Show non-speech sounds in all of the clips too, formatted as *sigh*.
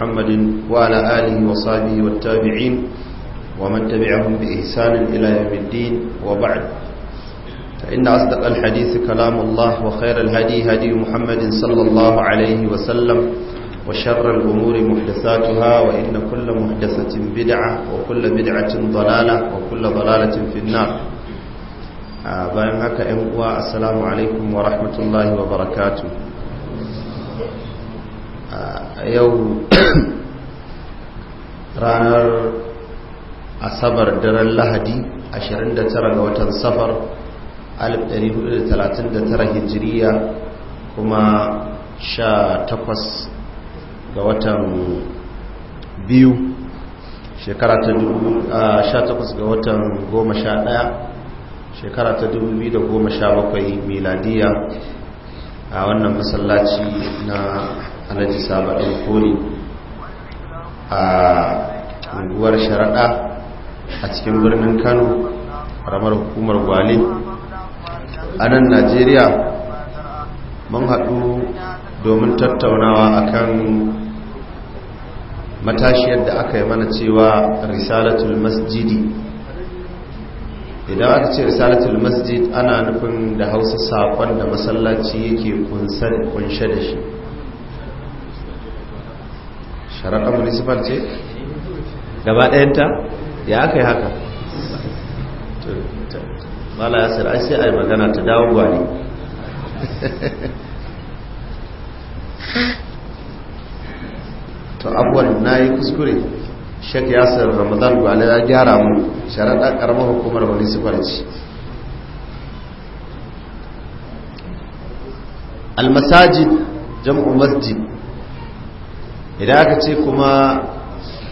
محمد وعلى آله وصحبه والتابعين ومن تبعهم بإحسان إلى يوم الدين وبعد فإن أصدق الحديث كلام الله وخير الهدي هدي محمد صلى الله عليه وسلم وشر الأمور محدثاتها وإن كل محدثة بدعة وكل بدعة ضلالة وكل ضلالة في النار bayan haka 'yan uwa assalamu alaikum wa rahmatullahi wa barakatuh yau *coughs* ranar asabar daren lahadi 29 ga watan safar 1439 hijiriya kuma 18 ga watan biyu shekara ta dubu 18 ga watan 11 shekara ta dubu biyu da goma sha bakwai miladiya a wannan masallaci na alhaji saba ɗan kori a unguwar sharaɗa a cikin birnin kano ramar hukumar gwale a nan najeriya mun haɗu domin tattaunawa akan matashiyar da aka yi mana cewa risalatul masjidi idan aka ce risalatul masjid ana nufin da hausa saƙon da masallaci yake kunshe da shi sharaɗa municipal ce gaba ɗayanta ya aka yi haka mala ya sir ai sai a yi magana ta dawo gwani to abuwan na yi kuskure shek yasir ramadan gwani ya gyara mu sharaɗa ƙaramar hukumar municipal ce almasajid jam'u masjid idan aka ce kuma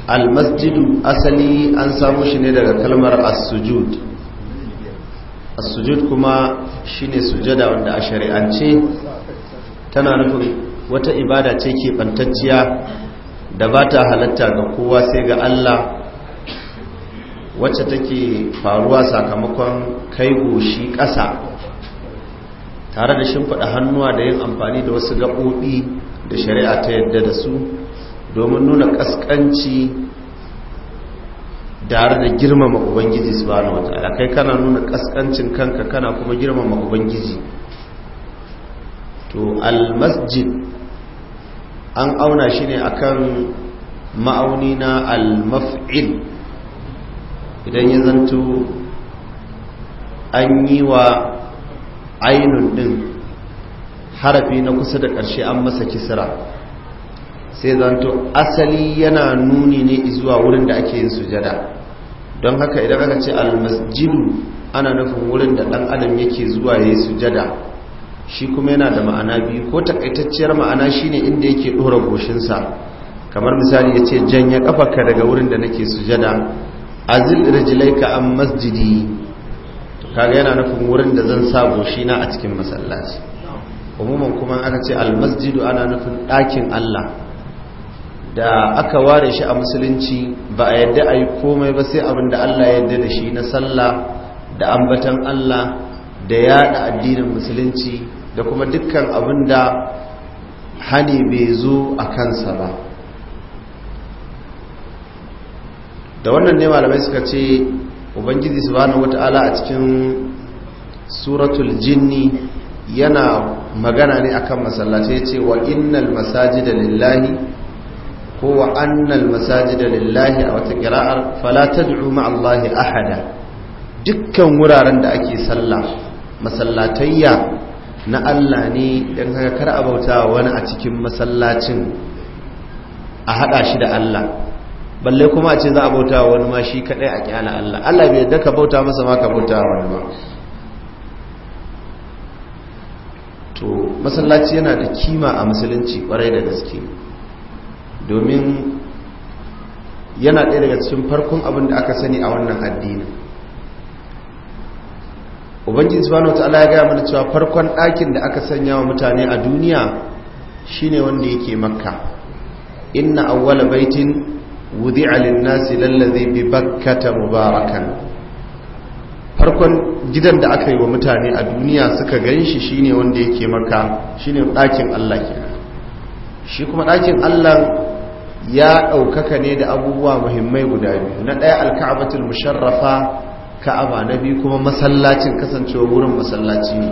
almasjidu asali an samu shi ne daga kalmar asujud sujud as-sujud kuma shine sujada wanda a shari'ance tana nufin wata ibada ce ke bantacciya da ba ta halatta ga kowa sai ga Allah wacce take faruwa sakamakon kai goshi ƙasa tare da shimfiɗa hannuwa da yin amfani da wasu gaɓoɓi da shari'a ta yadda da su domin nuna kaskanci har da girmama ubangiji subhanahu wataala kai kana nuna kaskancin kanka kana kuma girmama ubangiji to almasjid an auna shi ne akan ma'auni na almaf'il idan ya zanto an yi wa ainun ɗin harafi na kusa da ƙarshe an masa kisra sai zanto asali yana nuni ne zuwa wurin da ake yin sujada don haka idan aka ce almasjidu ana nufin wurin da dan adam yake zuwa yayi sujada shi kuma yana da ma'ana biyu ko takaitacciyar ma'ana shine inda yake dora goshinsa kamar misali yace kafa ka daga wurin da nake sujada azil rijlaika an masjidi to kaga yana nufin wurin da zan sa goshina a cikin masallaci umuman kuma aka ce almasjidu ana nufin ɗakin Allah da aka ware shi a musulunci ba a yadda a yi komai ba sai abin da Allah yadda da shi na sallah da ambatan Allah da yada addinin musulunci da kuma dukkan abin da hani bai zo a kansa ba da wannan ne malamai suka ce ubangiji su bane wata'ala a cikin suratul jinni yana magana ne akan masallaci ya ce wa innal masajida lillahi ko wa annal masajida lillahi a wata kira'ar fala tad'u ma Allah ahada dukkan wuraren da ake sallah masallatayya na Allah ne dan haka kar a bauta wani a cikin masallacin a hada shi da Allah balle kuma a ce za a bauta wani ma shi kadai a kyala Allah Allah bai yadda ka bauta masa ma ka bauta wani ba to masallaci yana da kima a musulunci kwarai da gaske domin yana ɗaya daga cikin farkon abin da aka sani a wannan addini ubangiji subhanahu ta'ala ya gaya mana cewa farkon ɗakin da aka sanya wa mutane a duniya shine wanda yake makka inna awwala baitin wudi'a lin-nasi lallazi bi bakkata mubarakan farkon gidan da aka yi wa mutane a duniya suka ganshi shine wanda yake makka shine ɗakin Allah kenan shi kuma ɗakin Allah ya ɗaukaka ne da abubuwa muhimmai guda biyu na ɗaya alka'abatul musharrafa ka'aba na biyu kuma masallacin kasancewa wurin masallaci ne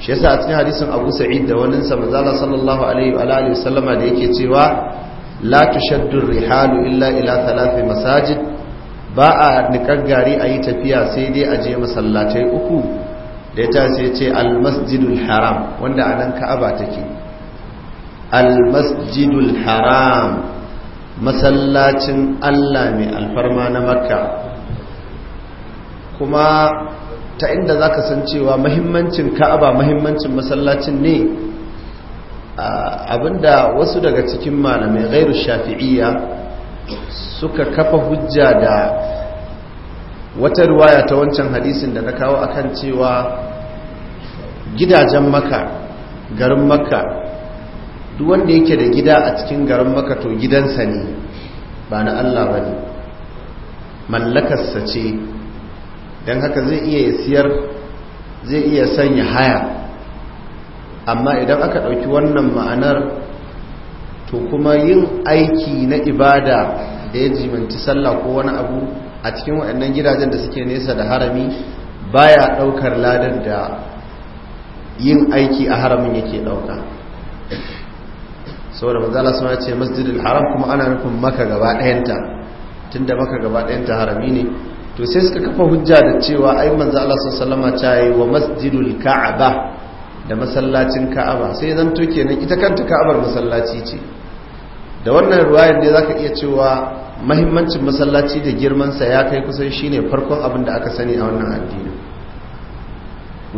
shi yasa a cikin hadisin abu sa'id da wani sa manzala sallallahu alaihi wa alihi sallama da yake cewa la tushaddu rihalu illa ila thalathi masajid ba a nikar gari a yi tafiya sai dai a je masallatai uku da ya ta ya ce almasjidul haram wanda a nan ka'aba take almasjidul haram masallacin Allah mai alfarma na makka kuma ta inda za ka san cewa mahimmancin ka'aba mahimmancin masallacin ne abinda wasu daga cikin malamai gairu shafi'iyya suka kafa hujja da wata ruwaya ta wancan hadisin da na kawo akan cewa gidajen maka garin makka duk wanda yake da gida a cikin garin maka to gidansa ne ba na Allah ba ne mallakarsa ce don haka zai iya siyar zai iya sanya haya amma idan aka ɗauki wannan ma'anar to kuma yin aiki na ibada da ya jimanci sallah ko wani abu a cikin waɗannan gidajen da suke nesa da harami baya ɗaukar ladar da yin aiki a haramin yake ɗauka saboda manzala suna ce masjidil haram kuma ana nufin maka gaba ɗayanta tun da maka gaba ɗayanta harami ne to sai suka kafa hujja da cewa ai manzala sun salama ta yi wa masjidul ka'aba da masallacin ka'aba sai zan to kenan ita kanta ka'abar masallaci ce da wannan ruwayar ne zaka iya cewa mahimmancin masallaci da girmansa ya kai kusan shine farkon abin da aka sani a wannan addini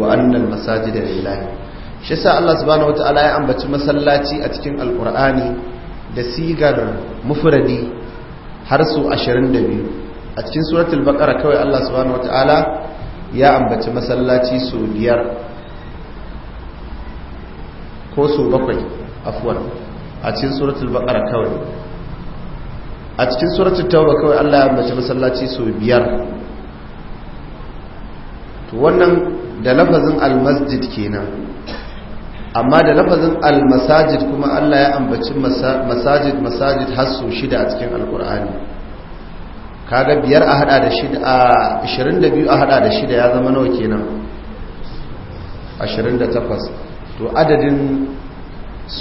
wa annal masajida lillahi shi sa Allah subhanahu wata'ala ya ambaci masallaci a cikin alkur'ani da sigar mufradi har su 22 a cikin suratul baqara kawai Allah subhanahu wata'ala ya ambaci masallaci su biyar ko su bakwai afwan a cikin suratul baqara kawai a cikin suratul tauba kawai Allah ya ambaci masallaci su biyar to wannan da lafazin al-masjid kenan amma da lafazin al-masajid kuma Allah ya ambaci masajid masajid su shida a cikin alkur'ani kaga biyar a hada da shida a 22 a hada da shida ya zama nawa kenan 28 to adadin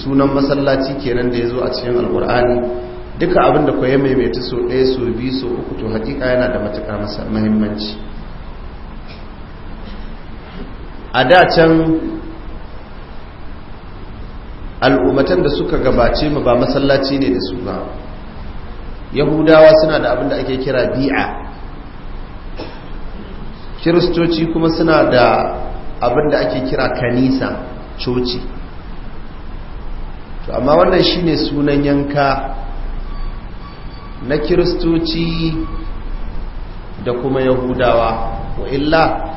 sunan masallaci kenan da yazo a cikin alkur'ani duka abinda ko ya maimaita so ɗaya so biyu so uku to hakika yana da matukar muhimmanci a da can al'ummatan da suka gabace mu ba masallaci ne da su ba yahudawa suna da abin da ake kira bi'a kiristoci kuma suna da abin da ake kira kanisa coci to amma wannan shine sunan yanka na kiristoci da kuma yahudawa wa illa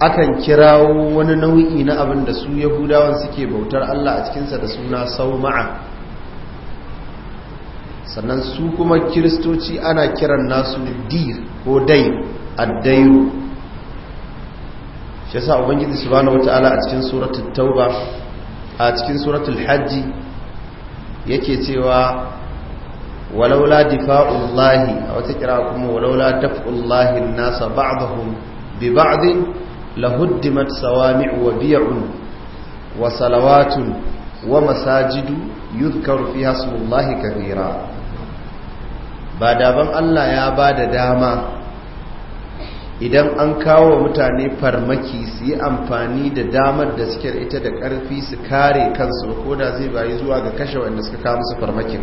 akan kirawo wani nau'i na abin da su yahudawan suke bautar Allah a cikinsa da suna sauma'a sannan su kuma kiristoci ana kiran nasu dir ko dai addayu shi yasa ubangiji subhanahu wataala a cikin suratul tauba a cikin suratul hajji yake cewa walaula difa'ullahi a wata kira kuma walaula tafullahi nasa ba'dahum bi ba'din lahuddimat sawami'u wa wa salawatun wa masajidu yuzkaru fiha smullahi kabira ba daban Allah ya ba da dama idan an kawo mutane farmaki su yi amfani da damar da suke ita da ƙarfi su kare kansu ko da zai bayi zuwa ga kashe wanda suka kawo musu farmakin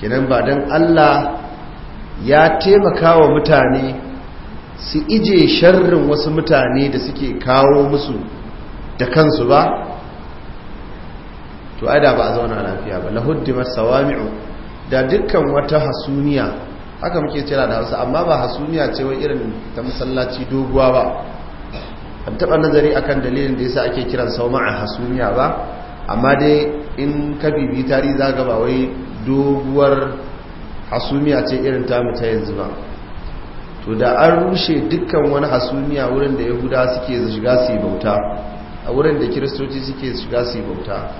kinan ba don Allah ya taimaka wa mutane su ije sharrin wasu mutane da suke kawo musu da kansu ba to ai da ba a zauna lafiya ba lahuddi masawami'u da dukkan wata hasumiya haka muke cira da Hausa amma ba hasumiya ce wai irin ta masallaci doguwa ba ban taba nazari akan dalilin da yasa ake kiran sauma'a hasumiya ba amma dai in ka bibi tarihi zaka ba wai doguwar hasumiya ce irin ta mu ta yanzu ba to da an rushe dukkan wani hasumiya wurin da yahuda suke shiga su yi bauta a wurin da kiristoci suke shiga su yi bauta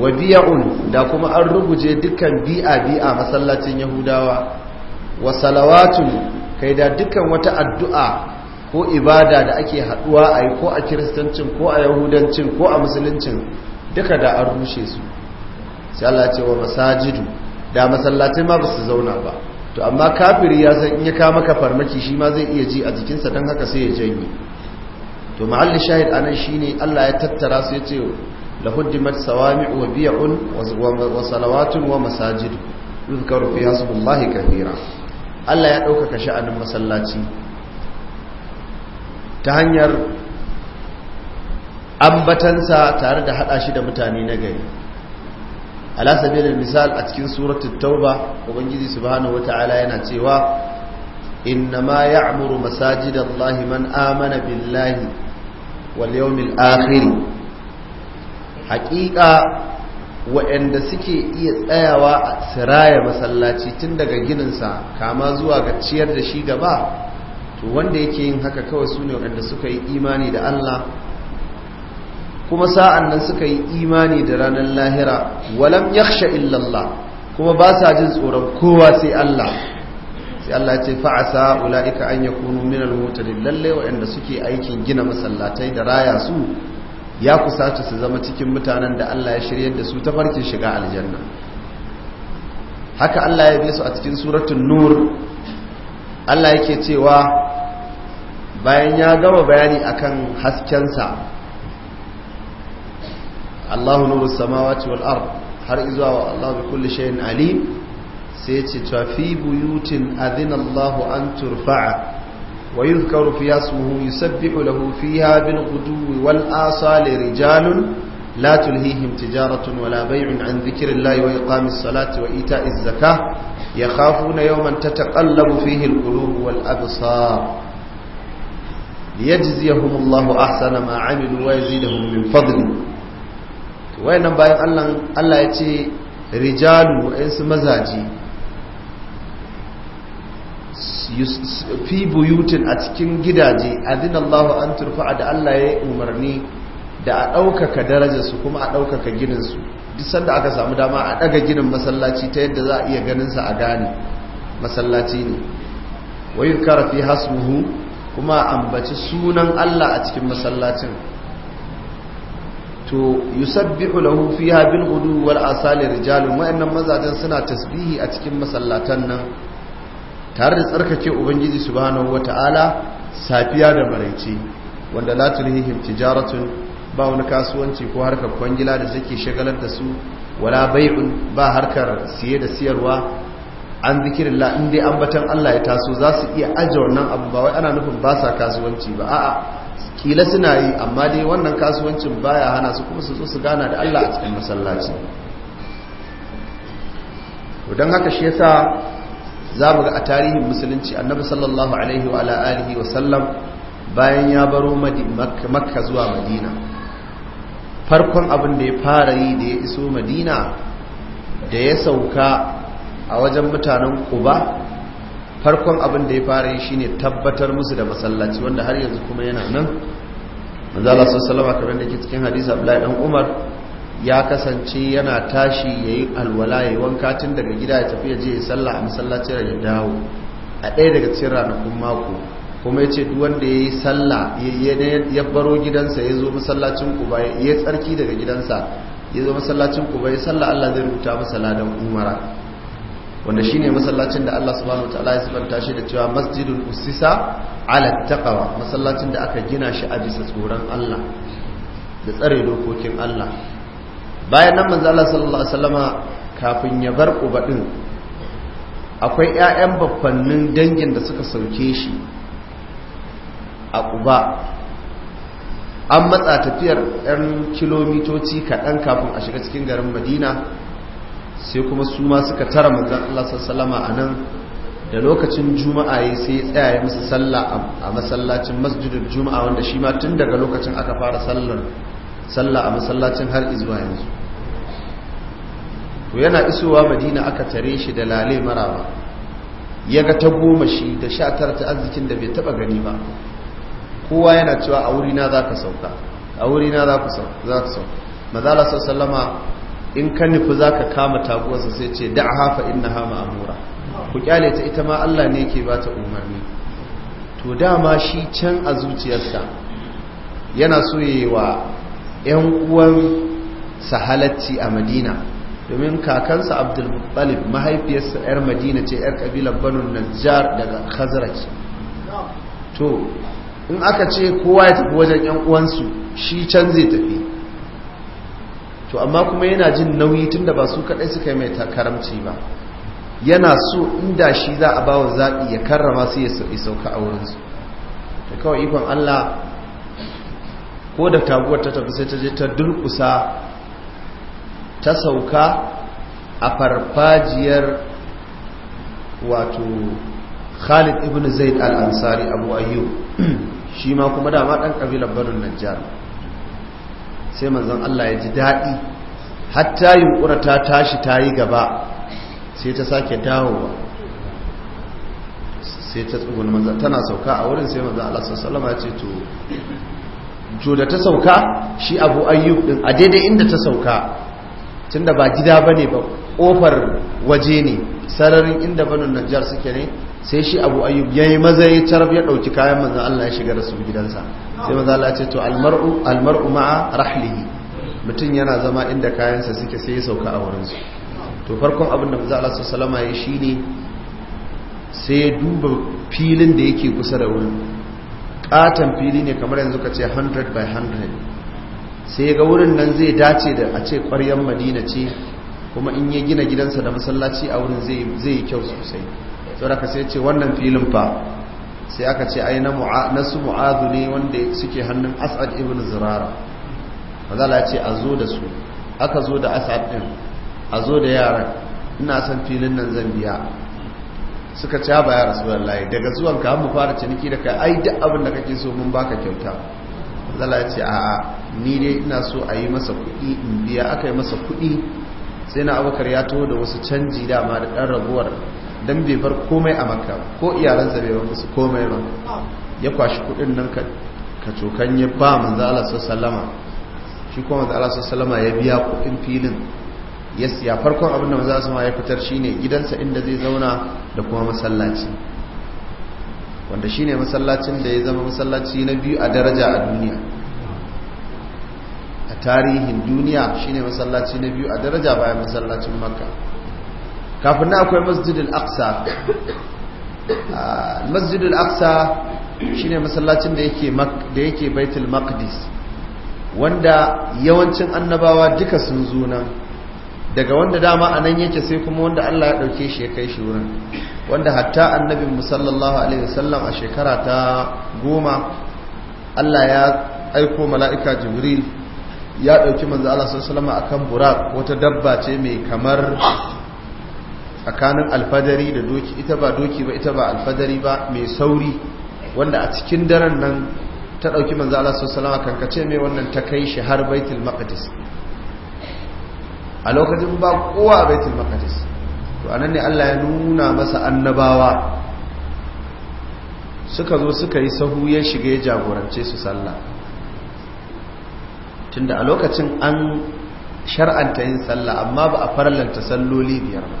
wa biya'un da kuma an rubuje dukkan bi'a bi'a masallacin yahudawa wa salawatun kai da dukkan wata addu'a ko ibada da ake haduwa a yi ko a kiristancin ko a yahudancin ko a musuluncin duka da an rushe su sai Allah ce wa masajidu da masallacin ma ba su zauna ba to amma kafiri ya san in ya ka maka farmaki shi ma zai iya ji a jikinsa Dan haka sai ya janye to ma'alli shahid anan shine Allah ya tattara su ya ce lahuddimat sawami'u wa un wa salawatun wa masajid yuzkaru fi hasbullahi kathira Allah ya ɗaukaka sha'anin masallaci ta hanyar ambatansa tare da haɗa shi da mutane na gari ala sabilin misal a cikin suratul tauba ubangiji subhanahu wataala yana cewa innama ya'muru masajidallahi man amana billahi wal yawmil akhir haqiqa waɗanda suke iya tsayawa a tsiraya masallaci tun daga gininsa kama zuwa ga ciyar da shi gaba to wanda yake yin haka kawai su ne waɗanda suka yi imani da Allah kuma sa'an nan suka yi imani da ranar lahira walam yakhsha illallah kuma ba sa jin tsoron kowa sai Allah sai Allah ce fa'asa ula'ika an minar mota da lalle waɗanda suke aikin gina masallatai da raya su ya ta su zama cikin mutanen da Allah ya shiryar da su ta farkin shiga aljanna haka Allah ya bi su a cikin suratun nur Allah yake cewa bayan ya gama bayani akan haskensa Allahu nuru samawati wal ard har izuwa wa Allah bi kulli shay'in alim sai ya ce ta fi buyutin adina Allahu an turfa'a wa yuzkaru fiha ismuhu yusabbihu lahu fiha bil ghudwi wal asali rijalun la tulhihim tijaratun wala bay'un an dhikrillahi wa iqamis salati wa ita'iz zakah yakhafuna yawman tataqallabu fihi al qulub wal absar liyajziyahum Allahu ahsana ma 'amilu wa yazidahum min fadlihi nan bayan Allah Allah ya ce rijalu su mazaji fi buyutin a cikin gidaje adinallahu an turfa'a da Allah ya umarni da a ɗaukaka darajarsu kuma a ɗaukaka gininsu duk sanda aka samu dama a ɗaga ginin masallaci ta yadda za a iya ganinsa a gane masallaci ne wayin karafi hasuhu kuma ambaci sunan Allah a cikin masallacin to yusabbihu lahu fiha bil ghudu wal asali rijalun wayannan mazajen suna tasbihi a cikin masallatan nan tare da tsarkake ubangiji subhanahu wataala safiya da maraice wanda la tulhihim tijaratun ba wani kasuwanci ko harkar kwangila da suke shagalar da su wala bai'un ba harkar siye da siyarwa an zikirin la in dai ambatan Allah ya taso za su iya aje wannan abu ba wai ana nufin ba sa kasuwanci ba a'a kila suna yi amma dai wannan kasuwancin baya hana su kuma su zo su gana da Allah a cikin masallaci don haka shi yasa za mu ga a tarihin musulunci annabi sallallahu alaihi wa alihi wa sallam bayan ya baro makka zuwa madina farkon abin da ya fara yi da ya iso madina da ya sauka a wajen mutanen kuba farkon abin da ya fara yi shine tabbatar musu da masallaci wanda har yanzu kuma yana nan manzo Allah sallallahu alaihi wasallam kamar cikin hadisi Abdullahi dan Umar ya kasance yana tashi yayi alwala yayi wanka tun daga gida ya tafi ya je ya sallah a masallaci da dawo a ɗaya daga cikin ranakun mako kuma yace duk wanda yayi sallah ya baro gidansa ya zo masallacin Quba ya tsarki daga gidansa ya zo masallacin Quba ya sallah Allah zai rubuta masa ladan umara wanda shine masallacin da Allah subhanahu wataala ya sifanta shi da cewa masjidul usisa ala taqwa masallacin da aka gina shi a bisa tsoron Allah da tsare dokokin Allah bayan nan manzo Allah sallallahu alaihi wasallama kafin ya bar Quba din akwai ƴaƴan baffannin dangin da suka sauke shi a Quba an matsa tafiyar 'yan kilomitoci kaɗan kafin a shiga cikin garin Madina sai kuma su ma suka tara manzan Allah sassalama a nan da lokacin juma'a ya sai ya tsaya ya musu sallah a masallacin masjidin juma'a wanda shi ma tun daga lokacin aka fara sallar sallah a masallacin har izuwa yanzu to yana isowa madina aka tare shi da lale maraba ya ga ta goma shi da sha tara ta arzikin da bai taba gani ba kowa yana cewa a wurina za ka sauka a wurina za ku sauka in ka nufi za ka kama taguwarsa sai ce da hafa inna hama amura ku kyale ta ita ma Allah ne ke ba ta umarni to dama shi can a zuciyarsa yana soyewa wa 'yan uwan sahalacci a madina domin kakansa abdulmuttalib mahaifiyarsa 'yar madina ce 'yar kabilar banu najjar daga khazarci to in aka ce kowa ya tafi wajen 'yan uwansu shi can zai tafi to amma kuma yana jin nauyi tunda ba su kadai suka yi mai karamci ba yana so inda shi za a bawa zaɓi ya karrama su ya sauka a wurinsu da kawai ikon Allah ko da taguwar ta tafi sai ta je ta durkusa ta sauka a farfajiyar wato khalid ibn zaid al-ansari abu ayyub *clears throat* shi ma kuma dama dan kabilar barin najjar sai manzon Allah ya ji daɗi hatta yunƙura ta tashi ta yi gaba sai ta sake dawowa sai ta tsugun manzan tana sauka a wurin sai manzan Allah sallama ce to jo da ta sauka shi abu ayyub a daidai inda ta sauka Tun da ba gida ba ne ba kofar waje ne sararin inda banin najjar suke ne sai shi abu ayyub yayi maza ya tarab ya ɗauki kayan maza Allah ya shiga da su gidansa sai maza Allah ce to almar'u ma'a rahlihi mutum yana zama inda kayansa suke sai ya sauka a wurinsu to farkon abin da manzon Allah su salama ya ya shine sai ya duba filin da yake kusa da wurin katon fili ne kamar yanzu ka ce 100 by 100 sai ga wurin nan zai dace da a ce ƙwaryar madina ce kuma in yi gina gidansa da masallaci a wurin zai yi kyau sosai saboda sai ce wannan filin fa sai aka ce ai na su mu'adu ne wanda suke hannun as'ad ibn zirara mazala ce a zo da su aka zo da as'ad din a zo da yaran ina son filin nan zan biya suka ci ba ya rasulullahi daga zuwan ka mu fara ciniki da kai ai duk abin da kake so mun baka kyauta mazala ce a'a ni dai ina so a yi masa kuɗi in biya aka yi masa kuɗi sai na abubakar ya taho da wasu canji dama da ɗan raguwar don bai bar komai a makka ko iyalansa bai ba komai ba ya kwashi kudin nan ka cokan ya ba manzo Allah sallama shi kuma manzo Allah sallama ya biya kuɗin filin ya siya farkon abin da manzo Allah ya fitar shine gidansa inda zai zauna da kuma masallaci wanda shine masallacin da ya zama masallaci na biyu a daraja a duniya tarihin duniya shine masallaci na biyu a daraja bayan masallacin makka kafin na akwai masjidul aqsa ah, masjidul aqsa shine masallacin da yake da yake baitul maqdis wanda yawancin annabawa duka sun zo nan daga wanda dama a nan yake sai kuma wanda Allah ya dauke shi ya kai shi wurin wanda hatta annabin musallallahu alaihi wasallam a shekara ta goma Allah ya aiko mala'ika jibril ya ɗauki manzo Allah sallallahu alaihi akan burak wata dabba ce mai kamar tsakanin alfadari da doki ita ba doki ba ita ba alfadari ba mai sauri wanda a cikin daren nan ta ɗauki manzo Allah sallallahu alaihi kankace mai wannan ta kai shi har baitul maqdis a lokacin ba kowa a baitul maqdis to anan ne Allah ya nuna masa annabawa suka zo suka yi sahu ya shiga ya jagorance su sallah tunda a lokacin an shar'anta yin sallah amma ba a farlanta salloli biyar ba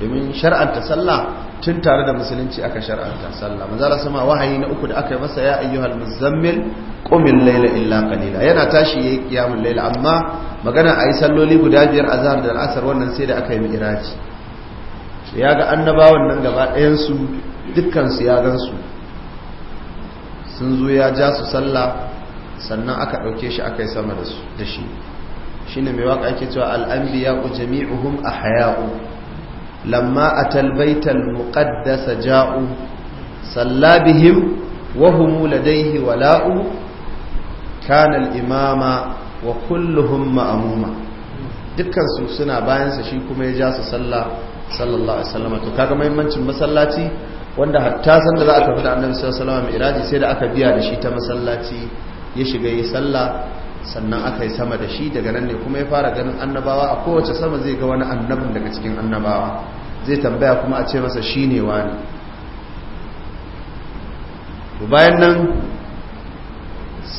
domin shar'anta sallah tun tare da musulunci aka shar'anta sallah manzala sama wahayi na uku da aka yi masa ya ayyuhal muzammil qumil layla illa qalila yana tashi yayi qiyamul layla amma magana ayi salloli guda biyar azhar da al'asr wannan sai da aka yi mi'raji ya ga annabawan nan gaba ɗayan su dukkan su ya gan sun zo ya ja su sallah sannan aka ɗauke shi aka yi sama da shi shi ne mai waka ake cewa al'ambiya ku jami'uhum a haya'u lamma a talbaitar muƙaddasa ja'u sallabihim wahumu ladaihi wala'u kanal imama wa kulluhum ma'amuma dukkansu suna bayansa shi kuma ya ja su sallah sallallahu alaihi wasallam to kaga muhimmancin masallaci wanda hatta san da za a tafi da annabi sallallahu alaihi wasallam iraji sai da aka biya da shi ta masallaci ya shiga yi sallah sannan aka yi sama da shi daga nan ne kuma ya fara ganin annabawa a kowace sama zai ga wani annabin daga cikin annabawa zai tambaya kuma a ce masa shi ne wani bayan nan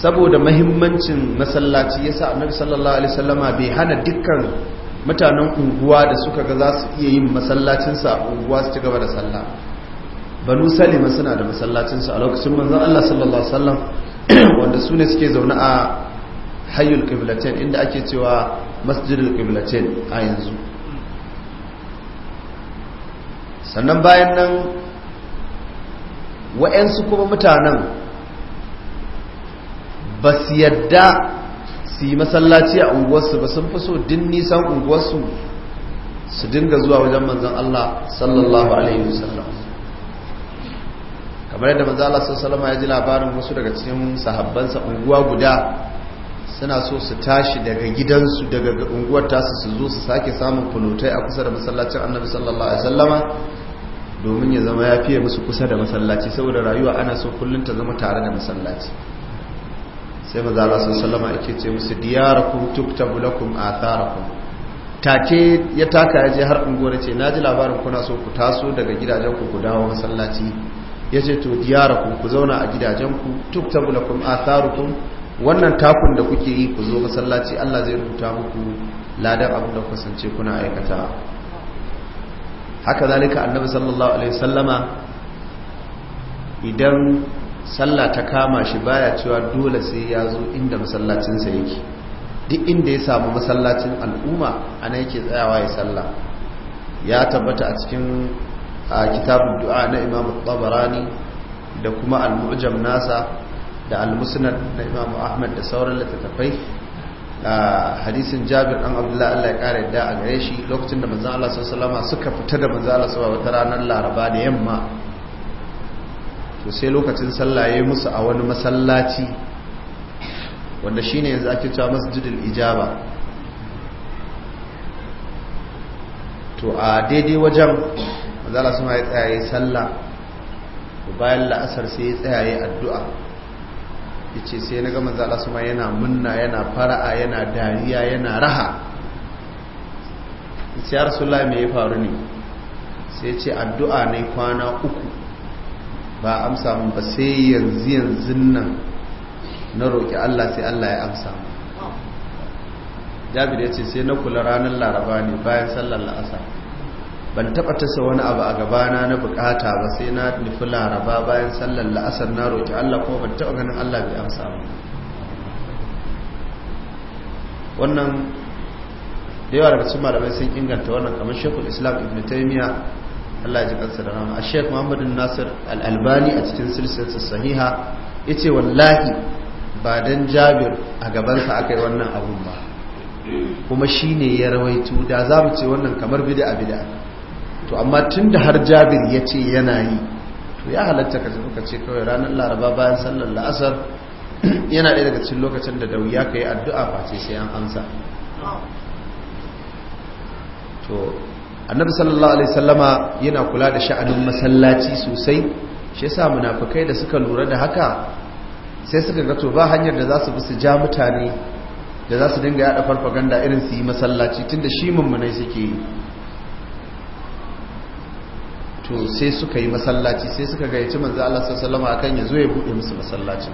saboda mahimmancin masallaci ya sa annabi sallallahu alaihi sallama bai hana dukkan mutanen unguwa da suka ga za su iya yin masallacinsa a unguwa su ci gaba da sallah banu salima suna da masallacinsa a lokacin manzan allah sallallahu alaihi sallam *clears throat* wanda su ne suke zaune a hayyul qiblatain inda ake cewa masjidul qiblatain a yanzu sannan bayan nan wa'yansu kuma mutanen ba su yadda su yi masallaci a unguwarsu ba sun fi so din nisan unguwarsu su dinga zuwa wajen manzan Allah sallallahu Alaihi wasallam kamar yadda manzo Allah sallallahu ya ji labarin wasu daga cikin sahabbansa unguwa guda suna so su tashi daga gidansu daga unguwar tasu su zo su sake samun kunutai a kusa da masallacin Annabi sallallahu alaihi wasallam domin ya zama ya fiye musu kusa da masallaci saboda rayuwa ana so kullun ta zama tare da masallaci sai manzo Allah sallallahu alaihi yake ce musu diyarakum tuktabu lakum atharakum take ya taka ya je har unguwar ce naji labarin kuna so ku taso daga gidajenku ku dawo masallaci ya ce to diyarakum ku zauna a gidajenku tuktabu lakum atharukum wannan takun da kuke yi ku zo masallaci Allah zai rubuta muku ladan abin da kasance kuna aikata haka zalika annabi sallallahu alaihi wasallama idan sallah ta kama shi baya cewa dole sai ya zo inda masallacinsa yake duk inda ya samu masallacin al'umma ana yake tsayawa ya salla ya tabbata a cikin a kitabun du'a na imam tsabarani da kuma al-mu'jam nasa da al-musnad na imam ahmad da sauran littattafai a hadisin jabir an abdullahi Allah ya kare da a gare shi lokacin da manzon Allah sallallahu alaihi suka fita da manzon Allah sallallahu alaihi ranar laraba da yamma to lokacin sallah yayi musu a wani masallaci wanda shine yanzu ake cewa masjidul ijaba to a daidai wajen manzala sun ya tsaya salla sallah bayan la'asar sai ya tsaya addu'a ya sai na ga manzala sun yana munna yana fara'a yana dariya yana raha ya ce ya rasulullah mai ya faru ne sai ce addu'a ne kwana uku ba amsa mun ba sai yanzu yanzu nan na roƙi allah sai allah ya amsa mun jabir ya ce sai na kula ranar laraba ne bayan sallar la'asar ban taba tasa wani abu a gabana na bukata ba sai na nufi laraba bayan sallar la'asar na roƙi allah kuma ban taba ganin allah bai amsa ba wannan da yawa daga cikin malamai sun inganta wannan kamar shekul islam ibn taimiyya allah ya ji kansa da rama a shek muhammadin nasir al'albani a cikin silsilarsa sahiha ya ce wallahi ba don jabir a gabansa aka yi wannan abun ba kuma shi ne ya rawaito da za mu ce wannan kamar bida a bida to amma tun da har jabir ya ce yana yi to ya halatta ka zuka ce kawai ranar laraba bayan sallar la'asar *clears throat* yana ɗaya daga cikin lokacin da dauya ka yi addu'a face sai an amsa to annabi sallallahu alaihi sallama yana kula da sha'anin masallaci sosai shi yasa munafukai da suka lura da haka sai suka ga to ba hanyar da za su bi su ja mutane da za su dinga yada farfaganda irin su yi masallaci tunda shi mummunai suke yi to sai suka yi masallaci sai suka gayyaci manzo Allah sallallahu alaihi akan ya zo ya bude musu masallacin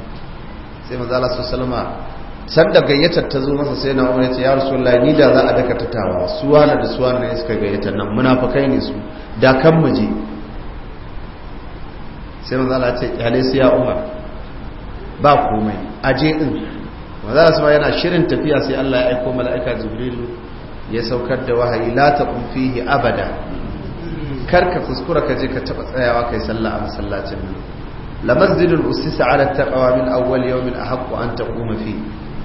sai manzo Allah sallallahu alaihi san da gayyatar ta zo masa sai na Umar ya ce ya Rasulullahi ni da za a daka tatawa suwana da suwana ne suka gayyata nan munafikai ne su da kan muje je sai manzo Allah ya ce ya su ya Umar ba komai aje din manzo Allah yana shirin tafiya sai Allah ya aika mala'ika Jibrilu ya saukar da wahayi la taqum fihi abada karka kuskura ka je ka taba tsayawa kai sallah a masallacin nan la masjidul usisa ala taqwa min awwal yawmin ahqqu an taquma fi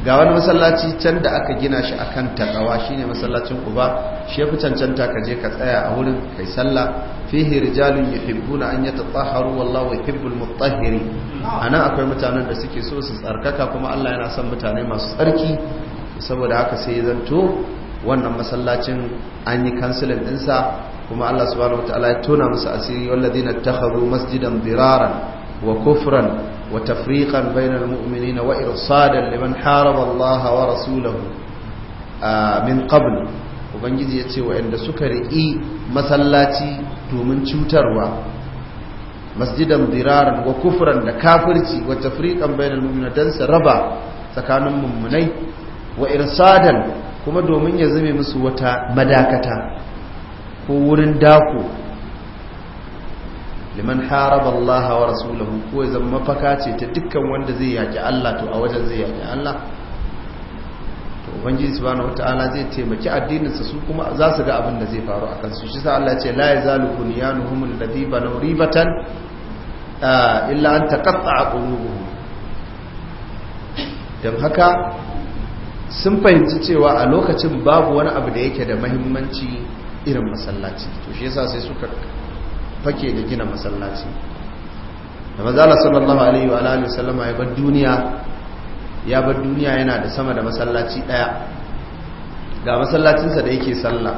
ga wani masallaci can da aka gina shi akan taqwa shine masallacin uba shi yafi cancanta ka je ka tsaya a wurin kai sallah fihi rijalun yuhibbuna an yatatahharu wallahu yuhibbul mutahhirin ana akwai mutanen da suke so su tsarkaka kuma Allah yana son mutane masu tsarki saboda haka sai zanto wannan masallacin an yi kansulin sa. kuma Allah subhanahu wataala ya tona musu asiri walladina takhadhu masjidan diraran wa kufran wa tafriqan bainal mu'minina wa irsadan liman haraba Allah wa rasulahu ah, min qabl ubangiji yace wa'anda suka ri'i masallaci domin cutarwa masjidan diraran wa kufran da kafirci wa tafriqan bainal mu'minina dan raba tsakanin mummunai wa irsadan kuma domin ya zame musu wata madakata ko wurin dako liman haraba Allah wa rasulahu ko ya zama mafaka ce ta dukkan wanda zai yaki Allah to a wajen zai yaki Allah to ubangiji subhanahu wataala zai taimaki addinin sa su kuma za su ga abin da zai faru akan su shi sa Allah ya ce la yazalu bunyanuhum alladhi banaw ribatan illa an taqatta'a qulubuhum dan haka sun fahimci cewa a lokacin babu wani abu da yake da muhimmanci irin masallaci to shi yasa sai suka fake da gina masallaci da manzala sallallahu alaihi wa alihi sallama ya bar duniya ya bar duniya yana da sama da masallaci daya ga masallacinsa da yake sallah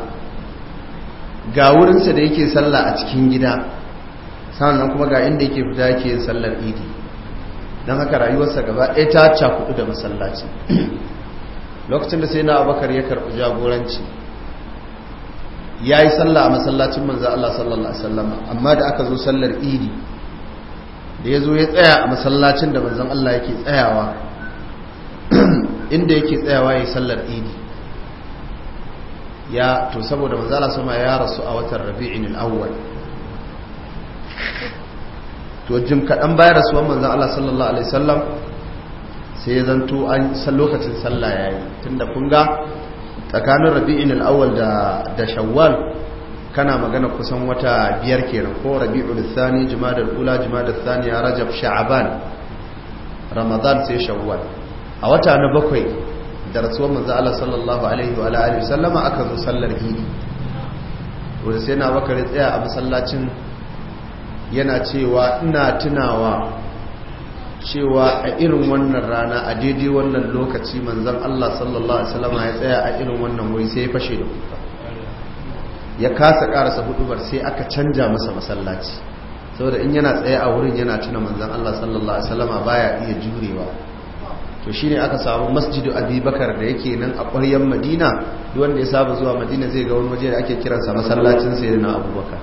ga wurinsa da yake sallah a cikin gida sannan kuma ga inda yake fita yake yin sallar idi don haka rayuwarsa gaba ɗaya ta cakudu da masallaci *clears throat* lokacin da sai na abakar ya karɓi jagoranci ya yi sallah a masallacin manzan Allah sallallahu Alaihi wasallama amma da aka zo sallar idi da ya zo ya tsaya a masallacin da manzan Allah yake tsayawa *clears throat* inda yake tsayawa ya yi sallar idi ya to saboda manzan Allah sama ya rasu a watan rabi'in al'awwal to jim kaɗan bayan rasuwan manzan Allah sallallahu Alaihi wasallam sai ya zanto an lokacin sallah ya yi tun da kunga tsakanin rabi'in al'awwal da da shawwal kana magana kusan wata biyar kenan ko rabi'ul thani jumadal ula da ya rajab sha'aban ramadan sai shawwal a wata na bakwai da rasuwar manzo Allah sallallahu alaihi wa alihi sallama aka zo sallar idi wanda sai na bakare tsaya a masallacin yana cewa ina tunawa cewa a irin wannan rana a daidai wannan lokaci manzan Allah sallallahu Alaihi wasallama ya tsaya a irin wannan wuri sai ya fashe da kuka ya kasa karasa hudubar sai aka canja masa masallaci saboda in yana tsaye a wurin yana tuna manzan Allah sallallahu Alaihi wasallama baya iya jurewa to shine aka samu masjidu abubakar da yake nan a ƙwaryen madina wanda ya saba zuwa madina zai ga wani waje da ake kiransa masallacin sayyidina abubakar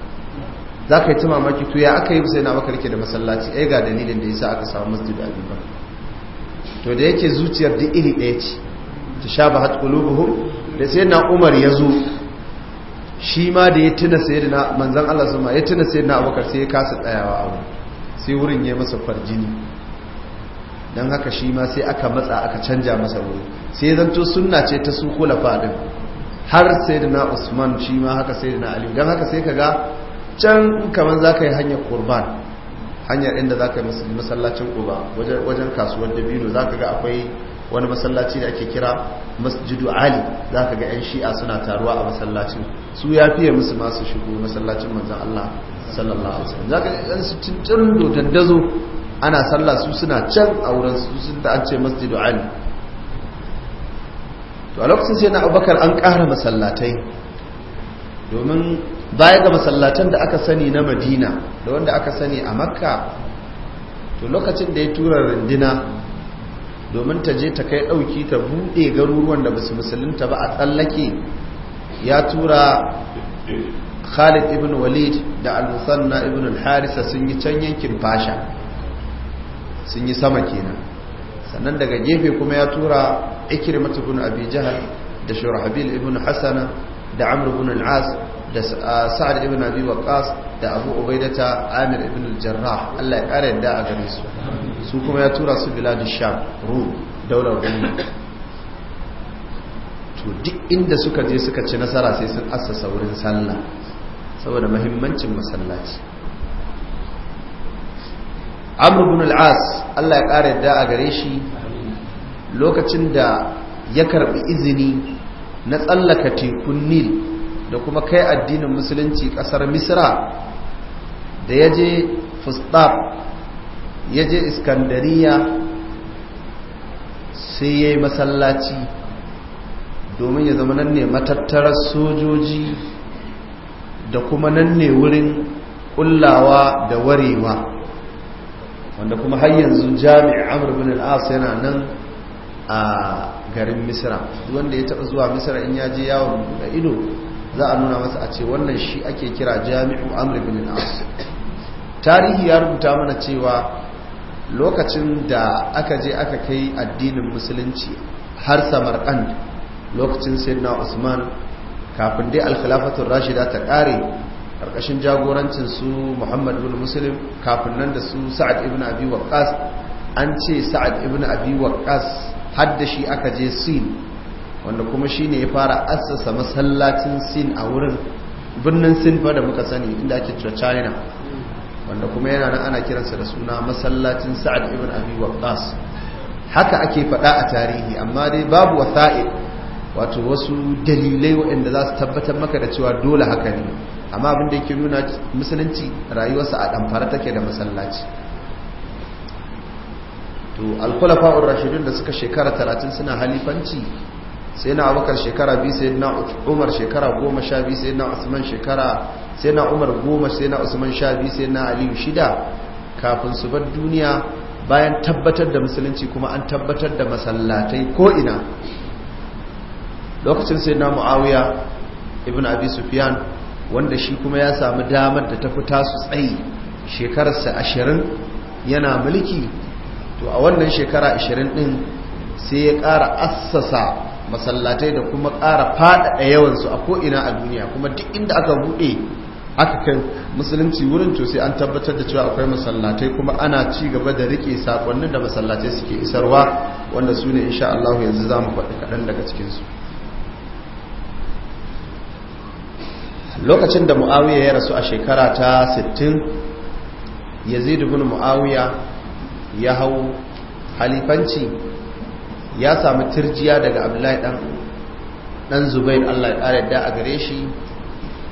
za ka yi ta mamaki to ya aka yi sai na baka rike da masallaci ai eh, ga dalilin da yasa aka samu masjid abi bakar to da yake zuciyar da iri ɗaya ce ta shabahat qulubuhum da sai na umar ya zo shi ma da ya tuna da manzon Allah sama ya tuna na abubakar sai ya kasa tsayawa abu sai wurin ya masa farjini dan haka shi ma sai aka matsa aka canja masa wuri sai zanto sunna ce ta su kula fadin har sayyidina usman shi ma haka sayyidina ali dan haka sai kaga can kamar za ka yi hanyar kurban hanyar inda za ka yi masallacin kuba wajen kasuwar dabino za ka ga akwai wani masallaci da ake kira masjidu ali za ka ga 'yan shi'a suna taruwa a masallacin su ya fiye musu masu shigo masallacin manzan allah sallallahu alaihi wasallam za ka yi 'yan su cincin do dandazo ana sallah su suna can a wurin su sun da an ce masjidu ali to a lokacin sai na abubakar an ƙara masallatai domin baya ga masallatan da aka sani na madina da wanda aka sani a makka to lokacin da ya tura rundina domin ta je ta kai ɗauki ta buɗe garuruwan da basu musulunta ba a tsallake ya tura khalid ibn walid da al-musanna ibn al-harisa sun yi can yankin fasha sun yi sama kenan sannan daga gefe kuma ya tura ikrimatu ibn abi jahal da shurahbil ibn hasana da amr ibn al-as da uh, sa'ad ibn abi waqas da abu ubaidata amir ibn al-jarrah Allah ya kare yadda a gare su su kuma ya tura su biladu sham ru daular rumi to duk inda suka je suka ci nasara sai sun assasa wurin sallah saboda mahimmancin masallaci amr ibn al-as Allah ya kare yadda a gare shi lokacin da ya karɓi izini na tsallaka tekun nil da kuma kai addinin musulunci kasar misra da ya je fustab ya je iskandariya sai ya yi masallaci domin ya zama nan ne matattarar sojoji da kuma nan ne wurin kullawa da warewa wanda kuma har yanzu jami'a amur al'as yana nan a garin misira wanda ya taɓa zuwa Misra in yaji yawon da ido za a nuna masa a ce wannan shi ake kira jami'u Amri bin al-as tarihi ya rubuta mana cewa lokacin da aka je aka kai addinin musulunci har samarkand lokacin sayyidina usman kafin dai al-khilafatur rashida ta kare karkashin jagorancin su muhammad bin muslim kafin nan da su sa'ad ibn abi waqqas an ce sa'ad ibn abi waqqas shi aka je sin wanda kuma shi ne ya fara asasa masallacin sin a wurin birnin sin fa da muka sani inda ake cewa china wanda kuma yana nan ana kiransa da suna masallacin sa'ad ibn abi waqas haka ake faɗa a tarihi amma dai babu wasa'i wato wasu dalilai waɗanda za su tabbatar maka da cewa dole haka ne amma abin da yake nuna musulunci rayuwarsa a ɗamfara take da masallaci to alkulafa'ur rashidun da suka shekara talatin suna halifanci sai na abubakar shekara biyu sai na umar shekara goma sha biyu sai na usman shekara sai na umar goma sai na usman sha biyu sai na aliyu shida kafin su bar duniya bayan tabbatar da musulunci kuma an tabbatar da masallatai ko'ina ina lokacin sai na mu'awiya ibn abi sufiyan wanda shi kuma ya sami damar da ta fita su tsayi shekararsa ashirin yana mulki to a wannan shekara ashirin din sai ya ƙara assasa masallatai da kuma ƙara faɗaɗa yawansu a ko'ina a duniya kuma duk inda aka buɗe aka kai musulunci wurin to sai an tabbatar da cewa akwai masallatai kuma ana ci gaba da riƙe saƙonnin da masallatai suke isarwa wanda su ne insha Allah yanzu za mu faɗi kaɗan daga cikinsu lokacin da mu'awiya ya rasu a shekara ta 60 yazid ibn mu'awiya ya hau halifanci ya samu turjiya daga abdullahi dan dan zubair Allah ya kare da a gare shi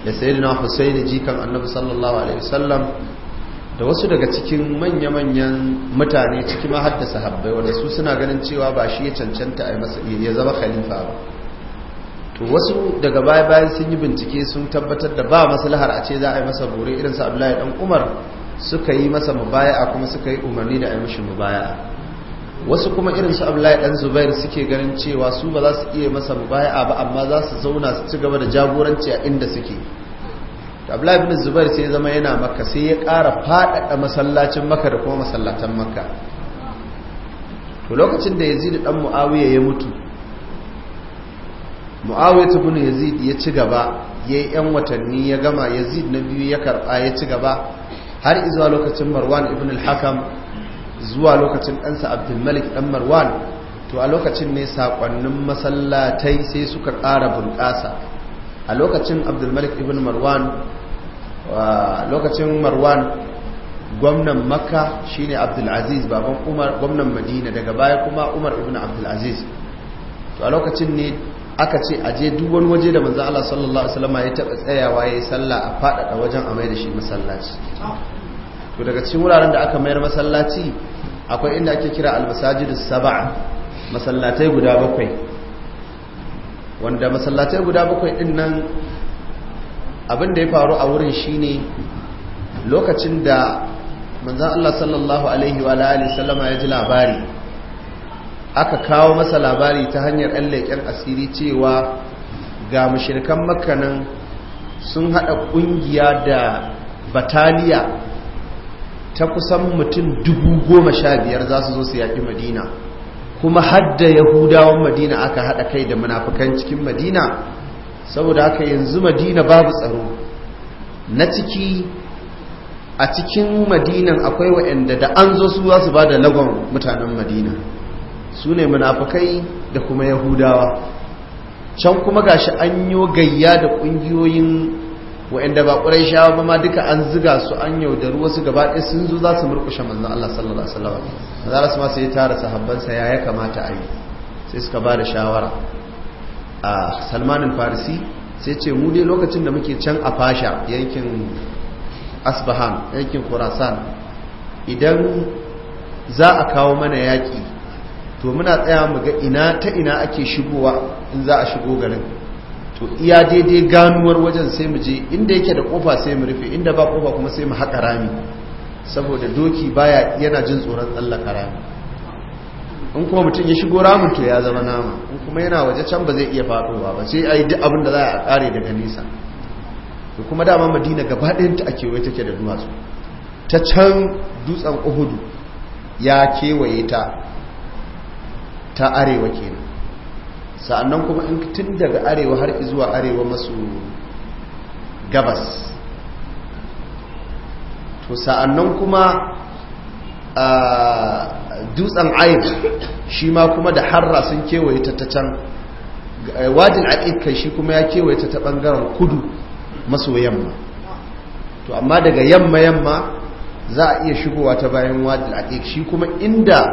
da sayyidina husaini jikan annabi sallallahu alaihi wasallam da wasu daga cikin manya-manyan mutane ciki ma sahabbai wanda su suna ganin cewa ba shi ya cancanta a masa ya zama khalifa ba to wasu daga baya bayan sun yi bincike sun tabbatar da ba maslahar a ce za a yi masa bore irin sa Abdullahi dan Umar suka yi masa mubaya'a kuma suka yi umarni da a yi mishi mubaya'a wasu kuma irin su abdullahi dan zubair suke ganin cewa su ba za su iya masa mubaya'a ba amma za su zauna su ci gaba da jagoranci a inda suke abdullahi bin zubair sai zama yana makka sai ya ƙara faɗaɗa masallacin makka da kuma masallatan makka to lokacin da yazid dan muawiya ya mutu muawiya ta bin yazid ya ci gaba ya yi yan watanni ya gama yazid na biyu ya karɓa ya ci gaba har izuwa lokacin marwan ibn al-hakam zuwa lokacin ɗansa abdulmalik ɗan marwan to a lokacin ne saƙonnin masallatai sai suka ƙara bunƙasa a lokacin abdulmalik ibn marwan a lokacin marwan gwamnan makka shine abdulaziz baban umar gwamnan madina daga baya kuma umar ibn abdulaziz to a lokacin ne aka ce a je duk wani waje da manzo Allah sallallahu alaihi wasallam ya taba tsayawa yayin sallah a faɗaɗa wajen a mai da shi masallaci to daga cikin wuraren da aka mayar masallaci akwai inda ake kira almasajidus sab'a masallatai guda bakwai wanda masallatai guda bakwai din nan abin da ya faru a wurin shine lokacin da manzon Allah sallallahu alaihi wa alihi sallama ya ji labari aka kawo masa labari ta hanyar alleken leƙen asiri cewa ga mushrikan makkanan sun haɗa ƙungiya da bataliya ta kusan mutum dubu goma sha biyar za su zo su yaki madina kuma hadda yahudawan madina aka haɗa kai da munafukan cikin madina saboda haka yanzu madina babu tsaro na ciki a cikin madinan akwai waɗanda da an zo su za su ba da lagon mutanen madina su ne munafukai da kuma yahudawa can kuma gashi an yi gayya da ƙungiyoyin waɗanda ba quraishawa ba ma duka an ziga su an yaudaru wasu gaba ɗaya sun zo za su murkushe manzon Allah sallallahu alaihi wasallam za Allah ma sai ya tara sahabban sa ya kamata a yi sai suka ba da shawara a salmanin farisi sai ce mu dai lokacin da muke can a fasha yankin Asbahan yankin kurasan idan za a kawo mana yaƙi to muna tsaya mu ga ina ta ina ake shigowa in za a shigo garin to iya daidai ganuwar wajen sai mu je inda yake da kofa sai mu rufe inda ba kofa kuma sai mu haƙa rami saboda doki baya yana jin tsoron tsallaka rami in kuma mutum ya shigo ramin to ya zama nama in kuma yana waje can ba zai iya faɗowa ba sai a yi duk abin da za a ƙare daga nisa to kuma dama madina gaba ɗayanta a kewaye take da duwatsu ta can dutsen uhudu ya kewaye ta ta arewa kenan sa'annan kuma in tun daga arewa har zuwa arewa masu gabas to sa'annan kuma dutsen aib shi ma kuma da harra sun kewaye ta ta can eh, wajin aƙiƙa shi kuma ya kewaye ta ta ɓangaren kudu maso yamma to amma daga yamma yamma za a iya shigowa ta bayan wajin aƙiƙa shi kuma inda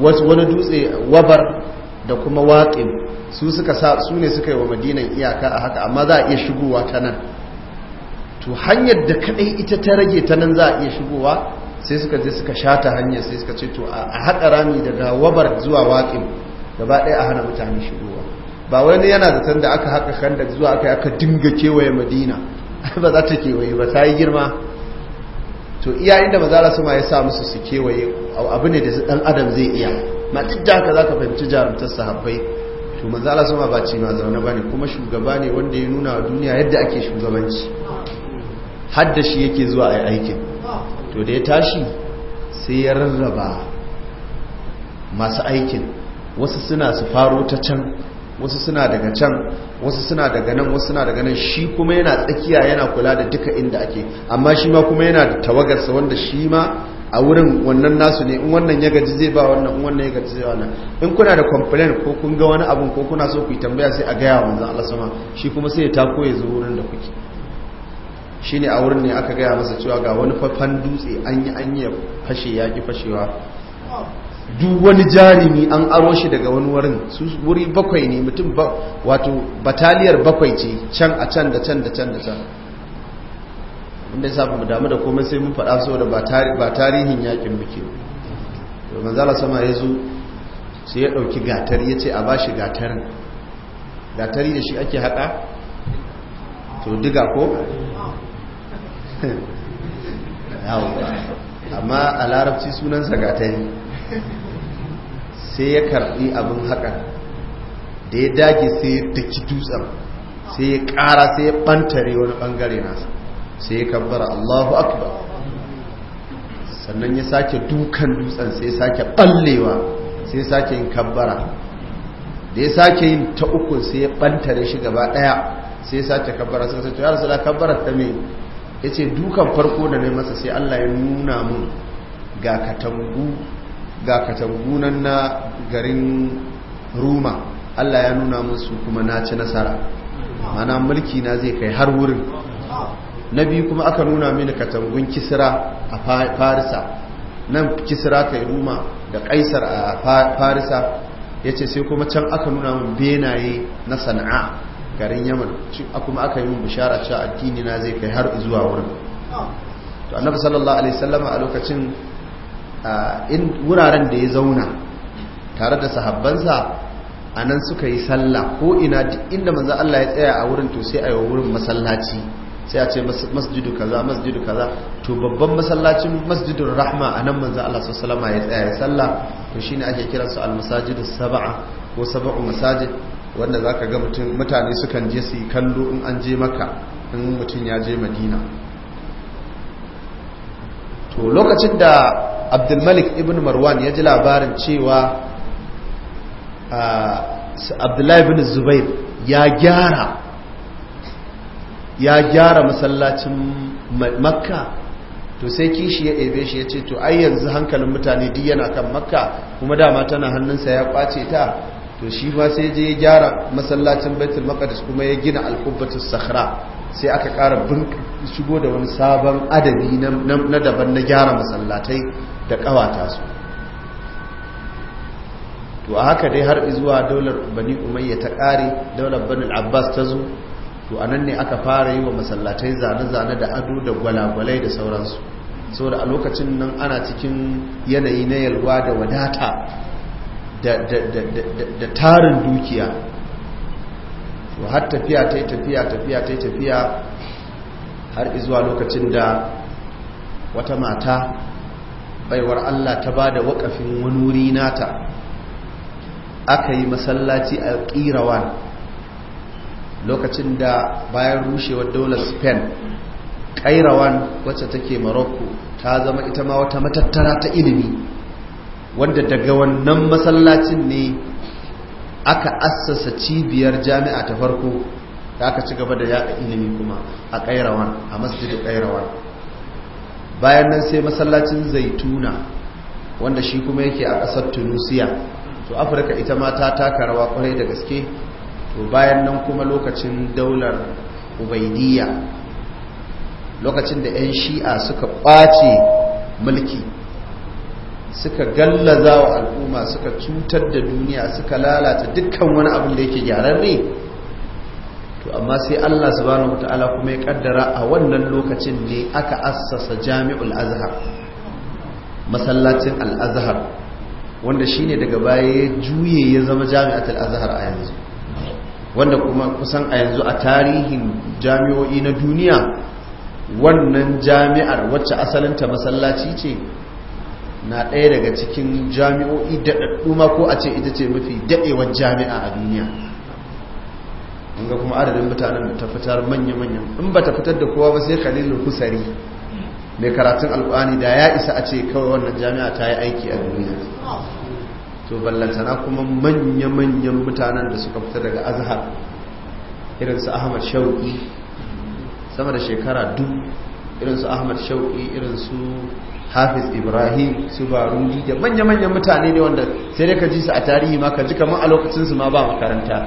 wani dutse wabar da kuma waƙin su suka sa su ne suka yi wa madinan iyaka a haka amma za a iya shigowa ta nan to hanyar da kaɗai ita ta rage ta nan za a iya shigowa sai suka je suka shata hanyar sai suka ce to a haɗa rami daga wabar zuwa waƙin gaba ɗaya a hana mutane shigowa ba wani yana da tanda aka haka kanda zuwa aka aka dinga kewaye madina *laughs* ba za ta kewaye ba ta yi girma to iya inda za su ma ya sa musu su kewaye abu ne da ɗan adam zai iya ma duk da haka zaka fahimci jarumtar sahabbai to manzo Allah sama ba ci ma zaune bane kuma shugaba ne wanda ya nuna wa duniya yadda ake shugabanci har da shi yake zuwa a yi aikin to da ya tashi sai ya rarraba masu aikin wasu suna su faro ta can wasu suna daga can wasu suna daga nan wasu suna daga nan shi kuma yana tsakiya yana kula da duka inda ake amma shi ma kuma yana da tawagarsa wanda shi ma a wurin wannan nasu ne in wannan ya gaji zai ba wannan in wannan ya gaji zai wannan in kuna da complain ko kun ga wani abun ko kuna so ku tambaya sai a gaya wanzan Allah sama shi kuma sai ya tako ya zo wurin da kuke ne a wurin ne aka gaya masa cewa ga wani fafan dutse an yi an yi fashe ya ki fashewa duk wani jarumi an aro shi daga wani wurin su wuri bakwai ne mutum ba wato bataliyar bakwai ce can a can da can da can da can inda ya samu damu da komai sai mun faɗa saboda ba tarihin yakin muke to manzala sama ya zo sai ya ɗauki gatar ya ce a ba shi gatar gatari da shi ake haɗa to diga ko *laughs* amma a larabci sunansa gatari sai ya karɓi abin haƙa da ya dage sai ya daki dutsen sai ya ƙara sai ya ɓantare wani ɓangare nasa sai ya kabbara Allahu akbar sannan ya sake dukan dutsen sai sake ballewa sai sake yin kabbara da ya sake yin ta uku sai ya da shi gaba ɗaya sai ya sake kabbara sai ya ya kabbara ta me yace dukan farko da nayi masa sai Allah ya nuna mun ga katangu ga katangunan na garin Roma Allah ya nuna mun su kuma na ci nasara mana mulki na zai kai har wurin na biyu kuma aka nuna mini katangun Kisira a farisa nan kisra kai ruma da kaisar a farisa ya ce sai kuma can aka nuna min benaye na sana'a garin yaman kuma aka yi min bishara cewa addini na zai kai har zuwa wurin to annabi sallallahu alaihi wasallam a lokacin in wuraren da ya zauna tare da sahabbansa anan suka yi sallah ko ina duk inda manzo Allah ya tsaya a wurin to sai a yi wurin masallaci sai a ce masjidu kaza masjidu kaza to babban masallacin masjidun rahma a nan manzan Allah sallallahu alaihi wasallam ya tsaya sallah to shine ake kiransu almasajidu masajidu sab'a ko sab'u masajid wanda zaka ga mutum mutane sukan je su kallo in an je maka in mutum ya je madina to lokacin da abdulmalik ibn marwan ya ji labarin cewa ah, abdullahi ibn zubair ya gyara ya gyara masallacin makka to sai kishi ya ebe shi ya ce to ai yanzu hankalin mutane duk yana kan makka kuma dama tana hannunsa ya kwace ta to shi ma sai je ya gyara masallacin baitul maqdis kuma ya gina al-qubbatus sakhra sai aka ƙara shigo da wani sabon adabi na daban na gyara masallatai da ƙawata su to a haka dai har zuwa daular bani umayya ta ƙare daular bani abbas ta zo to anan ne aka fara yi wa masallatai zane-zane da ado da gwalagwalai da sauransu saboda a lokacin nan ana cikin yanayi na yalwa da wadata da tarin dukiya to har tafiya ta yi tafiya tafiya ta yi tafiya har izuwa lokacin da wata mata baiwar Allah ta ba da waƙafin wani wuri nata aka yi masallaci a ƙirawan lokacin da bayan rushewar daular spain kairawan wacce take morocco ta zama ita ma wata matattara ta ilimi wanda daga wannan masallacin ne aka assasa cibiyar jami'a ta farko da aka ci gaba da yada ilimi kuma a kairawan a masjidin kairawan bayan nan sai masallacin zaituna wanda shi kuma yake a ƙasar tunisia to afirka ita ma ta taka rawa kwarai da gaske to bayan nan kuma lokacin daular ubaidiyya lokacin da 'yan shi'a suka ɓace mulki suka gallaza wa al'umma suka cutar da duniya suka lalata dukkan wani abin da yake gyararre to amma sai Allah subhanahu wataala kuma ya kaddara a wannan lokacin ne aka assasa jami'ul azhar masallacin al-azhar wanda shine daga baya ya juye ya zama jami'atul azhar a yanzu wanda kuma kusan a yanzu a tarihin jami'o'i na duniya wannan jami'ar wacce asalinta masallaci ce na ɗaya daga cikin jami'o'i daɗaɗɗu ma ko a ce ita ce mafi daɗewar jami'a a duniya kuma adadin mutanen da ta fitar manya-manyan in ba ta fitar da kowa ba sai khalilu kusari mai karatun alƙwani da ya isa a ce kawai wannan jami'a ta yi aiki a duniya to ballantana kuma manya-manyan mutanen da suka fita daga azhar irinsu ahmad shauki sama da shekara duk irinsu ahmad shauki irinsu hafiz ibrahim su baruni da manya-manyan mutane ne wanda sai dai ka ji su a tarihi ma ka ji kamar a lokacinsu ma ba makaranta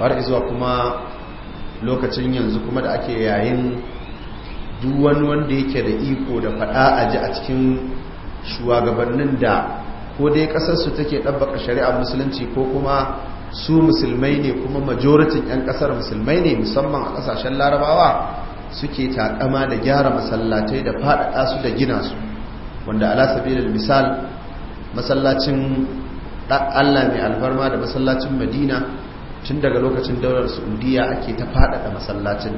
har izuwa kuma lokacin yanzu kuma da ake yayin duk wani wanda yake da iko da fada a ji a cikin shugabannin da ko dai kasarsu take ɗabbaka shari'ar musulunci ko kuma su musulmai ne kuma majoritin 'yan kasar musulmai ne musamman a ƙasashen larabawa suke takama da gyara masallatai da faɗaɗa su da gina su wanda ala misal masallacin Allah mai alfarma da masallacin Madina tun daga lokacin daular Saudiya ake ta faɗaɗa masallacin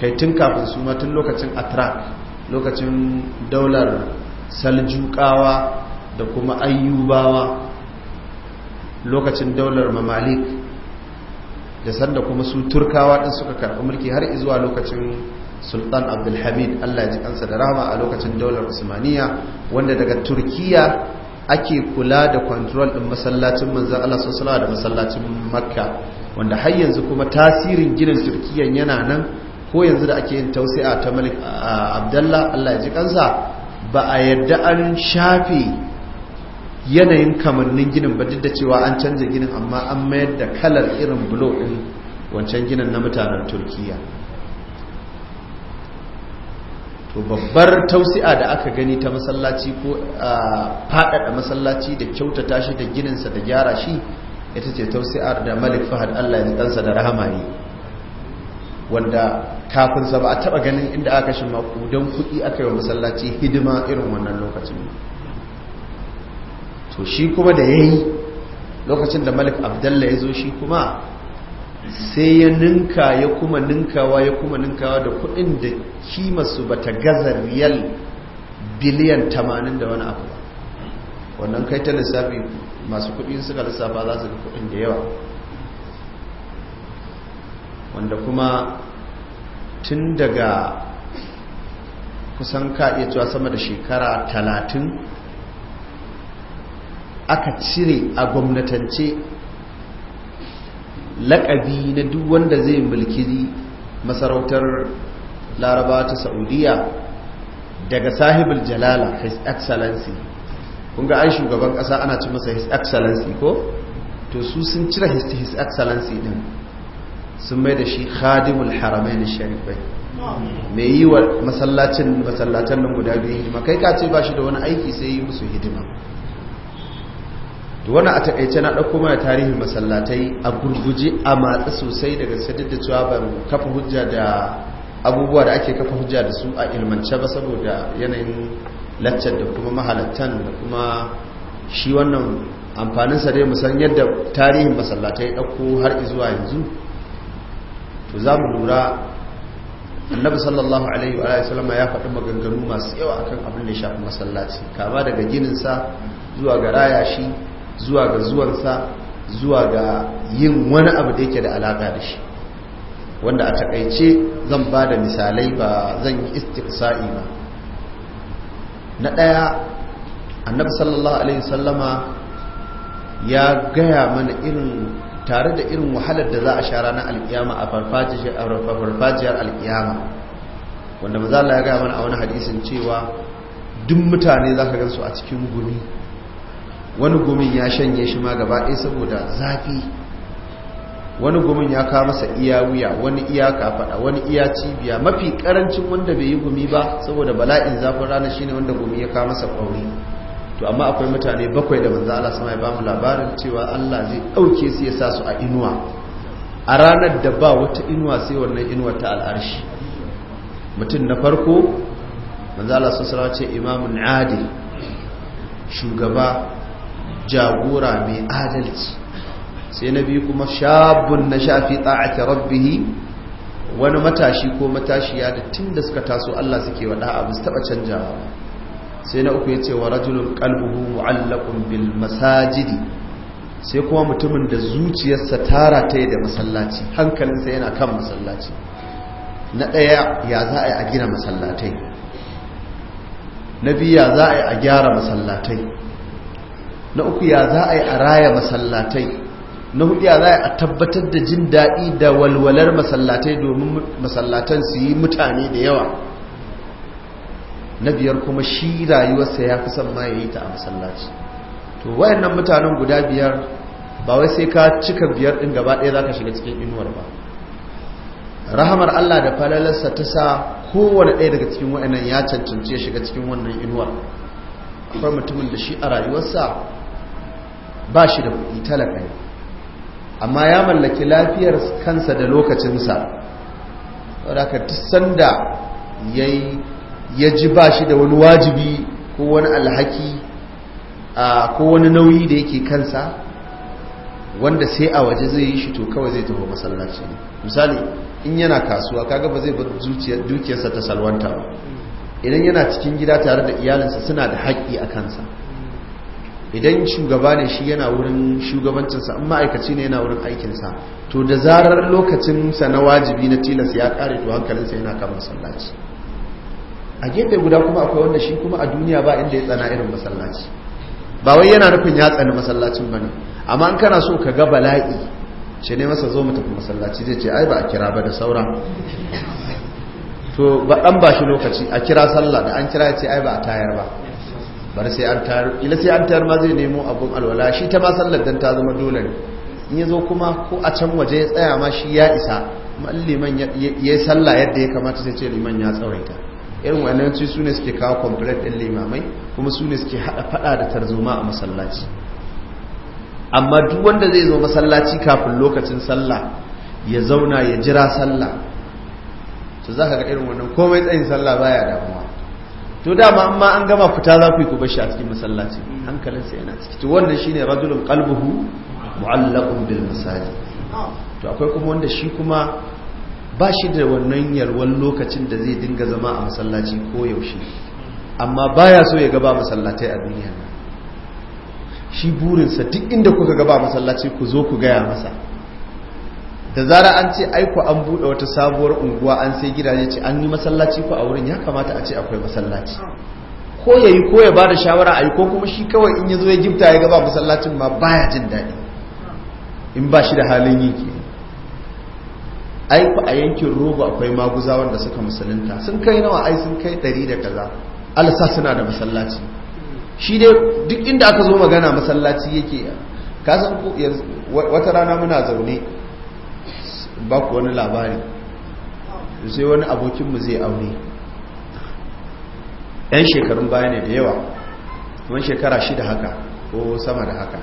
kai tun kafin su ma tun lokacin Atrak lokacin daular saljukawa da kuma ayyubawa lokacin daular mamalik da sanda kuma su turkawa ɗin suka karɓi mulki har izuwa lokacin sultan abdulhamid allah ji kansa da rama a lokacin daular usmaniya wanda daga turkiya ake kula da kwantrol ɗin masallacin manzan allah sosala da masallacin makka wanda har yanzu kuma tasirin ginin turkiyan yana nan ko yanzu da ake yin tausi'a ta malik abdallah allah ji kansa ba a yadda an shafe yanayin kamannin ginin ba duk da cewa an canza ginin amma an mayar da kalar irin bulo ɗin wancan ginin na mutanen turkiya to babbar tausi'a da aka gani ta masallaci ko a faɗaɗa masallaci da kyautata shi da gininsa da gyara shi ita ce tausi'ar da malik fahad allah ya ɗansa da rahama ne wanda kafin sa ba a taba ganin inda aka shi makudan kuɗi aka yi wa masallaci hidima irin wannan lokacin to shi kuma da ya yi lokacin da malik Abdullahi ya zo shi kuma sai ya ninka ya kuma ninkawa ya kuma ninkawa da kuɗin da kimarsu ba ta gaza riyal biliyan tamanin da wani abu wannan kai ta lissafi masu kuɗi suka lissafa za su ga kuɗin da yawa wanda kuma tun daga kusan ka iya cewa sama da shekara talatin aka cire a gwamnatance laƙabi na duk wanda zai mulki masarautar laraba ta saudiya daga sahibul jalala his excellency kunga an shugaban ƙasa ana ci masa his excellency ko to su sun cire his excellency din sun mai da shi khadimul haramain sharifai mai yi wa masallacin masallatan nan guda biyu hidima kai ka ce ba shi da wani aiki sai yi musu hidima Da wani a takaice na ɗauko mana tarihin masallatai a gurguje a matsa sosai daga sadar da cewa ban kafa hujja da abubuwa da ake kafa hujja da su a ilmance ba saboda yanayin laccar da kuma mahalattan da kuma shi wannan amfaninsa dai musan yadda tarihin masallatai ɗauko har izuwa yanzu to za mu lura annabi sallallahu alaihi wa sallama ya faɗi maganganu masu yawa akan abin da ya shafi masallaci kama daga gininsa zuwa ga raya shi zuwa ga sa zuwa ga yin wani abu da yake da alaka da shi wanda a takaice zan ba da misalai ba zan yi istiqsa'i ba na ɗaya annabi sallallahu alaihi wa sallama ya gaya mana irin tare da irin wahalar da za a sha ranar alkiyama a farfajiyar alkiyama wanda ba za a gaya mana a wani hadisin cewa duk mutane za ka gansu a cikin gumi wani gumin ya shanye shi ma gaba ɗaya saboda zafi wani gumin ya kawo masa iya wuya wani iya kafaɗa wani iya cibiya mafi ƙarancin wanda bai yi gumi ba saboda bala'in zafin rana shine wanda gumi ya kawo masa ƙwauri to amma akwai mutane bakwai da manzo Allah sama ya bamu labarin cewa Allah zai dauke su ya sa su a inuwa a ranar da ba wata inuwa sai wannan inuwa ta al'arshi mutum na farko manzo Allah sallallahu ce imamun adil shugaba jagora mai adalci sai na biyu kuma shabun na shafi ta'ati rabbihi wani matashi ko matashiya da tun da suka taso Allah suke wada abu su taba canjawa sai na uku ya ce wa rajulun kalbuhu mu'allakun bil masajidi sai kuma mutumin da zuciyarsa tara ta yi da masallaci hankalinsa yana kan masallaci na ɗaya ya za a yi a gina masallatai na biyu ya za a yi a gyara masallatai na uku ya za a yi a raya masallatai na hudu ya za a yi a tabbatar da jin daɗi da walwalar masallatai domin masallatan su yi mutane da yawa na biyar kuma shi rayuwarsa ya fi son ma ta a masallaci to wayannan mutanen guda biyar ba wai sai ka cika biyar ɗin gaba ɗaya za ka shiga cikin inuwar ba rahamar Allah da falalarsa ta sa kowane ɗaya daga cikin wayannan ya cancanci ya shiga cikin wannan inuwar akwai mutumin da shi a rayuwarsa ba shi da kuɗi talaka ne amma ya mallaki lafiyar kansa da lokacinsa wadda ka sanda ya yi ya ji ba shi da wani wajibi ko wani alhaki ko wani nauyi da yake kansa wanda sai a waje zai yi shi to kawai zai tafi masallaci misali in yana kasuwa kaga ba zai bar dukiyarsa ta salwanta ba idan yana cikin gida tare da iyalinsa suna da haƙƙi a kansa idan shugaba ne shi yana wurin shugabancinsa in ma'aikaci ne yana wurin aikinsa to da zarar lokacinsa na wajibi na tilas ya ƙare to hankalinsa yana kan masallaci a gefe guda kuma akwai wanda shi kuma a duniya ba inda ya tsana irin masallaci ba wai yana nufin ya tsani masallacin bane amma an kana so ka ga bala'i ce ne masa zo mu tafi masallaci zai ce ai ba a kira ba da saura to ba dan ba shi lokaci a kira sallah da an kira ya ce ai ba a tayar ba bar sai an tayar ila sai an tayar ma zai nemo abun alwala shi ta ma sallar dan ta zama dole ne in ya zo kuma ko a can waje ya tsaya ma shi ya isa malliman ya sallah yadda ya kamata sai ce liman ya tsawaita irin wannan ci su ne suke kawo complete ɗin limamai kuma su ne suke haɗa faɗa da tarzoma a masallaci amma duk wanda zai zo masallaci kafin lokacin sallah ya zauna ya jira sallah to za ka ga irin wannan komai tsayin sallah baya damuwa to dama amma an gama fita za ku yi ku bashi a cikin masallaci hankalinsa yana ciki to wannan shine rajulun qalbuhu mu'allaqun bil masajid to akwai kuma wanda shi kuma ba shi da wannan yarwar lokacin da zai dinga zama a masallaci ko yaushe amma ba ya so ya gaba masallatai a duniya shi burinsa duk inda kuka gaba masallaci ku zo ku gaya masa da zara an ce aiko an buɗe wata sabuwar unguwa an sai gidaje ce an yi masallaci ku a wurin ya kamata a ce akwai masallaci ko ya yi ko ya ba da shawara a yi ko kuma shi kawai in ya zo ya gifta ya gaba masallacin ma baya jin daɗi in ba shi da halin yi ke aiku a yankin rogo akwai maguza wanda suka musulunta sun kai nawa ai sun kai dari da kaza alsa suna da masallaci shi dai duk inda aka zo magana masallaci yake ka san wata rana muna zaune ba ku wani labari sai wani abokinmu zai aure ɗan shekarun baya ne da yawa wani shekara shida haka ko sama da haka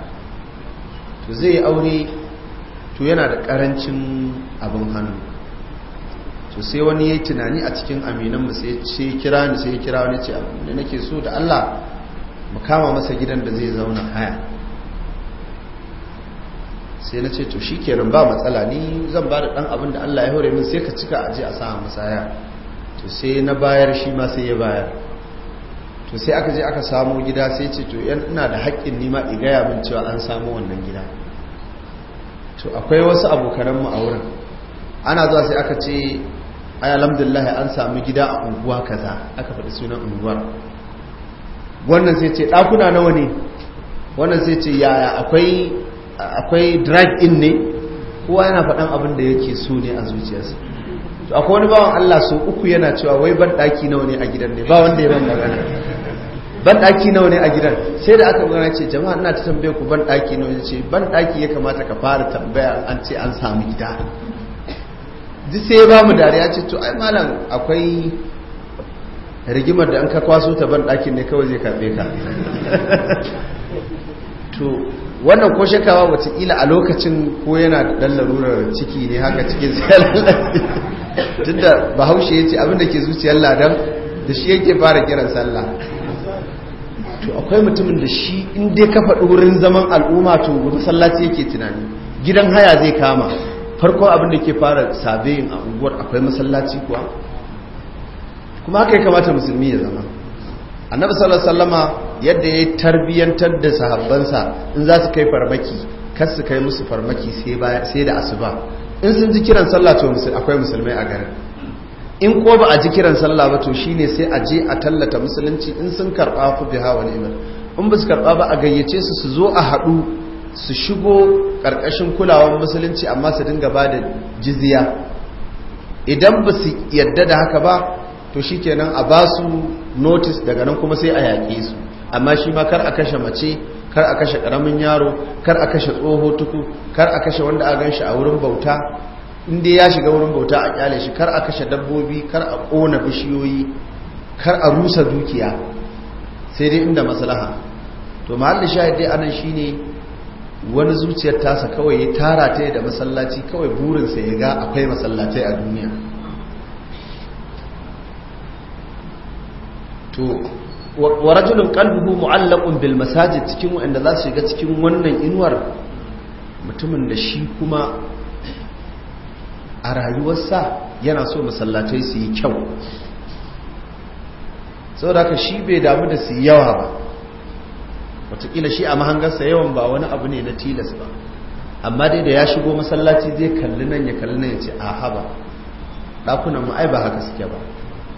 zai aure to yana da karancin abin hannu to sai wani ya yi tunani a cikin aminanmu sai ce kira ni sai kira wani ce abin da nake so da Allah mu kama masa gidan da zai zauna haya sai na ce to shi ke ba matsala ni zan ba da ɗan abin da Allah ya hore min sai ka cika aji a sa musaya to sai na bayar shi ma sai ya bayar to sai aka je aka samo gida sai ce to ina da haƙƙin nima in gaya min cewa an samo wannan gida to akwai wasu abokananmu a wurin ana zuwa sai aka ce ay alhamdulillah an sami gida a unguwa kaza aka faɗi sunan unguwar wannan sai ce ɗakuna nawa ne wannan sai ce yaya akwai akwai drive in ne kowa yana faɗan abin da yake so ne a zuciyarsa to akwai wani bawan Allah so uku yana cewa wai ban ɗaki nawa ne a gidan ne ba wanda ya ban magana banɗaki nawa ne a gidan sai da aka gana ce jama'a ina ta tambaye ku banɗaki nawa ce banɗaki ya kamata ka fara tambaya an ce an samu gida duk sai ya bamu dariya ce to ai malam akwai rigimar da an ka kwaso ta banɗaki ne kawai zai karɓe ka *laughs* to wannan ko shakawa wata kila a lokacin ko yana da ɗan larurar ciki ne haka cikin *laughs* tun da bahaushe ya ce abinda ke zuciyar ladan da shi yake fara kiran sallah to akwai mutumin da shi inda dai ka faɗi wurin zaman al'umma to masallaci yake tunani gidan haya zai kama farko abinda da ke fara sabe a unguwar akwai masallaci kuwa kuma haka ya kamata musulmi ya zama annabi sallallahu alaihi wasallama yadda ya tarbiyyantar da sahabbansa in za su kai farmaki kar su kai musu farmaki sai da asuba in sun ji kiran sallah to akwai musulmai a garin in ko ba a ji kiran sallah ba to shine sai a je a tallata musulunci in sun karba ku biha wa ni'mal in ba su karba ba a gayyace su su zo a haɗu su shigo ƙarƙashin kulawar musulunci amma su dinga ba da jizya idan ba su yadda da haka ba to shikenan a ba su notice daga nan kuma sai a yaƙe su amma shi ma kar a kashe mace kar a kashe ƙaramin yaro kar a kashe tsoho tuku kar a kashe wanda a ganshi a wurin bauta inda ya shiga wurin bauta a kyale shi kar a kashe dabbobi kar a kona bishiyoyi kar a rusa dukiya sai dai inda maslaha to mahallin shahid dai anan shine wani zuciyar tasa kawai ya tara ta da masallaci kawai burinsa ya ga akwai masallatai a duniya to wa rajulun qalbuhu mu'allaqun bil masajid cikin wanda za su shiga cikin wannan inuwar mutumin da shi kuma a rayuwarsa yana so masallatai su yi kyau Sau da ka shi bai damu da su yawa ba watakila shi a mahangarsa yawan ba wani abu ne na tilas ba amma dai da ya shigo masallaci zai kalli nan ya kalli nan ya ce a haba ɗakunan ma'ai ba haka suke ba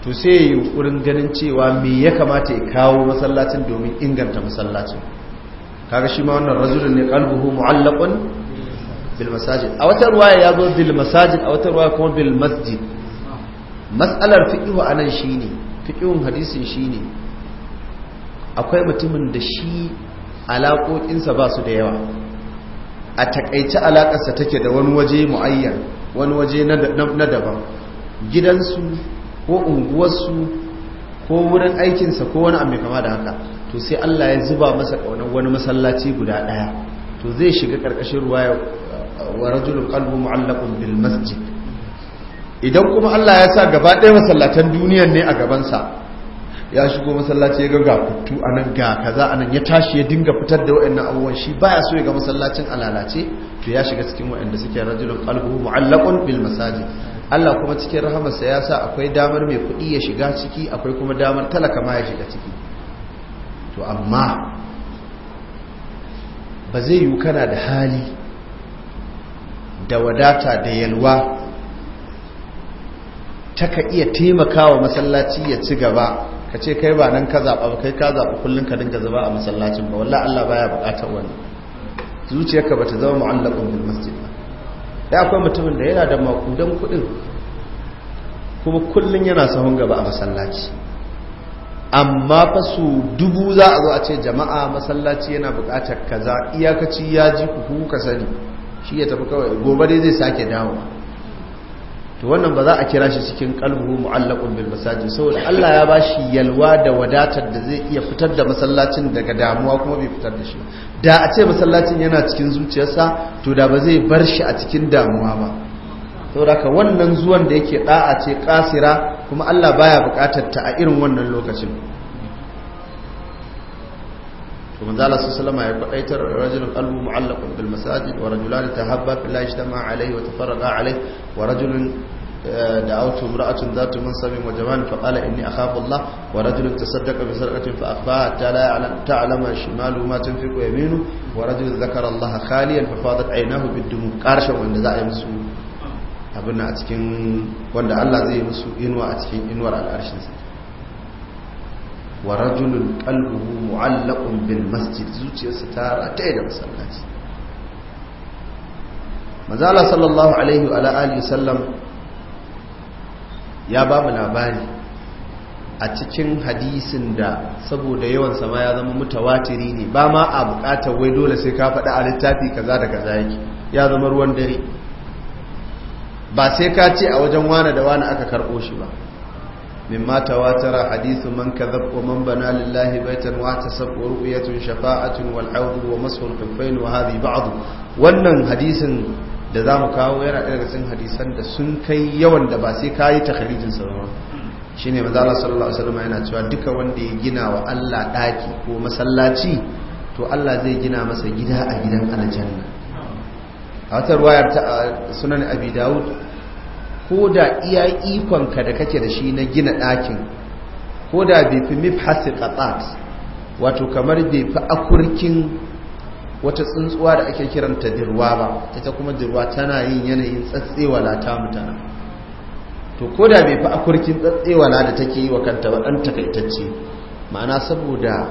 to sai ya yi wurin ganin cewa me ya kamata ya kawo masallacin domin inganta masallacin kaga shi ma wannan rajulun ne ƙalbuhu mu'allaqun bil masajid a wata ruwaya ya zo bil masajid a wata ruwaya kuma bil masjid mas'alar fiqhu anan shine fiqhun hadisin shine akwai mutumin da shi alaƙoƙinsa ba su da yawa a takaice alaƙarsa take da wani waje mu'ayyan wani waje na daban gidansu ko unguwarsu ko wurin aikinsa ko wani abu kama da haka to sai Allah ya zuba masa ƙaunar wani masallaci guda ɗaya to zai shiga karkashin ruwa wa rajulun qalbu mu'allaqun bil masjid idan kuma Allah ya sa gaba ɗaya masallatan duniyar ne a gabansa ya shigo masallaci ya ga kuttu a ga kaza a nan ya tashi ya dinga fitar da wa'annan abubuwan shi baya so ya ga masallacin alalace to ya shiga cikin wa'anda suke rajulun qalbu mu'allaqun bil masajid Allah kuma cikin rahamarsa ya sa akwai damar mai kuɗi ya shiga ciki akwai kuma damar talaka ma ya shiga ciki to amma ba zai yi kana da hali da wadata da yalwa ta ka iya taimakawa masallaci ya ci gaba ka ce kai ba nan ka zaɓa ba kai ka zaɓa kullum ka dinga zaba a masallacin ba wallah Allah baya buƙatar wani zuciyarka ba ta zama mu'allaqun bin masjid ba ya akwai mutumin da yana da makudan kuɗin kuma kullum yana sahun gaba a masallaci amma fa su dubu za a zo a ce jama'a masallaci yana buƙatar kaza iyakaci ya ji ku sani shi ya tafi kawai gobe dai zai sake dawo to wannan ba za a kira shi cikin kalbu mu'allaqun bil masajid saboda Allah ya bashi yalwa da wadatar da zai iya fitar da masallacin daga damuwa kuma bai fitar da shi da a ce masallacin yana cikin zuciyarsa to da ba zai bar shi a cikin damuwa ba saboda ka wannan zuwan da yake da'a ce kasira kuma Allah baya bukatar ta a irin wannan lokacin to manzo Allah ya kwadaitar rajulun qalbu mu'allaqun bil masajid wa rajulan tahabba fi Allah ijtama alaihi wa tafarraqa alaihi wa rajulun دعوت امرأة ذات منصب وجمال فقال إني أخاف الله ورجل تصدق بسرقة abin a cikin wanda Allah zai musu inuwa a cikin inuwar al'arshinsa wa rajulun qalbuhu mu'allaqun bil masjid zuciyarsa ta rataye da masallaci manzala sallallahu alaihi wa alihi sallam ya ba mu labari a cikin hadisin da saboda yawan sama ya zama mutawatiri ne ba ma a bukatar wai dole sai ka faɗa a littafi kaza da kaza yake ya zama ruwan dare ba sai ka ce a wajen wane da wane aka karɓo shi ba mimma tawatara hadithu man kadhab wa man bana lillahi baitan wa tasab wa ru'yatun shafa'atun wal hawd wa masfur khuffain wa hadhi ba'd wannan hadisin da zamu kawo yana daga cikin hadisan da sun kai yawan da ba sai kai takhrijin sa ba shine manzo Allah sallallahu alaihi wasallam yana cewa duka wanda ya gina wa Allah daki ko masallaci to Allah zai gina masa gida a gidan aljanna a wata ruwayar ta sunan abi dawud ko da iya ikonka da kake da shi na gina ɗakin ko da bai fi mifhasi qatat wato kamar bai fi akurkin wata tsuntsuwa da ake kiranta dirwa ba ita kuma dirwa tana yin yanayin tsatsewa na ta mutana to ko da bai fi akurkin tsatsewa na da take yi wa kanta ba ɗan takaitacce ma'ana saboda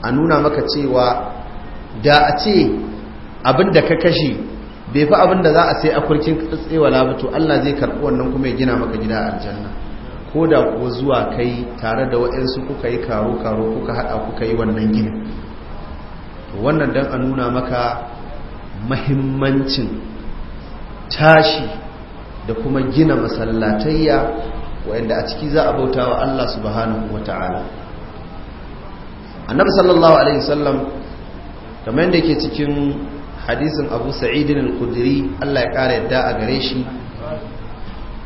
a nuna maka cewa da a ce abin da ka kashe bai fi abin da za a sai akwarkin tsewala ba to Allah zai karɓi wannan kuma ya gina maka gida a aljanna ko da kuwa zuwa kai tare da waɗansu kuka yi karo-karo kuka haɗa kuka yi wannan gini wannan don a nuna maka mahimmancin tashi da kuma gina masallatayya wa'anda a ciki za a bauta wa Allah subhanahu wa ta'ala annabi sallallahu alaihi wasallam kamar yadda yake cikin hadisin abu sa'idin al-kudiri allah ya ƙara yadda a gare shi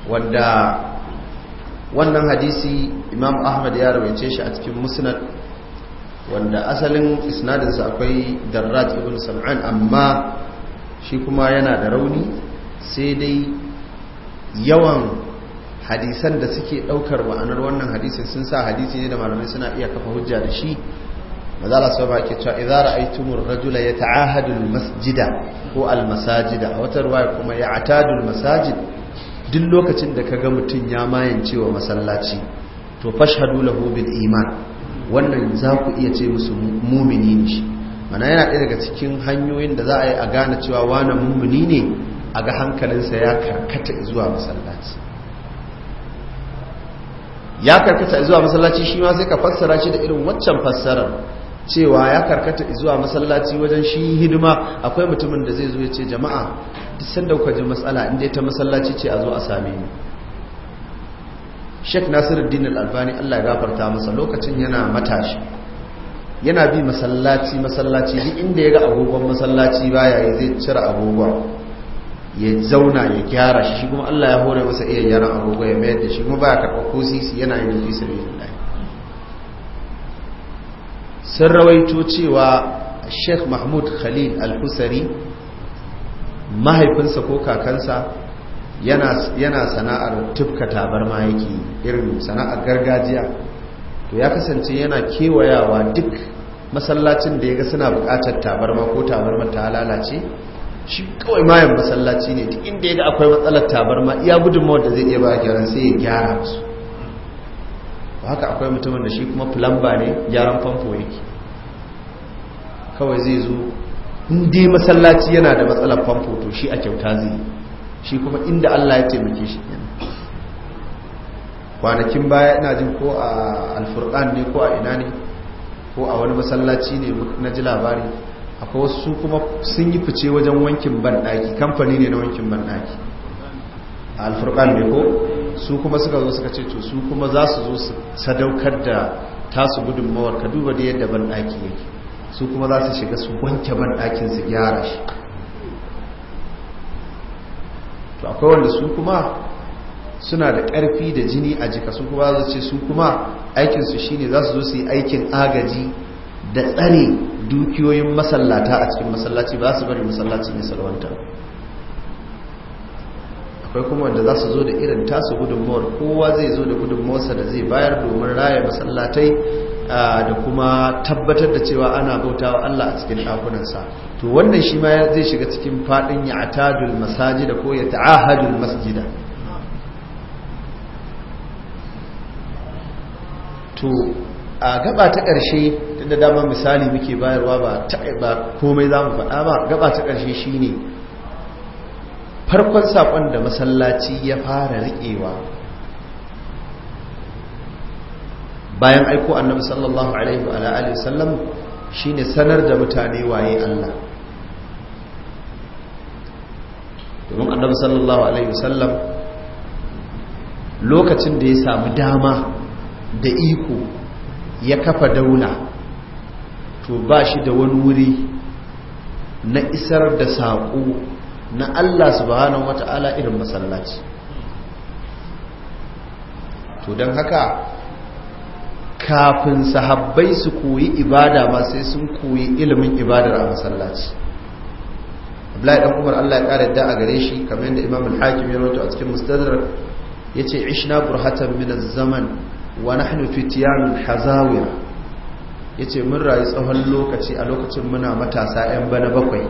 wanda wannan hadisi imam ahmad ya rawaice shi a cikin musnad wanda asalin isnadinsa akwai darraj ibn sam'an amma shi kuma yana da rauni sai dai yawan hadisan da suke ɗaukar ma'anar wannan hadisin sun sa hadisi ne da malamai suna iya kafa hujja da shi maza Allah sama ke cewa idza ra'aytumur rajula yata'ahadu almasjida masjida ko almasajida? a wata ruwaya kuma ya atadu masajid duk lokacin da kaga mutun ya mayance wa masallaci to fashhadu lahu bil iman wannan za ku iya ce musu mumini ne shi mana yana ɗaya daga cikin hanyoyin da za a yi a gane cewa wani mumini ne a ga hankalinsa ya karkata zuwa masallaci ya karkata zuwa masallaci shi ma sai ka fassara shi da irin waccan fassarar cewa ya karkata zuwa masallaci wajen shi hidima akwai mutumin da zai zo ya ce jama'a duk da kuka ji matsala inda ta masallaci ce a zo a same ni Sheikh Nasiruddin Al-Albani Allah ya gafarta masa lokacin yana matashi yana bi masallaci masallaci duk inda ya ga agogon masallaci baya ya zai cire agogon ya zauna ya gyara shi kuma Allah ya hore masa iya yaran agogo ya mayar da shi kuma baya karɓar ko yana yin fi sun rawaito cewa sheikh mahmud khalil al-husari mahaifinsa ko kakansa yana sana'ar tufka tabarma yake irin sana'ar gargajiya to ya kasance yana kewayawa duk masallacin da ya ga suna bukatar tabarma ko ma ta lalace shi kawai mayan masallaci ne duk inda ya ga akwai matsalar tabarma iya gudunmawar da zai iya ba a sai ya gyara su haka akwai mutumin da shi kuma plumber ne gyaran famfo yake kawai zai zo inda masallaci yana da matsalar famfo to shi a kyauta zai shi kuma inda Allah ya taimake shi kwanakin baya ina jin ko a alfurkan ne ko a ina ne ko a wani masallaci ne na ji labari akwai wasu kuma sun yi fice wajen wankin banɗaki kamfani ne na wankin banɗaki a alfurkan ne ko su kuma suka zo suka ce to su kuma za su zo su sadaukar da tasu gudunmawar ka duba da yadda ban ɗaki yake su kuma za su shiga su wanke ban ɗakin su gyara shi to akwai wanda su kuma suna da ƙarfi da jini a jika su kuma za ce su kuma aikinsu shine za su zo su yi aikin agaji da tsare dukiyoyin masallata a cikin masallaci ba su bari masallaci ne salwanta akwai kuma wanda za su zo da irin tasu gudunmawar kowa zai zo da sa da zai bayar domin raya masallatai da kuma tabbatar da cewa ana bautawa Allah a cikin ɗakunansa to wannan shi ma zai shiga cikin faɗin ya atadul masajida ko ya ta'ahadul masjida to a gaba ta ƙarshe tunda dama misali muke bayarwa ba komai za mu faɗa ba gaba ta ƙarshe shine farkon saƙon da masallaci ya fara riƙewa bayan aiko annabi sallallahu alaihi wa alihi wasallam shine sanar da mutane waye Allah domin annabi sallallahu alaihi wasallam lokacin da ya samu dama da iko ya kafa daula to ba shi da wani wuri na isar da saƙo na Allah subhanahu wata'ala irin masallaci to don haka kafin sahabbai su koyi ibada ba sai sun koyi ilimin ibadar a masallaci Abdullahi dan Umar Allah ya ƙara da a gare shi kamar yadda Imam al-Hakim ya rawaito a cikin ya ce ishna burhatan min zaman wa nahnu fityan hazawiya ce mun rayu tsawon lokaci a lokacin muna matasa yan bana bakwai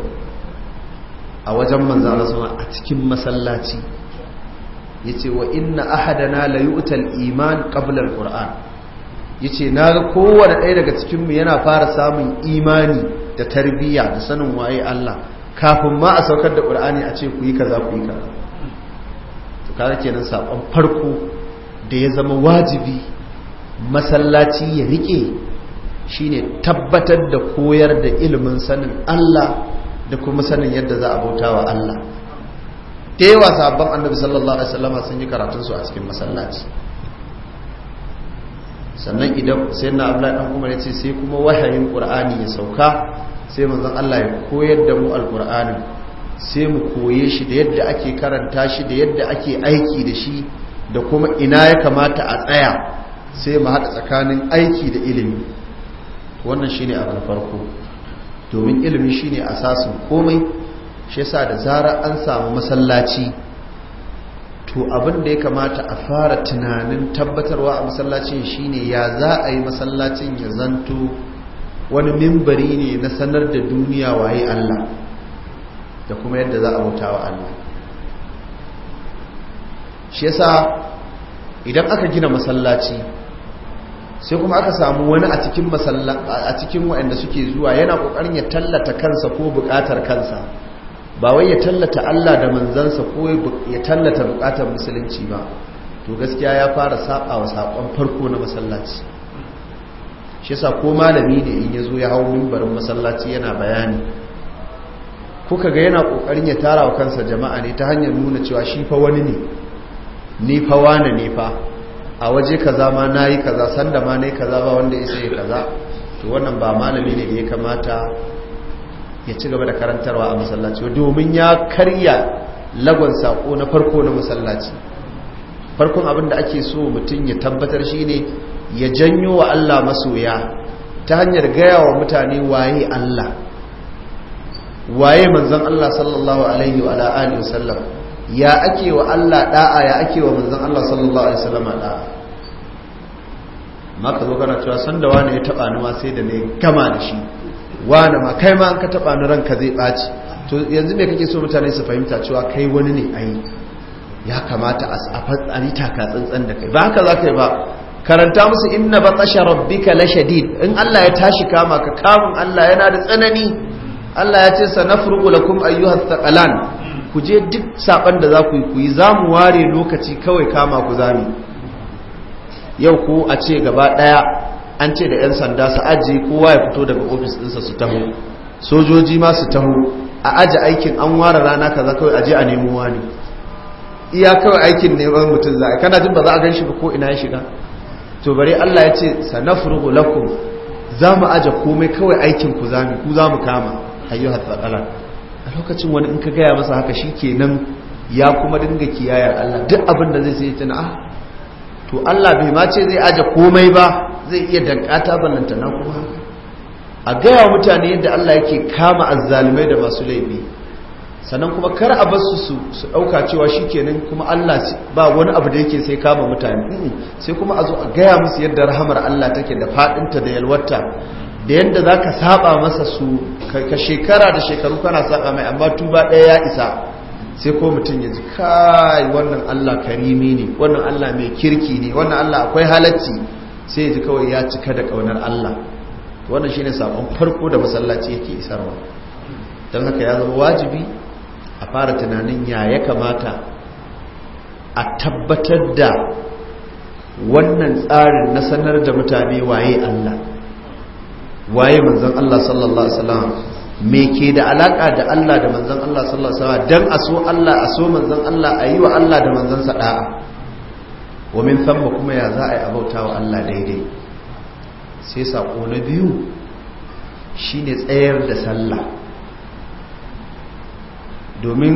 a wajen manzana sama a cikin masallaci ya ce wa inna ahadana la yu'tal iman qabla alquran ya ce na ga kowane ɗaya daga cikinmu yana fara samun imani da tarbiyya da sanin waye Allah kafin ma a saukar da qur'ani a ce ku yi kaza ku yi kaza to kaza kenan saɓon farko da ya zama wajibi masallaci ya rike shine tabbatar da koyar da ilimin sanin Allah da kuma sanin yadda za a bauta wa Allah da yawa sabon annabi sallallahu alaihi wasallama sun yi karatunsu a cikin masallaci sannan idan sai na abdullahi dan umar ce sai kuma wahayin qur'ani ya sauka sai manzon Allah ya koyar da mu alqur'ani sai mu koye shi da yadda ake karanta shi da yadda ake aiki da shi da kuma ina ya kamata a tsaya sai mu haɗa tsakanin aiki da ilimi wannan shine abin farko domin ilimi shine asasin komai shi yasa da zara an samu masallaci to abin da ya kamata a fara tunanin tabbatarwa a masallacin shine ya za a yi masallacin ya zanto wani mimbari ne na sanar da duniya waye Allah da kuma yadda za a bauta wa Allah shi yasa idan aka gina masallaci sai kuma aka samu wani a cikin a cikin waɗanda suke zuwa yana ƙoƙarin ya tallata kansa ko buƙatar kansa ba wai ya tallata Allah da manzansa ko ya tallata buƙatar musulunci ba to gaskiya ya fara saba wa sakon farko na masallaci shi yasa ko malami ne in yazo ya hawo mimbarin masallaci yana bayani kuka ga yana ƙoƙarin ya tarawa kansa jama'a ne ta hanyar nuna cewa shi fa wani ne ni fa wani ne fa a waje kaza ma na yi kaza sanda ma na yi kaza ba wanda ya sai kaza to wannan ba malami ne da ya kamata ya ci gaba da karantarwa a masallaci domin ya karya lagon sako na farko na masallaci farkon abin da ake so mutum ya tabbatar shine ya janyo wa Allah masoya ta hanyar gaya wa mutane waye Allah waye manzon Allah sallallahu alaihi wa alihi ya ake wa Allah da'a ya ake wa manzan Allah sallallahu alaihi wasallam da'a maka zo gana cewa sanda wani ya taba ma sai da ne gama da shi wani ma kai ma an ka taba ni ranka zai ɓaci. to yanzu me kake so mutane su fahimta cewa kai wani ne ayi ya kamata a fatsari taka tsantsan da kai ba haka za ka yi ba karanta musu inna batasha rabbika la shadid in Allah ya tashi kama ka kamun Allah yana da tsanani Allah ya ce sanafruqu lakum ayyuhas thaqalan ku je duk saban da za ku yi ku yi za mu ware lokaci kawai kama ku zami yau ku a ce gaba ɗaya an ce da 'yan sanda su aji kowa ya fito daga ofis ɗinsa su taho sojoji ma su taho a aji aikin an ware rana kaza kawai aji a nemo wani iya kawai aikin neman mutum za a kana jin ba za a gan shi ba ko ina ya shiga to bare Allah ya ce sanafrugu lakum za mu aji komai kawai aikin ku zami ku za mu kama ayyuhat tsakalan a lokacin wani in ka gaya masa haka shi kenan ya kuma dinga kiyayar Allah duk abin zai sai tana ah, to Allah bai ma ce zai aje komai ba zai iya dankata ballanta na kuma a gaya mutane yadda Allah yake kama azzalumai da masu laifi sannan kuma kar a bar su su dauka cewa kenan kuma Allah ba wani abu da yake sai kama mutane sai kuma a zo a gaya musu yadda rahamar Allah take da fadinta da yalwarta da yadda za ka saba masa su ka shekara da shekaru kana saba mai amma tuba ɗaya ya isa sai ko mutum ya ji kai wannan allah karimi ne wannan allah mai kirki ne wannan allah akwai halacci sai ya ji kawai ya cika da ƙaunar allah wannan shi ne sabon farko da masallaci yake isarwa don haka ya zama wajibi a fara tunanin ya ya kamata a tabbatar da wannan tsarin na sanar da mutane waye allah waye manzon Allah sallallahu alaihi wasallam me ke da alaka da Allah da manzon Allah sallallahu alaihi wasallam dan aso Allah aso manzon Allah ayi wa Allah da manzon sa da'a wa min thumma kuma ya za a yi abautawa Allah daidai sai sako na biyu shine tsayar da sallah domin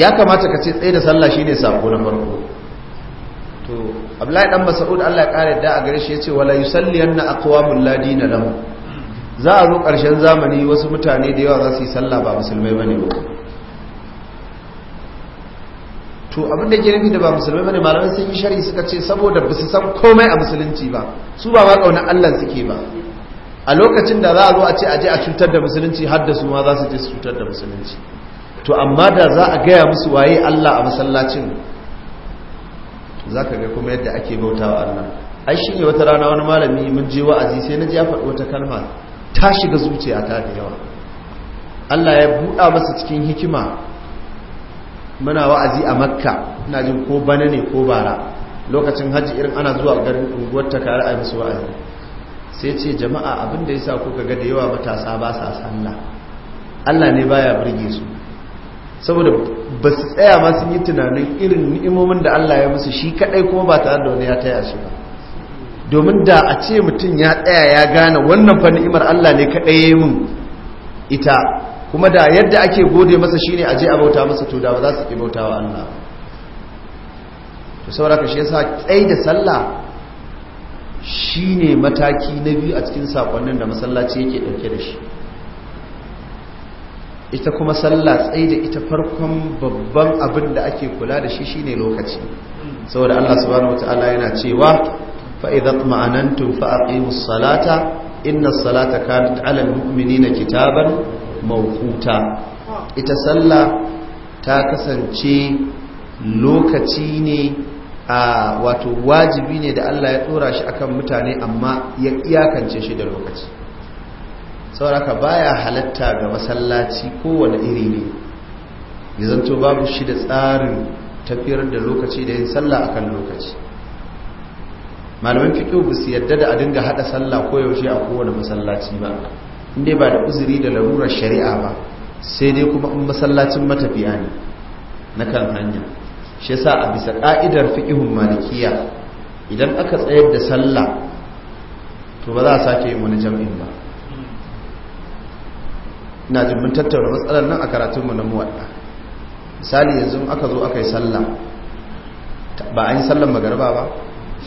ya kamata ka ce tsaye da sallah shine sako na farko to abdullahi dan mas'ud Allah ya kare da a gare shi yace wala yusalli anna aqwamul ladina lahum za a zo ƙarshen zamani wasu mutane da yawa za su yi sallah ba musulmai bane ba to abin da ke nufi da ba musulmai bane malamai sun yi shari'a suka ce saboda ba su san komai a musulunci ba su ba ma ƙaunar Allah suke ba a lokacin da za a zo a ce a je a cutar da musulunci har da su ma za su je su cutar da musulunci to amma da za a gaya musu waye Allah a masallacin za ka ga kuma yadda ake bautawa Allah ai shi ne wata rana wani malami mun je wa'azi sai na je ya faɗi wata kalma ta shiga zuciya ta da yawa Allah ya buɗa masa cikin hikima muna wa'azi a makka ina jin ko bana ne ko bara lokacin hajji irin ana zuwa garin unguwar ta kare a musu wa'azi sai ce jama'a abin da sa kuka ga da yawa matasa ba sa sanna Allah ne baya burge su saboda ba su tsaya ma sun yi tunanin irin ni'imomin da Allah ya musu shi kadai kuma ba tare da wani ya taya shi ba domin da a ce mutum ya tsaya ya gane wannan fani'imar Allah ne kaɗai mun ita kuma da yadda ake gode masa shine aje a bauta masa to da ba za su ki wa Allah to saboda shi yasa tsayi da sallah shine mataki na biyu a cikin sakonnin da masallaci yake dauke da shi ita kuma sallah tsayi da ita farkon babban abin da ake kula da shi shine lokaci saboda Allah subhanahu wataala yana cewa فإذا اطمأننتم فأقيموا الصلاة إن الصلاة كانت على المؤمنين كتابا موقوتا sallah ta kasance lokaci a wato wajibi ne da Allah ya tsora shi akan mutane amma ya iyakance shi da lokaci sauraka baya halatta ga masallaci kowane iri ne yanzu babu shi da tsarin tafiyar da lokaci da yin sallah akan lokaci malaman fiqh ba su yadda da a dinga hada sallah ko yaushe a kowane masallaci ba inda ba da uzuri da larurar shari'a ba sai dai kuma in masallacin matafiya ne na kan hanya shi yasa a bisa ka'idar fiqhun malikiya idan aka tsayar da sallah to ba za a sake yin wani jam'in ba ina jin mun tattauna matsalar nan a karatunmu na muwadda misali yanzu aka zo aka yi sallah ba a yi sallar magarba ba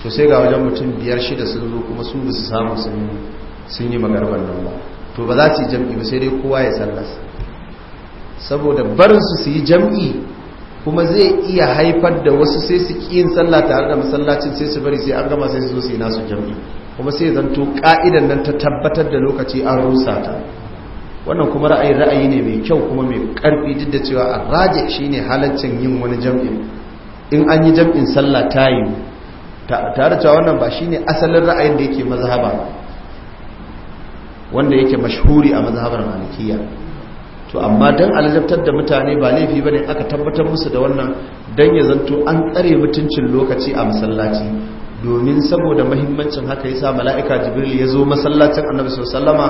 to sai ga wajen mutum biyar shida sun zo kuma su da su samu sun yi magarban nan ba to ba za su yi jam'i ba sai dai kowa ya sallas saboda barinsu su yi jam'i kuma zai iya haifar da wasu sai su ƙi yin sallah tare da masallacin sai su bari sai an gama sai su zo su yi nasu jam'i kuma sai zanto ka'idan nan ta tabbatar da lokaci an rusa ta wannan kuma ra'ayi ra'ayi ne mai kyau kuma mai karfi duk da cewa a raje shine halaccin yin wani jam'i in an yi jam'in sallah ta yi tare cewa wannan ba shine asalin ra'ayin da yake mazhaba wanda yake mashhuri a mazhabar malikiya to amma dan aljabtar da mutane ba laifi ba bane aka tabbatar musu da wannan dan ya zanto an tsare mutuncin lokaci a masallaci domin saboda mahimmancin haka yasa mala'ika jibril ya zo masallacin annabi sallama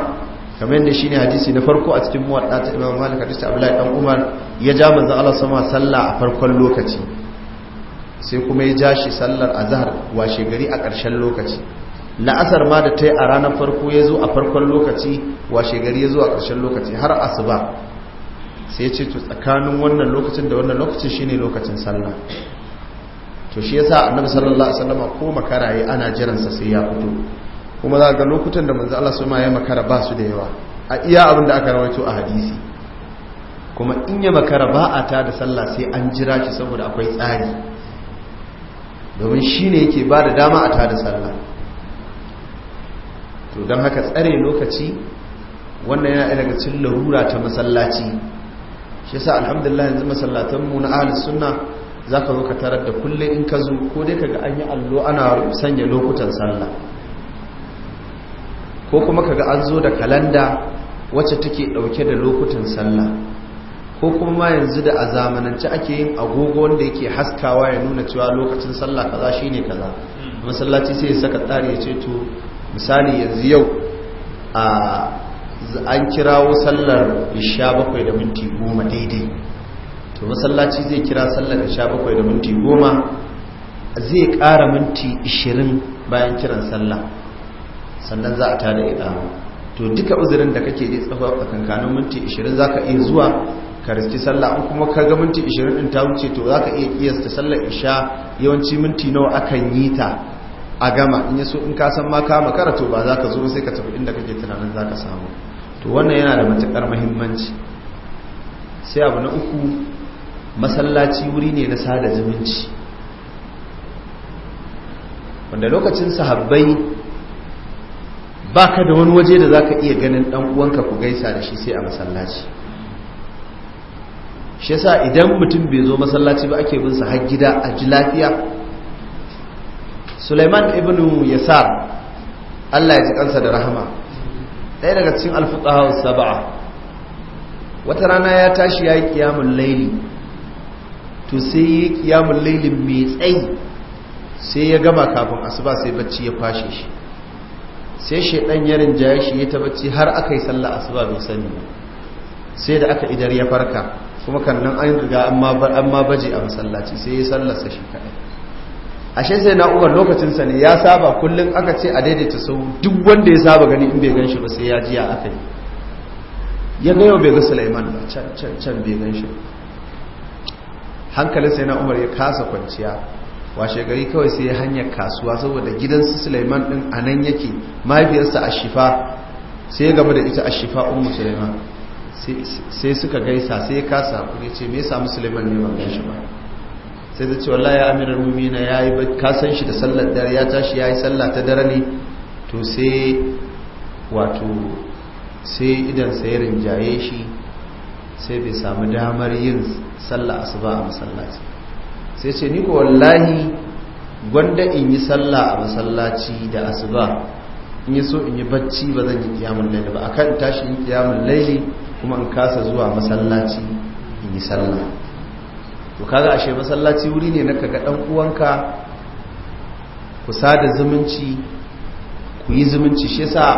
kamar yadda shine hadisi na farko a cikin muwaddat imam malik hadisi abdullahi dan umar ya ja manzo Allah sama sallah a farkon lokaci sai kuma ya ja shi sallar zahar washe gari a ƙarshen lokaci la'asar ma da ta yi a ranar farko ya zo a farkon lokaci washe gari ya zo a ƙarshen lokaci har asuba sai ce to tsakanin wannan lokacin da wannan lokacin shine lokacin sallah to shi yasa annabi sallallahu alaihi wasallam ko makara yayi ana jiran sai ya fito kuma za ga lokutan da manzo Allah ya makara ba su da yawa a iya abin da aka rawaito a hadisi kuma in ya makara ba a ta da sallah sai an jira shi saboda akwai tsari domin shi ne yake ba da dama a ta da sallah to don haka tsare lokaci wannan yana ilaga cin larura ta masallaci shi sa alhamdulillah yanzu mu na suna za ka zo ka tarar da kullum in ka zo ko dai kaga an yi allo ana sanya lokutan sallah ko kuma kaga an zo da kalanda wacce take dauke da lokutan sallah ko kuma ma yanzu da a zamanance ake yin agogo wanda yake haskawa ya nuna cewa lokacin sallah kaza shine kaza hmm. masallaci sai ya saka tsari ya ce to misali yanzu yau a an kirawo sallar isha bakwai da minti goma daidai to masallaci zai kira sallar isha bakwai da minti goma zai kara minti ishirin bayan kiran sallah sannan za a tada iqama to duka uzurin da kake ji tsafa a kankanin minti ishirin za ka iya zuwa ka riski sallah in kuma ka ga minti 20 din ta wuce to zaka iya kiyasta sallar isha yawanci minti nawa akan yi ta a gama in yaso in ka san ma ka makara to ba zaka zo sai ka tafi inda kake tunanin zaka samu to wannan yana da matukar muhimmanci sai abu na uku masallaci wuri ne na sada zumunci wanda lokacin sahabbai baka da wani waje da zaka iya ganin dan uwanka ku gaisa da shi sai a masallaci shi yasa idan mutum bai zo masallaci ba ake bin sa har gida a ji lafiya Suleiman ibn Yasar Allah ya ji kansa da rahama ɗaya daga cikin alfuqaha sab'a wata rana ya tashi ya yi qiyamul layli to sai yi qiyamul layli mai tsayi sai ya gama kafin asuba sai bacci ya kwashe shi sai shedan ya rinjaye shi ya ta bacci har aka yi sallah asuba bai sani sai da aka idar ya farka kuma kan nan an riga an ma baje a masallaci sai ya sallarsa shi kaɗai ashe sai na umar lokacinsa ne ya saba kullum aka ce a daidaita sau duk wanda ya saba gani in bai gan shi ba sai ya jiya aka yi ya ga bai ga sulaiman ba can can can bai gan shi hankalin sai na umar ya kasa kwanciya washe gari kawai sai ya hanyar kasuwa saboda gidan su sulaiman din a nan yake mahaifiyarsa a shifa sai ya gaba da ita a shifa ummu sulaiman sai suka gaisa sai ya kasa kuma ce me yasa musulman ne ban shi ba sai ta ce wallahi amiral mu'mina yayi kasan shi da sallar dare ya tashi yayi sallah ta dare ne to sai wato sai idan sai rinjaye shi sai bai samu damar yin sallah asuba a masallaci sai ce ni ko wallahi gwanda in yi sallah a masallaci da asuba in yi so in yi bacci ba zan yi kiyamun laili ba akan tashi yi kiyamun laili kuma in kasa zuwa masallaci in yi sallah to kaga ashe masallaci wuri ne na kaga dan uwanka ku sada zumunci ku yi zumunci shi yasa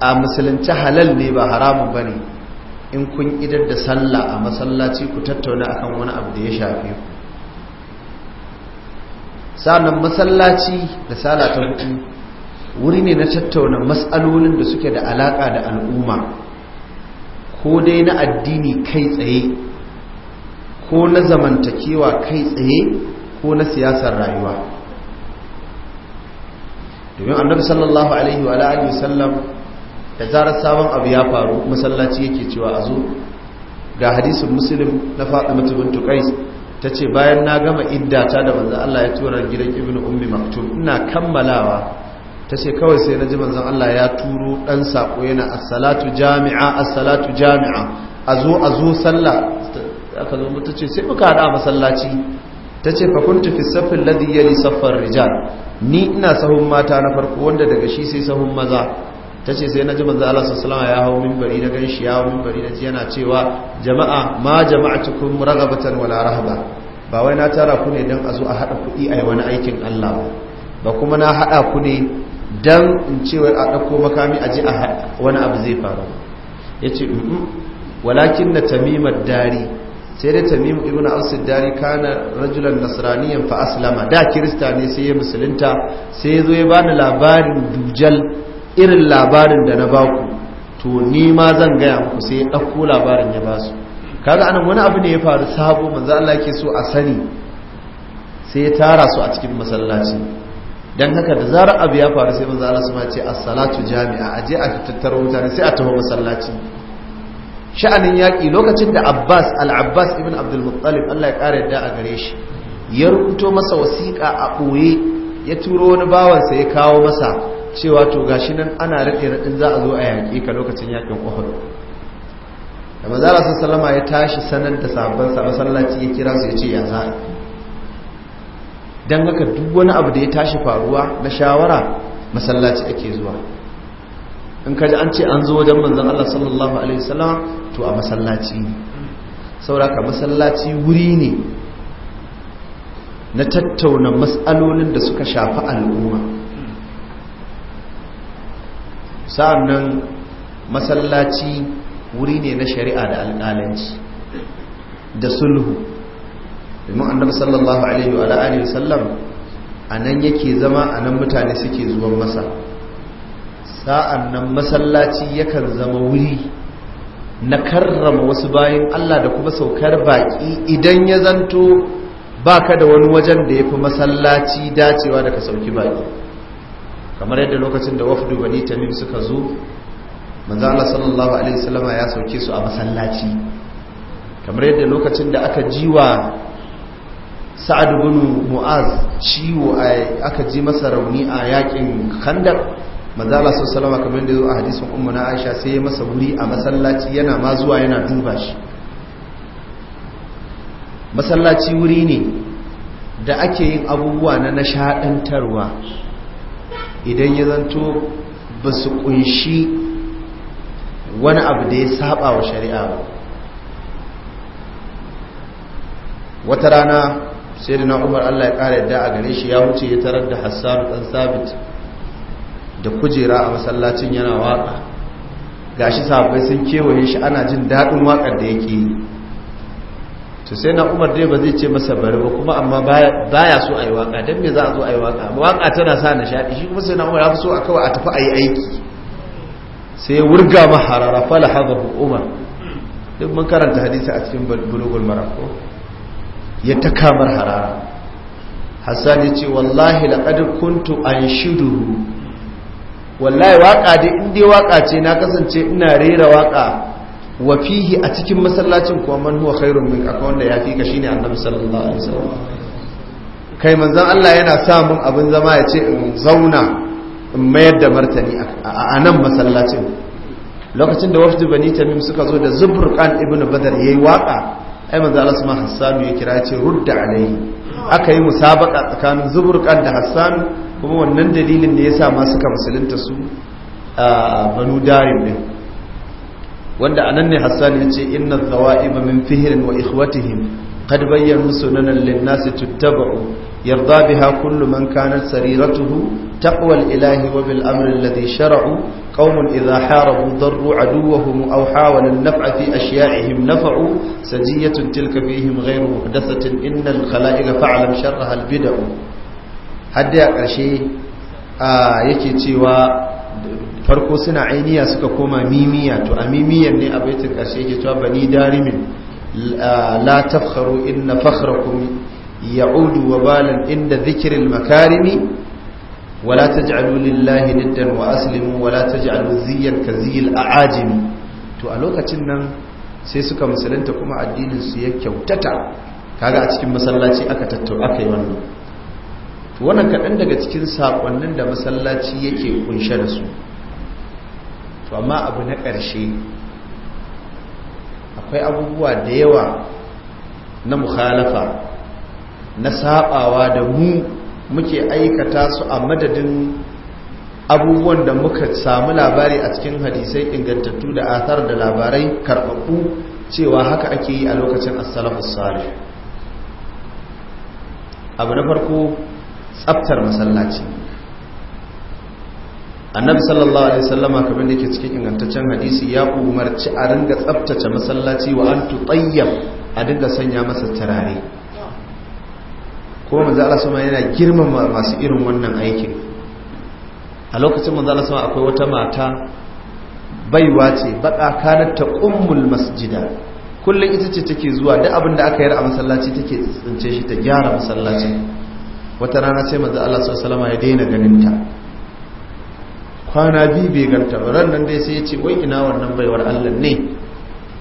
a musulunci halal ne ba haramun bane in kun idar da sallah a masallaci ku tattauna akan wani abu da ya shafe ku sanan masallaci da sala ta hudu wuri ne na tattauna mas'alolin da suke da alaka da al'umma ko dai na addini kai tsaye ko na zamantakewa kai tsaye ko na siyasar rayuwa domin annabi sallallahu alaihi wa alihi wasallam da zarar sabon abu ya faru masallaci yake cewa a zo ga hadisin muslim na fadi mutumin tukai ta ce bayan na gama iddata da manzo Allah ya tura gidan ibnu ummi maktum ina kammalawa ta ce kawai sai na ji manzan Allah ya turo ɗan saƙo yana salatu jami'a a salatu jami'a a zo a zo sallah aka zo ta ce sai muka haɗa masallaci ta ce fakuntu fi safin ya saffar rijal ni ina sahun mata na farko wanda daga shi sai sahun maza ta ce sai na ji manzan Allah ya hau bari na gan shi ya hau bari na ji yana cewa jama'a ma jama'a cikin ragabatan wala rahaba ba wai na tara ku ne don a zo a haɗa kuɗi a yi wani aikin Allah ba kuma na haɗa ku ne don in ce wai a ɗauko makami a ji a wani abu zai faru ya ce walakin na tamimar dari sai dai tamimu ibn al-asir dari kana rajulan nasraniyan fa aslama da kirista ne sai ya musulunta sai ya zo ya bani labarin dujal irin labarin da na baku to ni ma zan gaya muku sai ya ɗauko labarin ya basu kaga anan wani abu ne ya faru sabo manzo Allah yake so a sani sai ya tara su a cikin masallaci dan haka da zarar abu ya faru sai manzo Allah subhanahu ce as-salatu jami'a aje a tattaro mutane sai a taho masallaci sha'anin yaki lokacin da Abbas al-Abbas ibn Abdul Muttalib Allah ya kare da a gare shi ya rubuto masa wasiƙa a boye ya turo wani bawansa ya kawo masa cewa to gashi nan ana na radin za a zo a yaki ka lokacin yakin Uhud da manzo Allah sallallahu ya tashi sanar da sahabban masallaci ya kira su ya ce ya za'a don haka duk wani abu da ya tashi faruwa na shawara masallaci ake zuwa in kaji an ce an zo wajen manzan Allah sallallahu alaihi wasallam to a masallaci ne sauraka masallaci wuri ne na tattauna matsalolin da suka shafi al'umma sa'annan masallaci wuri ne na shari'a da alƙalanci da sulhu domin annabi sallallahu alaihi wa sallam a anan yake zama a nan mutane suke zuwan masa sa'an nan masallaci yakan zama wuri na karrama wasu bayan Allah da kuma saukar baƙi idan ya zanto baka da wani wajen da ya fi masallaci dacewa da ka sauki baƙi kamar yadda lokacin da wafdu bani tamim suka zo manzo Allah sallallahu alaihi wasallama ya sauke su a masallaci kamar yadda lokacin da aka jiwa sa'ad bin mu'az ciwo a aka ji masa rauni a yakin kandar mazala sun salama kamar da zo a hadisin umu na Aisha sai ya masa wuri a masallaci yana ma zuwa yana duba shi masallaci wuri ne da ake yin abubuwa na nashaɗantarwa idan ya zanto ba su kunshi wani abu da ya saba wa shari'a ba wata rana sai da na umar allah ya ƙara yadda a gane shi ya wuce ya tarar da hassan ɗan sabit da kujera a masallacin yana waƙa ga shi sahabbai sun kewaye shi ana jin daɗin wakar da yake yi to sai na umar dai ba zai ce masa bari ba kuma amma baya so a yi waka don me za a zo a yi waƙa waka tana sa nishaɗi shi kuma sai na umar ya fi so a kawai a tafi a yi aiki sai ya wurga maharara fala hazabu umar duk mun karanta hadisi a cikin bulugul marako ya ta kamar harara hassan ya ce wallahi laƙadar kuntu an shudu wallahi waƙa da inda waka ce na kasance ina rera waƙa Wafihi a cikin masallacin kuma huwa khairun min aka wanda ya fi ka shine annabi sallallahu alaihi wasallam kai manzon Allah yana sa mun abin zama ya ce in zauna in mayar da martani a nan masallacin lokacin da wafdi bani tamim suka zo da zubrqan ibnu badar yayi waka. ai manzo su ma hassanu ya kira ce rudda alai aka yi musabaka tsakanin zuburkan da hassanu kuma wannan dalilin da yasa ma suka musulunta su a banu darim din wanda anan ne hassanu ya ce inna zawaiba min fihrin wa ikhwatihim قد بيّن سننا للناس تتبع يرضى بها كل من كانت سريرته تقوى الإله وبالأمر الذي شرعوا قوم إذا حاربوا ضروا عدوهم أو حاول النفع في أشيائهم نفعوا سجية تلك فيهم غير محدثة إن الخلائق فعلا شرها البدع هدي أكرشي آه يكي تيوى farko suna ainiya suka koma mimiya to a mimiyan ne a baitin ƙarshe yake cewa bani darimin لا تفخروا إن فخركم يعود وبالا عند ذكر المكارم ولا تجعلوا لله ندا وأسلموا ولا تجعلوا زيا كزي الأعاجم تؤلوك تنم سيسك مسلنت كما الدين سيك يوتتا kaga a cikin masallaci aka tattau aka yi wannan to wannan kaɗan daga cikin saƙonnin da masallaci yake kunshe da su to amma abu na ƙarshe akwai abubuwa da yawa na mukhalafa na sabawa da mu muke aikata su a madadin abubuwan da muka samu labari a cikin hadisai ingantattu da athar da labarai karɓaɓɓu cewa haka ake yi a lokacin as-salafus salih abu na farko tsaftar masallaci annabi sallallahu alaihi wasallama kamar da yake cikin ingantaccen hadisi ya umarci a ringa tsaftace masallaci wa an tutayyab a dinga sanya masa tarare. kuma manzo Allah sama yana girmama masu irin wannan aikin a lokacin manzo Allah sama akwai wata mata baiwa ce baka kanar ta ummul masjida kullum ita ce take zuwa duk abin da aka yi a masallaci take tsince shi ta gyara masallaci wata rana sai manzo Allah sallallahu alaihi wasallama ya daina ganin ta kwana biyu bai ganta ba nan dai sai ya ce wai ina wannan baiwar Allah ne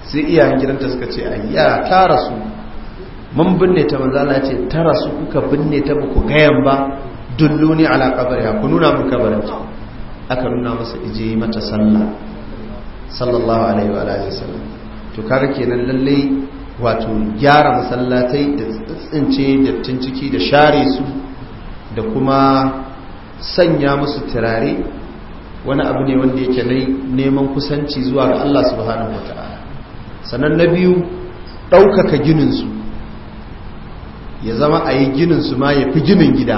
sai iyayen gidanta suka ce a ya ta rasu mun binne ta manzo ce ta rasu kuka binne ta ba ku gayan ba ne ala qabriha ku nuna mun kabarin aka nuna masa ije mata sallah sallallahu alaihi wa alihi to kaga kenan lallai wato gyara masallatai da tsince dattin ciki da share su da kuma sanya musu turare wani abu ne wanda yake neman kusanci zuwa ga Allah subhanahu wata'ala sannan na biyu ɗaukaka gininsu ya zama a yi gininsu ma ya fi ginin gida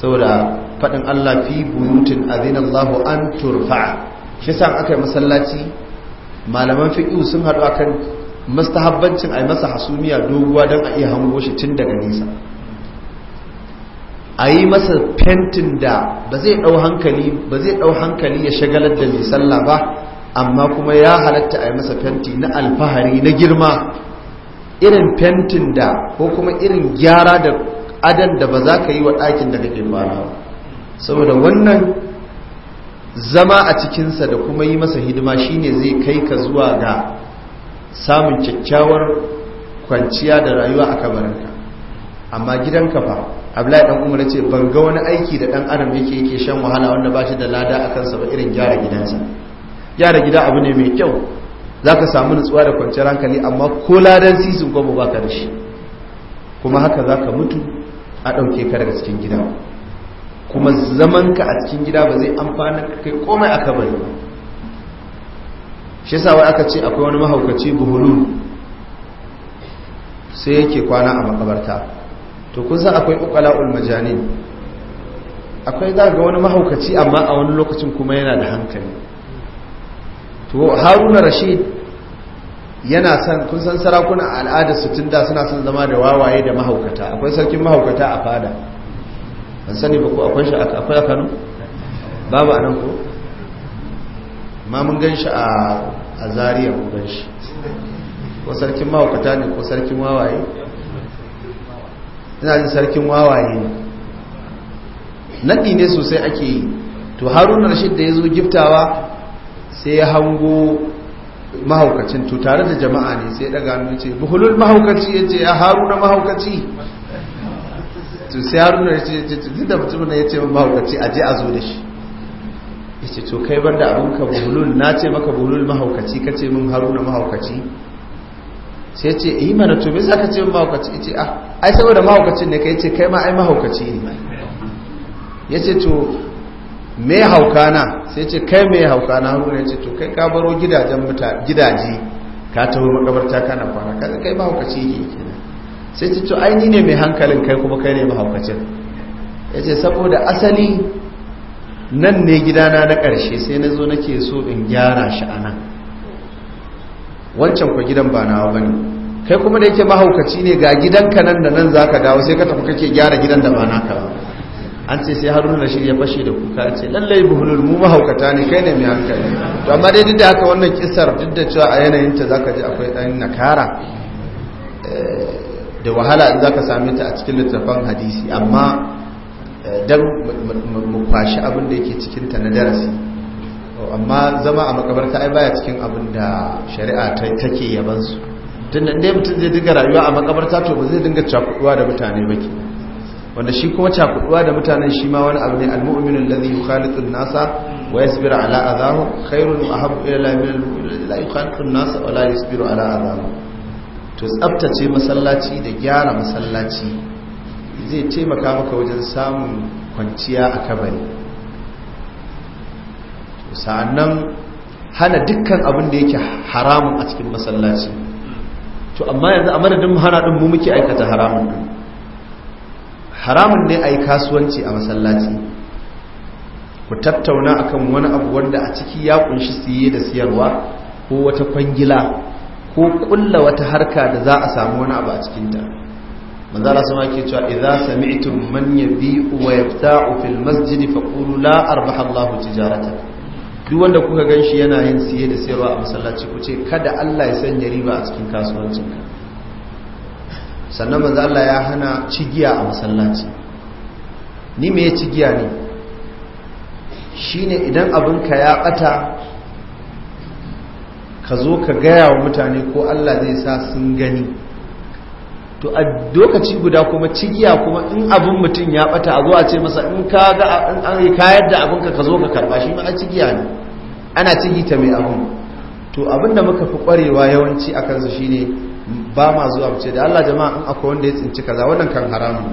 saboda faɗin Allah fi buyutin azinallahu an turfa shi sa aka yi masallaci malaman fiƙi sun haɗu akan mustahabbancin a yi masa hasumiya doguwa don a iya hango shi tun daga nesa a yi masa fentin da ba zai ɗau hankali ba zai ɗau hankali ya shagalar da mai sallah ba amma kuma ya halatta a yi masa fenti na alfahari na girma irin fentin da ko kuma irin gyara da adan da ba za ka yi wa ɗakin da kake fara ba saboda wannan zama a cikinsa da kuma yi masa hidima shine zai kai ka zuwa ga samun kyakkyawar kwanciya da rayuwa a kabarinka amma gidanka fa abdullahi dan umar ce ban ga wani aiki da dan adam yake yake shan wahala wanda ba shi da lada a kansa ba irin gyara gidansa gyara gida abu ne mai kyau zaka samu nutsuwa da kwanciyar hankali amma ko ladan sisin gwabo baka da shi kuma haka zaka mutu a ɗauke ka daga cikin gida kuma zamanka a cikin gida ba zai amfana kai komai aka bari ba shi yasa wai aka ce akwai wani mahaukaci buhulun sai yake kwana a makabarta to san akwai ukala'ul majanin akwai za ga wani mahaukaci amma a wani lokacin kuma yana da hankali to haruna rashid yana San kun san sarakuna al'adar su tun da suna son zama da wawaye da mahaukata akwai sarkin mahaukata a fada ban sani ba ko akwai shi a kano babu a nan ko ma mun gan shi a zariya mun gan shi ko sarkin mahaukata ne ko sarkin wawaye ina jin sarkin wawaye ne naɗi ne sosai ake yi to haruna rashid da ya zo giftawa sai ya hango mahaukacin to tare da jama'a ne sai daga hannu ce buhulul mahaukaci ya ce ya haruna mahaukaci to sai haruna ya ce duk da mutum ya ce mahaukaci aje a zo da shi ya ce to kai banda da abinka buhulul na ce maka buhulul mahaukaci ka ce min haruna mahaukaci sai ce yi eh, mana tobe za ka ce mahaukaci ya ce a ah, ai saboda mahaukacin ne ka yi ce kai ma ai mahaukaci ne ya ce to me haukana sai ce kai me haukana haruna ya ce to kai ka baro gidajen gidaje ka ta taho makabarta kana kwana kai kai mahaukaci yake kenan sai ce to ai ni ne mai hankalin kai kuma kai ne mahaukacin ya ce saboda asali nan ne gidana na ƙarshe sai na zo nake so in gyara shi a nan wancan kwa gidan ba nawa bane kai kuma da yake mahaukaci ne ga gidanka nan da nan zaka dawo sai ka tafi kake gyara gidan da ba naka ba an ce sai haruna na shirya fashe da kuka ce lallai buhulul mu mahaukata ne kai ne mai hankali to amma dai duk da haka wannan kisar duk da cewa a yanayin ta zaka ji akwai dan nakara eh, da wahala in zaka same ta a cikin littafin hadisi amma eh, dan mu kwashi abin da yake cikin ta na darasi amma zama a makabarta ai baya cikin abin da shari'a ta take yaban su tunda mutum zai dinga rayuwa a makabarta to ba zai dinga cakuduwa da mutane ba ke wanda shi kuma cakuduwa da mutanen shi ma wani abu ne almu'minu alladhi yukhalitu an-nasa wa yasbiru ala adahu khairun ahabbu ila Allah min la yukhalitu an-nasa wa la yasbiru ala adahu to tsaftace masallaci da gyara masallaci zai taimaka maka wajen samun kwanciya a kabari sannan hana dukkan abin da yake haramun a cikin masallaci to amma yanzu a madadin hana mu muke aikata haramun din haramun ne a yi kasuwanci a masallaci ku tattauna akan wani abu wanda a ciki ya kunshi siye da siyarwa ko wata kwangila ko kulla wata harka da za a samu wani abu a cikinta manzo Allah sama yake cewa idza sami'tum man yabi'u wa yafta'u fil masjid faqulu la arbaha Allahu tijaratahu duk wanda kuka gan shi yana yin siye da siyarwa a masallaci ku ce kada Allah ya sanya riba a cikin kasuwancinka sannan manzo Allah ya hana cigiya a masallaci ni me cigiya ne shine idan abin ka ya bata ka zo ka gaya wa mutane ko Allah zai sa sun gani to a lokaci guda kuma cigiya kuma in abin mutum ya bata a zo a ce masa in ka ga an kayar da abinka ka zo ka karba shi ma a cigiya ne ana cigi ta mai abin to abin da muka fi kwarewa yawanci a kansa shine ba ma zuwa mu ce da Allah jama'a in akwai wanda ya tsinci kaza wannan kan haramun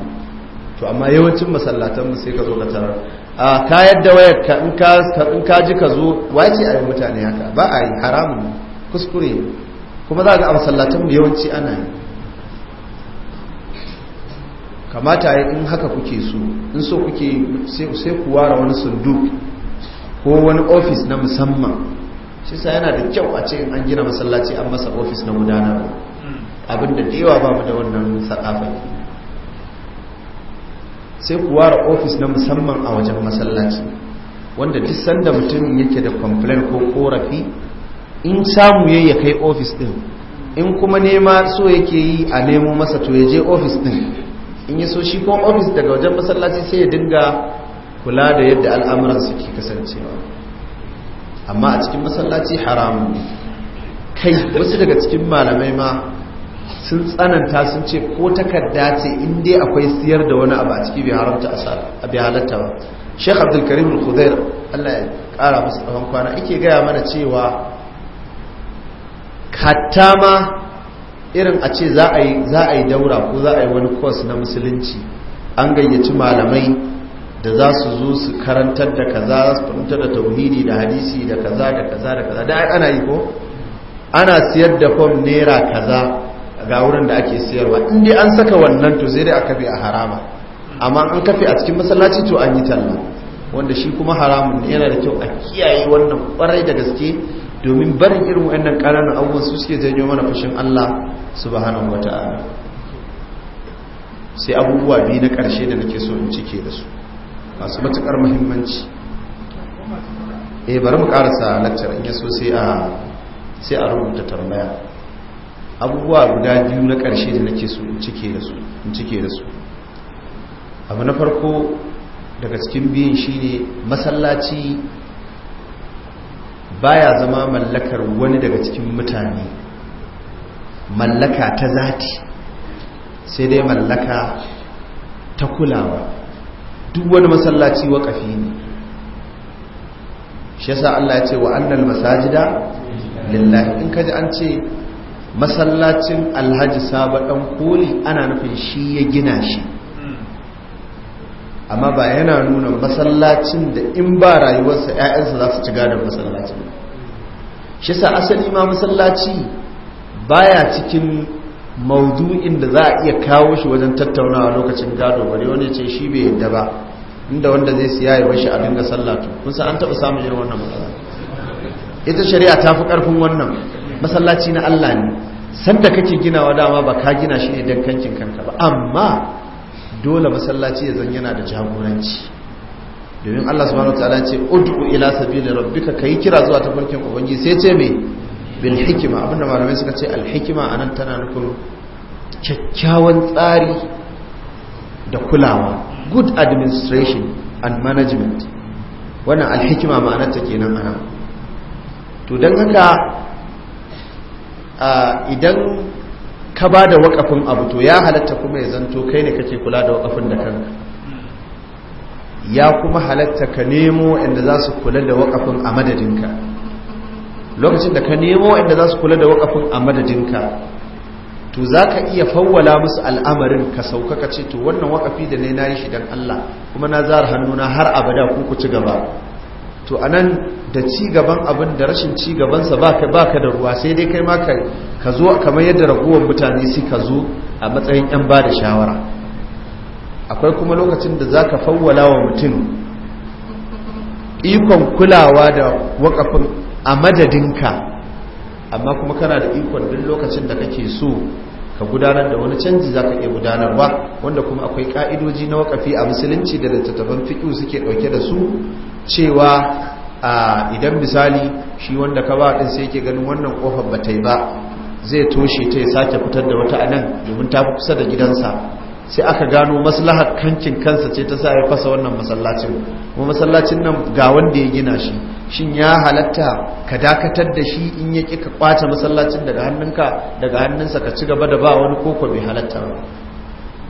to amma yawancin masallatan mu sai ka zo ka tarar a kayar da wayar ka in ka in ka ji ka zo wace a yi mutane haka ba a yi haramun kuskure kuma za ga a masallatan mu yawanci ana yi kamata ya in haka kuke so in so kuke sai ku ware wani sanduk ko wani ofis na musamman shi sa yana da kyau a ce in an gina masallaci an masa ofis na gudanarwa abinda da yawa ba mu da wannan sakafa sai ku ware ofis na musamman a wajen masallaci wanda duk sanda mutum yake da complain ko korafi in samu yayi ya kai ofis din in kuma nema so yake yi a nemo masa to ya je ofis din in yi so shi ko ofis daga wajen masallaci sai ya dinga kula da yadda al'amuran suke kasancewa amma a cikin masallaci haramun kai wasu daga cikin malamai ma sun tsananta sun ce ko takarda ce in dai akwai siyar da wani abu a ciki bai haramta a bi halatta ba sheikh abdulkarim al-khudair allah ya kara musu tsawon kwana ike gaya mana cewa kattama. irin a ce za a yi daura ko za a yi wani kwas na musulunci an gayyaci malamai da za su zo su karantar da kaza su karantar da tauhidi da hadisi da kaza da kaza da kaza da ana yi ko ana siyar da fom naira kaza ga wurin da ake siyarwa in dai an saka wannan to zai dai a kafe a harama amma an kafe a cikin masallaci to an yi talla wanda shi kuma haramun yana da kyau a kiyaye wannan kwarai da gaske domin barin irin wa'annan ƙananan abubuwan su suke janyo mana fashin Allah subhanahu wata'ala sai abubuwa biyu na ƙarshe da nake so in cike da su masu matuƙar muhimmanci eh bari mu ƙarasa lecture in yaso sai a sai rubuta tambaya abubuwa guda biyu na ƙarshe da nake so in cike da su da su abu na farko daga cikin biyun shine masallaci baya zama mallakar wani daga cikin mutane mallaka ta zati sai dai mallaka ta kulawa duk wani masallaci wakafi ne shi yasa Allah ya ce wa annal masajida lillahi in kaji an ce masallacin alhaji saba ɗan koli ana nufin shi ya gina shi amma ba yana nuna masallacin da in ba rayuwarsa 'ya'yansa za su ci gadon masallacin shi sa asali ma masallaci baya cikin maudu'in da za a iya kawo shi wajen tattaunawa lokacin gado bari wani ce shi bai yadda ba inda wanda zai siya ya bashi a dinga sallatu kun san an taɓa samun irin wannan matsala ita shari'a ta fi ƙarfin wannan masallaci na Allah ne sanda kake ginawa dama ba ka gina shi ne don kankin kanka ba amma dole masallaci ya zan yana da jagoranci domin Allah subhanahu wataala ce ud'u ila sabili ka kai kira zuwa ta farkin ubangi sai ce me bil hikima abinda malamai suka ce alhikima hikima anan tana nufin kyakkyawan tsari da kulawa good administration and management wannan al hikima ma'anarta kenan anan to dan haka idan ka ba da wakafin abu to ya halatta kuma ya zanto kai ne kake kula da wakafin da kanka ya kuma halatta ka nemo inda za su kula da wakafin a madadinka lokacin da ka nemo inda za su kula da wakafin a madadinka to za ka iya fawwala musu al'amarin ka sauka ka ce to wannan wakafi da ne na yi shi don Allah kuma na zara hannuna har abada ku ku ci gaba to anan da ci gaban abin da rashin ci gabansa baka baka da ruwa sai dai kai ma ka zo kamar yadda ragowar mutane suka zo a matsayin yan ba da shawara akwai kuma lokacin da zaka fawwala wa mutum ikon kulawa da wakafin a madadinka amma kuma kana da ikon duk lokacin da kake so ka gudanar da wani canji za ka iya gudanarwa wanda kuma akwai ka'idoji na wakafi a musulunci da littattafan fiƙi suke ɗauke da su cewa idan misali shi wanda ka ba ɗin sai ke ganin wannan ƙofar ba ta yi ba zai toshe ta ya sake fitar da wata anan domin ta fi kusa da gidansa sai aka gano maslahar kankin kansa ce ta sa ya fasa wannan masallacin kuma masallacin nan ga wanda ya gina shi shin ya halatta ka dakatar da shi in ya ƙi ka kwace masallacin daga hannunka daga hannunsa ka ci gaba da ba wani koko bai halatta ba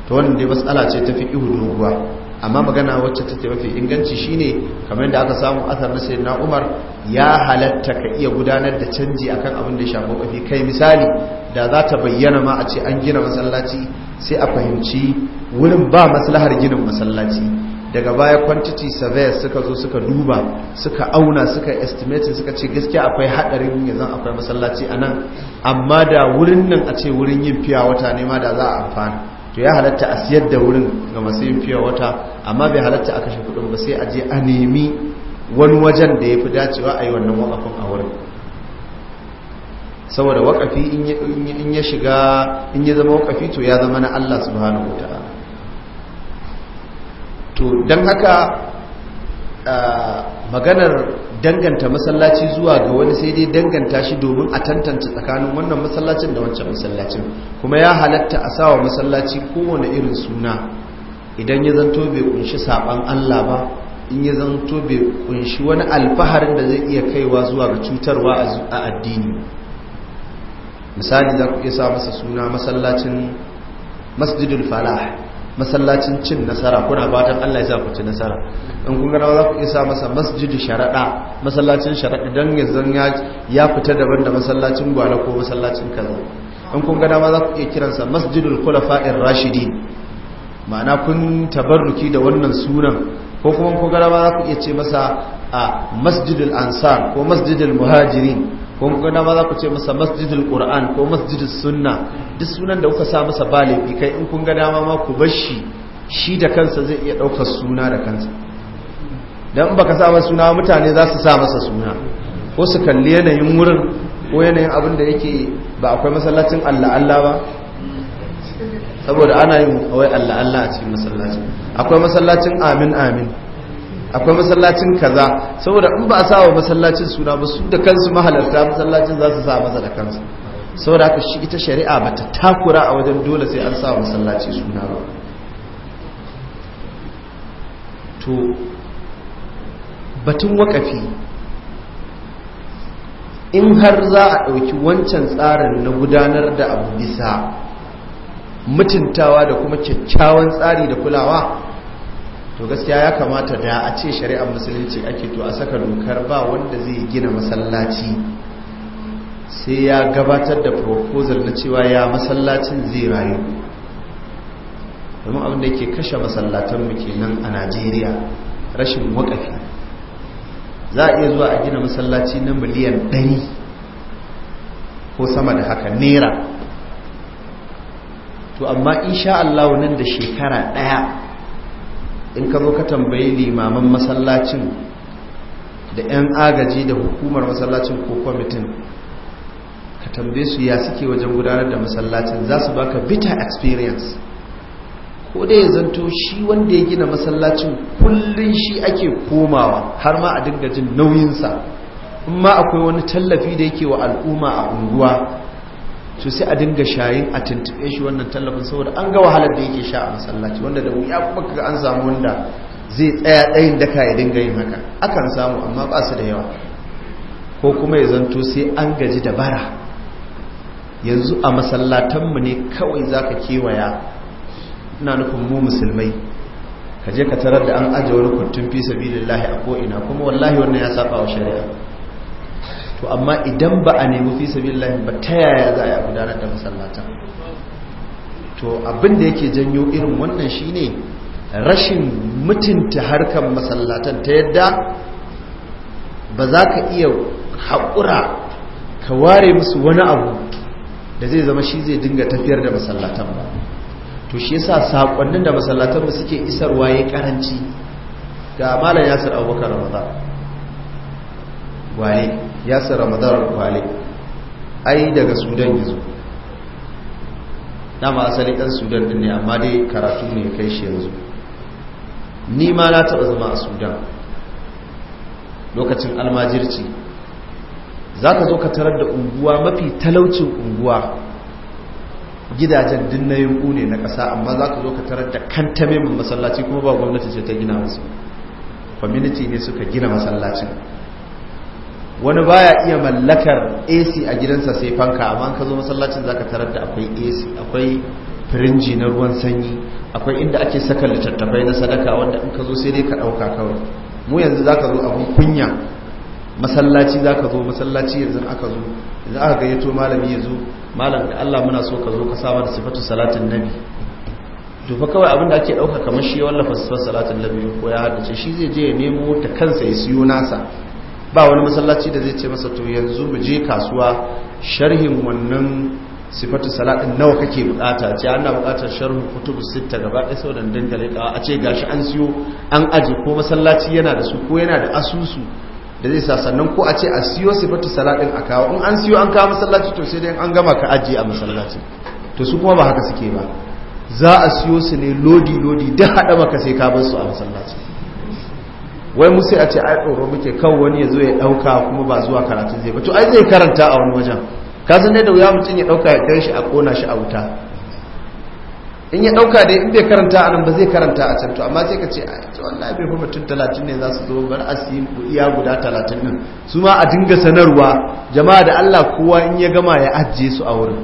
to wannan dai matsala ce ta fi ihu doguwa amma magana wacce take mafi inganci shine kamar yadda aka samu asar na sayyidina Umar ya halatta ka iya gudanar da canji akan abin da ya shafi kafi kai misali da za ta bayyana ma a ce an gina masallaci sai a fahimci wurin ba maslahar ginin masallaci daga baya quantity surveyors suka zo suka duba suka auna suka estimate suka ce gaskiya akwai hadarin yanzu akwai masallaci anan amma da wurin nan a ce wurin yin fiya wata ne ma da za a amfana to ya halatta a siyar da wurin ga masu yin fiye wata amma bai halatta a kashe kudin ba sai a je a nemi wani wajen da ya fi dacewa a yi wannan wakafin a wurin saboda wakafi in ya shiga in ya zama wakafi to ya zama na Allah subhanahu wa to don haka ah, maganar danganta masallaci zuwa ga wani sai dai danganta shi domin a tantance tsakanin wannan masallacin da wancan masallacin kuma ya halatta a sawa masallaci kowane irin suna idan ya zanto bai kunshi saban Allah ba in ya zanto bai kunshi wani alfaharin da zai iya kaiwa zuwa ga cutarwa a addini misali za ku iya sa masa suna masallacin masjidul falah masallacin cin nasara kuna fatan Allah ya sa ku ci nasara in kun gana za ku isa masa masjidi sharada masallacin sharada dan yanzu ya fita daban da masallacin gwala ko masallacin kaza in kun gana ma za ku iya kiransa masjidul khulafa'ir rashidin ma'ana kun tabarruki da wannan sunan ko kuma kun gana ma za ku iya ce masa a masjidul ansar ko masjidul muhajirin ko kuma na ma za ku ce masa masjidul qur'an ko masjidul sunna duk sunan da kuka sa masa balibi kai in kun ga dama ma ku bar shi shi da kansa zai iya daukar suna da kansa dan in baka sa masa suna mutane za su sa masa suna ko su kalli yanayin wurin ko yanayin abin da yake ba akwai masallacin Allah Allah ba saboda ana yin wai Allah Allah a cikin masallacin akwai masallacin amin amin akwai masallacin kaza saboda in ba a sa wa masallacin suna ba su da kansu mahalarta masallacin za su sa masa da kansu saboda haka shi ita shari'a ba ta takura a wajen dole sai an sa wa masallaci suna ba to batun wakafi in har za a ɗauki wancan tsarin na gudanar da abu bisa mutuntawa da kuma kyakkyawan tsari da kulawa to gaskiya ya kamata da a ce shari'ar musulunci ake to a saka dokar ba wanda zai gina masallaci sai ya gabatar da proposal na cewa ya masallacin zai rayu domin abinda ke kashe masallatanmu kenan a najeriya rashin wakafi za a iya zuwa a gina masallaci na miliyan ɗari ko sama da haka naira to amma insha Allah nan da shekara ɗaya. in ka zo ka tambayi limaman masallacin da 'yan agaji da hukumar masallacin ko kwamitin ka tambaye su ya suke wajen gudanar da masallacin za su baka bitter experience ko da ya zanto shi wanda ya gina masallacin kullum shi ake komawa har ma a dinga jin nauyinsa in ma akwai wani tallafi da yake wa al'umma a unguwa su sai a dinga shayin a tuntube shi wannan tallafin saboda an ga wahalar da yake sha a masallaci wanda da wuya kuma kaga an samu wanda zai tsaya tsayin daka ya dinga yin haka akan samu amma ba su da yawa ko kuma ya zanto sai an gaji da bara yanzu a masallatanmu ne kawai zaka kewaya ina nufin mu musulmai ka je ka tarar da an aje wani kuntun fi sabilillahi a ko'ina kuma wallahi wannan ya saba wa shari'a to amma idan ba a nemi fi sabilillahi ba ta yaya za a gudanar da masallatan to abin da yake janyo irin wannan shine rashin mutunta harkar masallatan ta yadda ba za ka iya haƙura ka ware musu wani abu da zai zama shi zai dinga tafiyar da masallatan ba to shi yasa saƙonnin da masallatan ba suke isarwa ya karanci ga malam yasir abubakar ramadan wane yasa ramadan kwale ai daga sudan gizo ma asali ɗan sudan ɗin ne amma dai karatu ne kai shi yanzu ni ma na taɓa zama a sudan lokacin almajirci za ka zo ka tarar da unguwa mafi talaucin unguwa gidajen din na yunku ne na ƙasa amma za ka zo ka tarar da kantame masallaci kuma ba gwamnati ce ta gina masu kwaminiti ne suka gina masallacin wani baya iya mallakar AC a gidansa sai fanka amma ka zo masallacin zaka tarar da akwai AC akwai firinji na ruwan sanyi akwai inda ake saka littattafai na sadaka wanda in ka zo sai dai ka dauka kawai mu yanzu zaka zo abun kunya masallaci zaka zo masallaci yanzu aka zo yanzu aka gayyato malami yazo malam da Allah muna so ka zo ka saba da sifatu salatin nabi to fa kawai abin da ake dauka kamar shi ya wallafa sifatu salatin nabi ko ya haddace shi zai je ya nemo ta kansa ya siyo nasa ba wani masallaci da zai ce masa to yanzu mu je kasuwa sharhin wannan sifatu salatin nawa kake bukata ce ana bukatar sharhu kutubu sitta gaba ɗaya sau da dangane a ce gashi an siyo an aji ko masallaci yana da su ko yana da asusu da zai sa sannan ko a ce a siyo sifatu salatin a kawo in an siyo an kawo masallaci to sai dai an gama ka ajiye a masallaci to su kuma ba haka suke ba za a siyo su ne lodi lodi duk haɗa maka sai ka bar su a masallaci wai musu sai a ce ai tsoro muke kan wani ya zo ya ɗauka kuma ba zuwa karatu zai ba to ai zai karanta a wani wajen ka san da wuya mutum ya ɗauka ya kai shi a kona shi a wuta in ya ɗauka dai in bai karanta a nan ba zai karanta a can to amma sai ka ce a ce wallahi bai kuma tun talatin ne za su zo bar a siyin iya guda talatin nan su ma a dinga sanarwa jama'a da allah kowa in ya gama ya ajiye su a wurin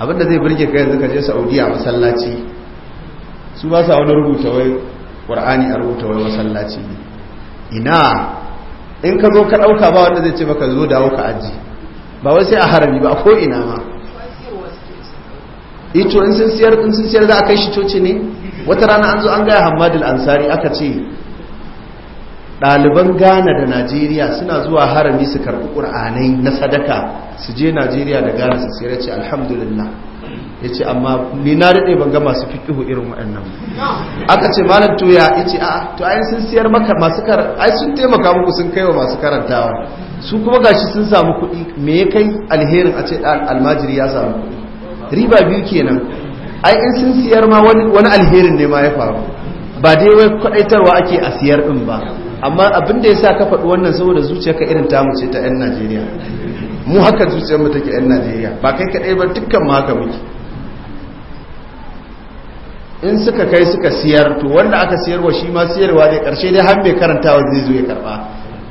abinda zai birge kai yanzu ka je saudiya masallaci su ba sa wani rubuta wai ƙur'ani a rubuta wai masallaci ne ina in ka zo ka ɗauka ba wanda zai ce baka zo dawo ka aji ba wai sai a harami ba ko ina ma ito eh in sun siyar in sun siyar za a kai shi coci ne wata rana an zo an gaya hamadul ansari aka ce ɗaliban ghana da najeriya suna zuwa harami su karɓi ƙur'anai na sadaka su je najeriya da ghana su siyar ce alhamdulillah ya ce amma nina na daɗe banga ga masu fikihu irin waɗannan aka ce malam tuya ya ce a to ayin sun siyar maka masu karanta ai sun taimaka muku sun kai wa masu karantawa su kuma gashi sun samu kuɗi me ya kai alherin a ce almajiri ya samu riba biyu kenan ai in sun siyar ma wani alherin ne ma ya faru ba dai wai kwaɗaitarwa ake a siyar ɗin ba amma abin da ya sa ka faɗi wannan saboda zuciyarka irin tamu ce ta 'yan najeriya mu haka zuciyarmu take 'yan najeriya ba kai kaɗai ba dukkan ma haka muke in suka kai suka siyar to wanda aka siyarwa shi ma siyarwa dai karshe dai har mai karantawa zai zo ya karba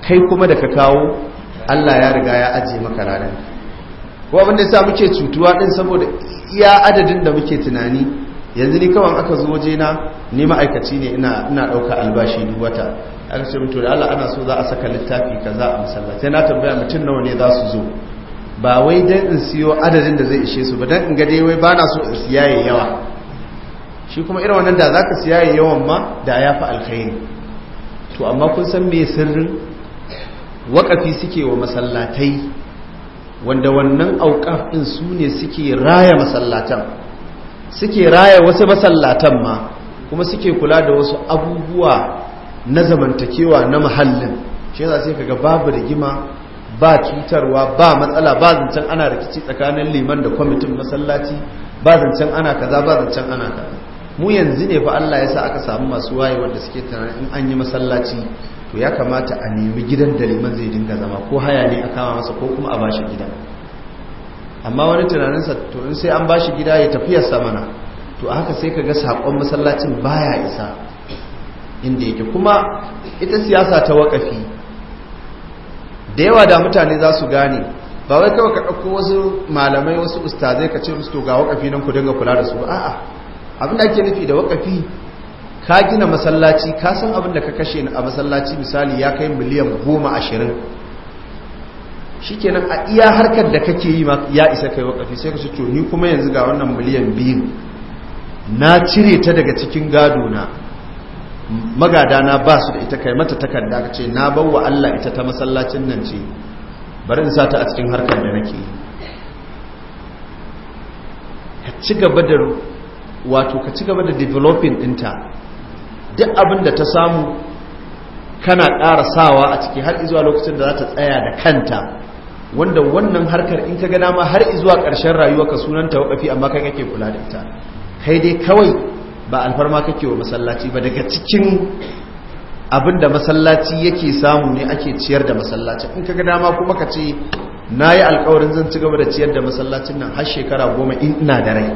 kai kuma da ka kawo Allah ya riga ya ajiye maka ranar ko abin da yasa muke cutuwa din saboda iya adadin da muke tunani yanzu ni kawai aka zo waje na ni ma'aikaci ne ina ina dauka albashi duk wata aka ce mutu da Allah ana so za a saka littafi kaza a masallaci na tambaya mutum nawa ne za su zo ba wai dan in siyo adadin da zai ishe su ba dan in ga dai wai ba na so in siya yawa shi kuma irin wannan da za ka siya yi yawan ma da ya fi alkhairi to amma kun san me sirrin wakafi suke wa masallatai wanda wannan aukafin ɗin su ne suke raya masallatan suke raya wasu masallatan ma kuma suke kula da wasu abubuwa na zamantakewa na muhallin shi su yi kaga babu rigima ba cutarwa ba matsala ba zancen ana rikici tsakanin liman da kwamitin masallaci ba zancen ana kaza ba zancen ana kaza mu yanzu ne fa Allah ya sa aka samu masu waye wanda suke tunanin in an yi masallaci to ya kamata a nemi gidan da liman zai dinga zama ko haya ne a kama masa ko kuma a bashi gida amma wani tunaninsa to in sai an bashi gida ya tafi ya mana to haka sai ka ga sakon masallacin baya isa inda yake kuma ita siyasa ta wakafi da yawa da mutane za su gane ba wai kawai ka ɗauko wasu malamai wasu ustazai ka ce musu to ga wakafi nan ku dinga kula da su a'a abin da ake nufi da wakafi ka gina masallaci ka san abin da ka kashe a masallaci misali ya kai miliyan goma ashirin shikenan a iya harkar da kake yi ya isa kai wakafi sai ka su ni kuma yanzu ga wannan miliyan biyu na cire ta daga cikin gado na na ba su da ita kai mata takarda ka ce na wa Allah ita ta masallacin nan ce bari in sata a cikin harkar da nake yi ci gaba da wato ka ci gaba da developing dinta duk abin da ta samu kana ƙara sawa a ciki har izuwa lokacin da za ta tsaya da kanta wanda wannan harkar in ka ga dama har izuwa ƙarshen rayuwa ka sunanta waƙafi amma kai kake kula da ita kai dai kawai ba alfarma kake wa masallaci ba daga cikin abin da masallaci yake samu ne ake ciyar da masallaci in ka kaga dama kuma ka ce na yi alkawarin zan ci gaba da ciyar da masallacin nan har shekara goma in ina da rai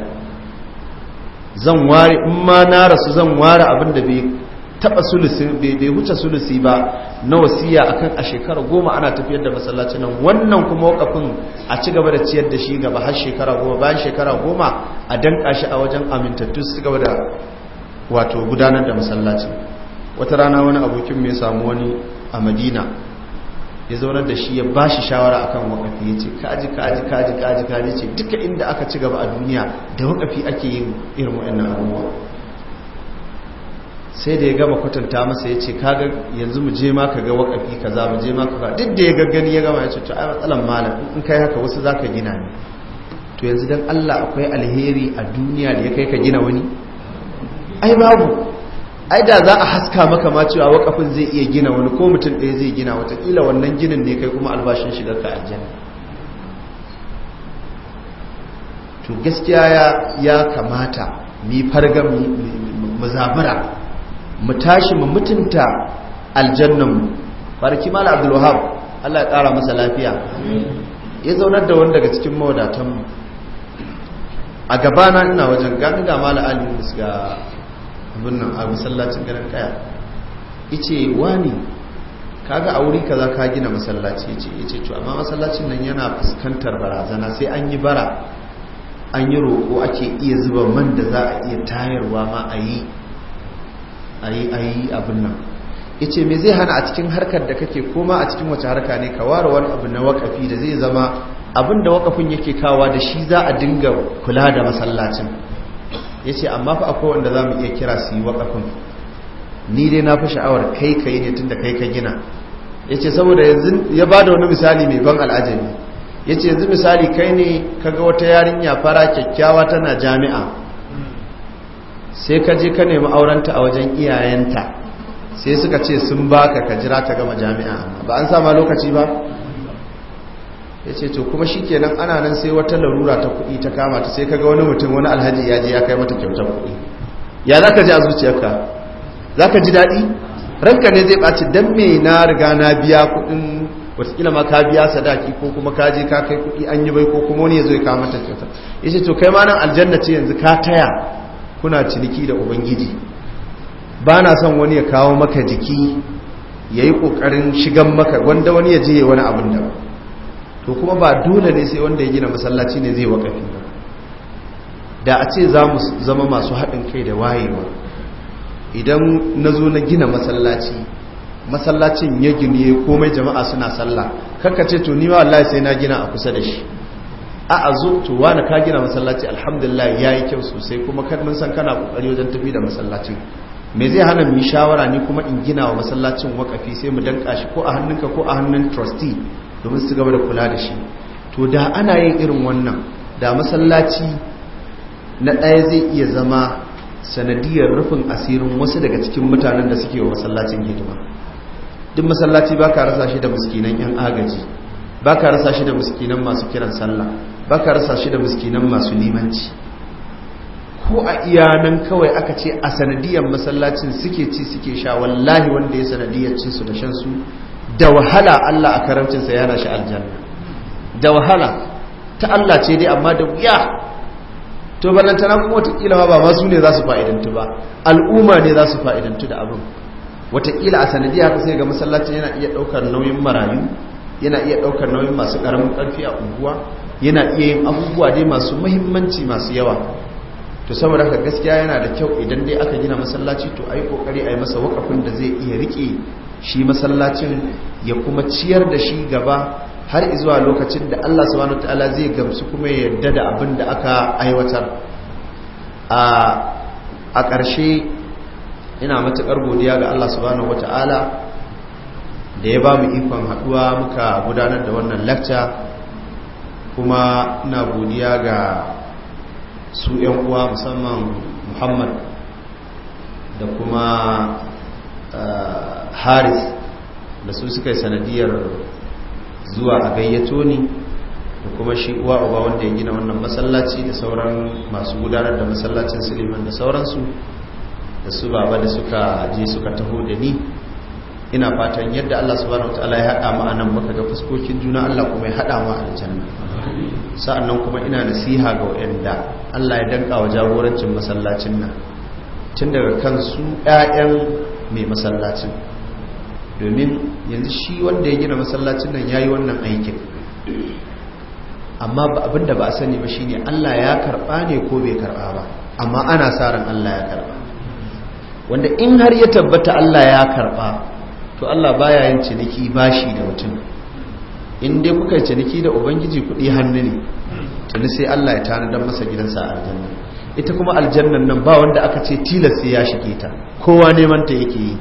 zan ware in ma na rasu zan ware abin da bai taba sulusi bai wuce sulusi ba na wasiya akan a shekara goma ana tafiyar da masallaci nan wannan kuma wakafin a ci gaba da ciyar da shi gaba har shekara goma bayan shekara goma a danka shi a wajen amintattu su gaba da wato gudanar da masallaci wata rana wani abokin mai samu wani a madina ya zaunar da shi ya ba shi shawara akan wakafi ya ce kaji kaji kaji kaji kaji ce duka inda aka ci gaba a duniya da wakafi ake yin irin wa'annan abubuwa sai da ya gama kwatanta masa ya ce kaga yanzu mu je ma ka ga wakafi za mu je ma ka ga duk da ya gaggani ya gama ya ce to ai matsalan malam in kai haka wasu za ka gina ne to yanzu dan Allah akwai alheri a duniya da ya kai ka gina wani ai babu ai da za a haska maka ma cewa wakafin zai iya gina wani ko mutum ɗaya zai gina watakila wannan ginin ne kai kuma albashin shigar ka aljanna to gaskiya ya kamata mu farga mu zabura mu tashi mu mutunta aljannan mu barki mala abdul wahab Allah ya kara masa lafiya ya zaunar da wani daga cikin mawadatan mu a gabana ina wajen gani ga mala ali ga nan a masallacin garin kaya ice wani kaga a wuri kaza ka gina masallaci ce ce to amma masallacin nan yana fuskantar barazana sai an yi bara an yi roƙo ake iya zuba man da za a iya tayarwa ma a yi yi abin nan ce me zai hana a cikin harkar da kake koma a cikin wace harka ne ka ware wani abu na wakafi da zai zama abin da wakafin yake kawa da shi za a dinga kula da masallacin ya ce amma fa akwai wanda za mu iya kira su yi waƙafin ni dai na fi sha'awar kai ka yi ne tun da kai ka gina ya ce saboda yanzu ya ba da wani misali mai ban al'ajabi ya ce yanzu misali kai ne kaga wata yarinya fara kyakkyawa tana jami'a sai ka je ka nemi aurenta a wajen iyayenta sai suka ce sun baka ka jira ta gama jami'a ba an sama lokaci ba ya ce to kuma shi kenan ana nan sai wata larura ta kuɗi ta kama ta sai kaga wani mutum wani alhaji ya je ya kai mata kyautar kuɗi ya za ka ji a zuciyarka za ka ji daɗi ranka ne zai ɓaci don me na riga na biya kuɗin watakila ma ka biya sadaki ko kuma ka je ka kai kuɗi an yi bai ko kuma wani ya zo ya kama mata kyautar ya ce to kai ma nan aljanna ce yanzu ka taya kuna ciniki da ubangiji ba na son wani ya kawo maka jiki ya yi ƙoƙarin shigan maka wanda wani ya je wani abin da ba to kuma ba dole ne sai wanda ya gina masallaci ne zai wakafi da a ce za mu zama masu haɗin kai da wayewa idan na zo na gina masallaci masallacin ya gini komai jama'a suna sallah ka ce to nima wallahi sai na gina a kusa da shi a a to wani ka gina masallaci alhamdulillah ya yi kyau sosai kuma kan mun san kana kokari wajen tafi da masallacin me zai hana mu yi shawara ni kuma in gina wa masallacin wakafi sai mu danka shi ko a hannunka ko a hannun trustee domin su gaba da kula da shi to da ana yin irin wannan da masallaci na ɗaya zai iya zama sanadiyar rufin asirin wasu daga cikin mutanen da suke wa masallacin hidima duk masallaci ba ka rasa shi da muskinan 'yan agaji ba ka rasa shi da muskinan masu kiran sallah ba ka rasa shi da muskinan masu limanci ko a iya nan kawai aka ce a sanadiyar masallacin suke ci suke sha wallahi wanda ya sanadiyar cinsu da shansu da wahala Allah a karamcinsa yana shi aljanna da wahala ta Allah ce dai amma da wuya to balantana kuma watakila ma ba su ne za su fa'idantu ba al'umma ne za su fa'idantu da abin watakila a sanadiyya haka sai ga masallacin yana iya ɗaukar nauyin marayu yana iya ɗaukar nauyin masu ƙaramin ƙarfi a unguwa yana iya yin abubuwa dai masu mahimmanci masu yawa to saboda haka gaskiya yana da kyau idan dai aka gina masallaci to a yi ayi a yi masa wakafin da zai iya rike shi masallacin ya kuma ciyar da shi gaba har zuwa lokacin da Allah subhanahu ta'ala zai gamsu kuma ya yarda da abin da aka aiwatar a ƙarshe ina matuƙar godiya ga Allah subhanahu wataala da ya ba mu ikon haɗuwa muka gudanar da wannan lacca kuma na godiya ga su 'yan uwa musamman muhammad da kuma haris da su suka yi sanadiyar zuwa a gayyato ne da kuma shi uwa uba wanda ya gina wannan masallaci da sauran masu gudanar da masallacin suleiman da sauransu da su baba da suka je suka taho da ni ina fatan yadda Allah subhanahu wataala ya hada mu anan muka ga fuskokin juna Allah kuma ya haɗa mu a aljanna sa'annan kuma ina nasiha ga wayanda Allah ya danka wa jagorancin masallacin nan tun daga kan su ƴaƴan mai masallacin domin yanzu shi wanda ya gina masallacin nan ya yi wannan aikin amma abinda ba a sani ba shi ne Allah ya karba ne ko bai karba ba amma ana sa ran Allah ya karba wanda in har ya tabbata Allah ya karba to Allah baya yin ciniki bashi da mutum in dai kuka yi ciniki da ubangiji kuɗi hannu ne tuni sai Allah ya tana don masa gidansa a aljanna ita kuma aljannan nan ba wanda aka ce tilas ya shige ta kowa neman ta yake yi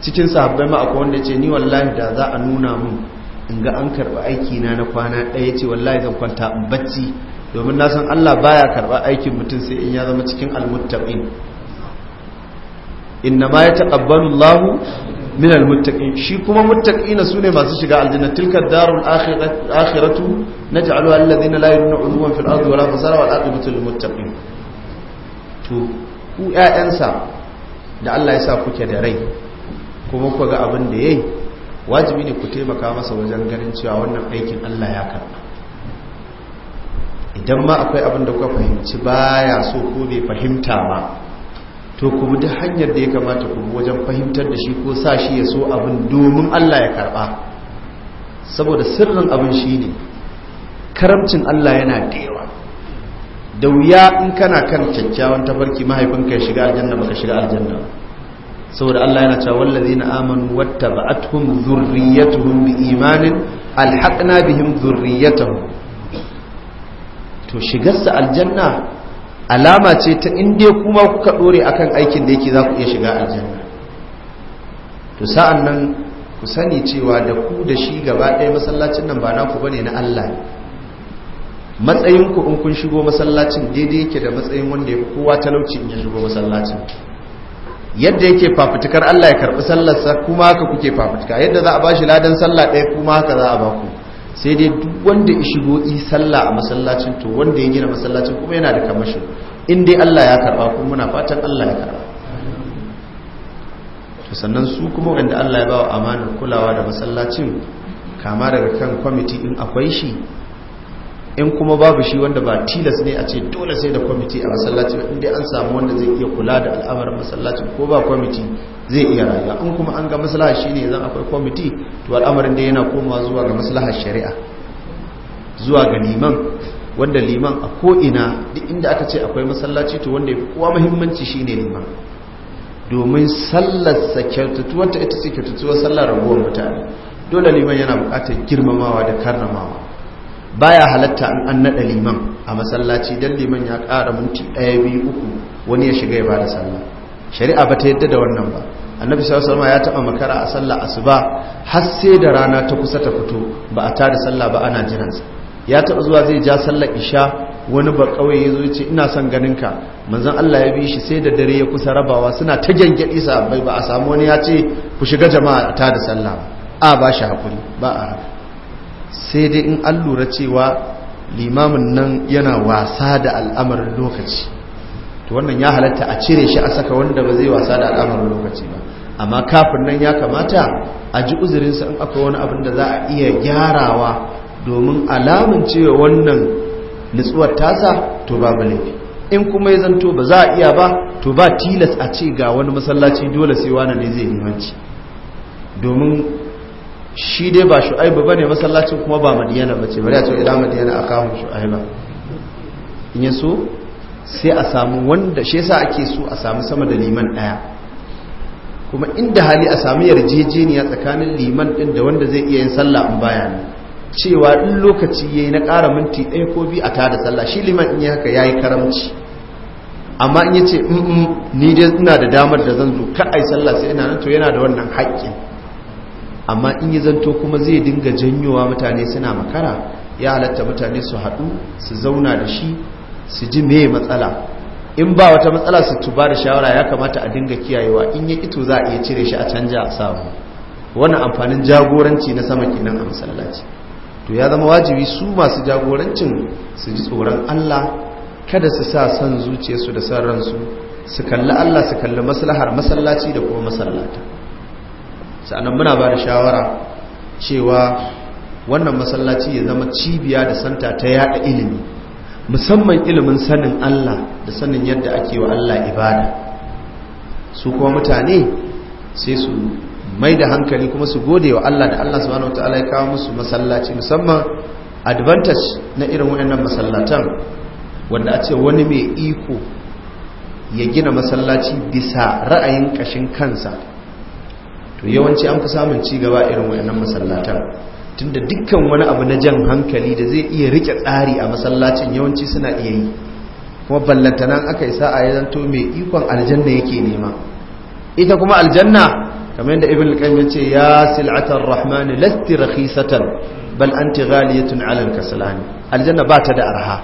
cikin sahabbai ma akwai wanda ce ni wallahi da za a nuna mun in ga an karɓi aiki na na kwana ɗaya ce wallahi zan kwanta in bacci domin na san Allah baya karba aikin mutum sai in ya zama cikin almuttaqin inna ma yataqabbalu Allahu min almuttaqin shi kuma muttaqina sune masu shiga aljanna tilka darul akhiratu naj'alu alladhina la yununa fil ardi la fasara wal aqibatu lil muttaqin to ku ƴaƴansa da Allah ya sa kuke da rai kuma ku ga abin da yayi wajibi ne ku taimaka masa wajen ganin cewa wannan aikin Allah ya karba idan ma akwai abin da kuka fahimci baya so ko bai fahimta ba to ku bi hanyar da ya kamata ku wajen fahimtar da shi ko sa shi ya so abin domin Allah ya karba saboda sirrin abin shine karamcin Allah yana da yawa da wuya in kana kan kyakkyawan tafarki mahaifinka ya shiga aljanna baka shiga aljanna saboda Allah yana cewa wallazina amanu wattaba'atuhum dhurriyyatuhum imanin alhaqna bihim dhurriyyatuhum to shigarsa aljanna alama ce ta inda kuma kuka dore akan aikin da yake za ku iya shiga aljanna to sa'annan ku sani cewa da ku da shi gaba ɗaya masallacin nan ba naku bane na Allah ne matsayin ku in kun shigo masallacin daidai yake da matsayin wanda ya kowa talauci in ya shigo masallacin yadda yake fafutukar Allah ya karbi sallarsa kuma haka kuke fafutuka yadda za a bashi ladan sallah ɗaya kuma haka za a ba ku sai dai duk wanda ya shigo yi sallah a masallacin to wanda ya gina masallacin kuma yana da kamashi in dai Allah ya karba kuma muna fatan Allah ya karba to sannan su kuma wanda Allah ya ba wa amanar kulawa da masallacin kama daga kan kwamiti in akwai shi in kuma babu shi wanda ba tilas ne a ce dole sai da kwamiti a masallaci inda an samu wanda zai iya kula da al'amarin masallaci ko ba kwamiti zai iya rayuwa in kuma an ga maslaha shi ne zan akwai kwamiti to al'amarin da yana komawa zuwa ga maslahar shari'a zuwa ga liman wanda liman a ko'ina duk inda aka ce akwai masallaci to wanda ya fi kowa muhimmanci shi ne liman domin sallarsa kyautatuwarta ita ce kyautatuwar sallar raguwar mutane dole liman yana buƙatar girmamawa da karnamawa. baya halatta an an nada liman a masallaci dan liman ya ƙara minti 1 2 3 wani ya shiga ya bada sallah shari'a bata yadda da wannan ba annabi sallallahu alaihi ya taba makara a sallah asuba har sai da rana ta kusa ta fito ba a tada sallah ba ana jiran sa ya taba zuwa zai ja sallar isha wani ba kawai ya zo ce ina son ganin ka manzon Allah ya bi shi sai da dare ya kusa rabawa suna ta sa bai ba a samu wani ya ce ku shiga jama'a ta da sallah a ba shi hakuri ba a sai dai in an lura cewa limamin nan yana wasa da al'amarin lokaci to wannan ya halatta a cire shi a saka wanda ba zai wasa da al'amarin lokaci ba amma kafin nan ya kamata a ji uzurinsa in akwai wani abin da za a iya gyarawa domin alamun cewa wannan nutsuwar tasa to babu laifi in kuma ya zanto ba za a iya ba to ba tilas a ce ga wani masallaci dole sai wani ne zai hanci domin shi dai ba shu'aibu bane masallacin kuma ba madiyana bace bari a ce idan madiyana aka mu shu'aiba in yaso sai a samu wanda shi yasa ake so a samu sama da liman daya kuma inda hali a samu yarjejeniya tsakanin liman din da wanda zai iya yin sallah in baya ne cewa in lokaci yayi na ƙara minti ɗaya ko biyu a ta da sallah shi liman in ya haka yayi karamci amma in yace ni dai ina da damar da zan zo ka ai sallah sai ina nan to yana da wannan haƙƙin amma in yi zanto kuma zai dinga janyowa mutane suna makara ya halatta mutane su haɗu su zauna da shi su ji mai matsala in ba wata matsala su tuba da shawara ya kamata a dinga kiyayewa in ya ito za a iya cire shi a canja a samu Wani amfanin jagoranci na sama kinan a masallaci to ya zama wajibi su masu jagorancin su ji tsoron Allah kada su sa son zuciyarsu da son ransu su kalli Allah su kalli maslahar masallaci da kuma masallata sa'anan muna ba da shawara cewa wannan masallaci ya zama cibiya da santa ta yada ilimi musamman ilimin sanin Allah da sanin yadda ake wa Allah ibada su kuma mutane sai su mai da hankali kuma su gode wa Allah da Allah subhanahu ta'ala ya kawo musu masallaci musamman advantage na irin waɗannan masallatan wanda a ce wani mai iko ya gina masallaci bisa ra'ayin kashin kansa to yawanci an fi samun ci gaba irin wayannan masallatan tunda dukkan wani abu na jan hankali da zai iya rike tsari a masallacin yawanci suna iya yi kuma nan aka yi sa'a ya zanto mai ikon aljanna yake nema ita kuma aljanna kamar yadda ibn al-qayyim yace ya sil'atar rahman lasti rakhisatan bal anti ghaliyatun 'ala al-kaslan aljanna ba ta da arha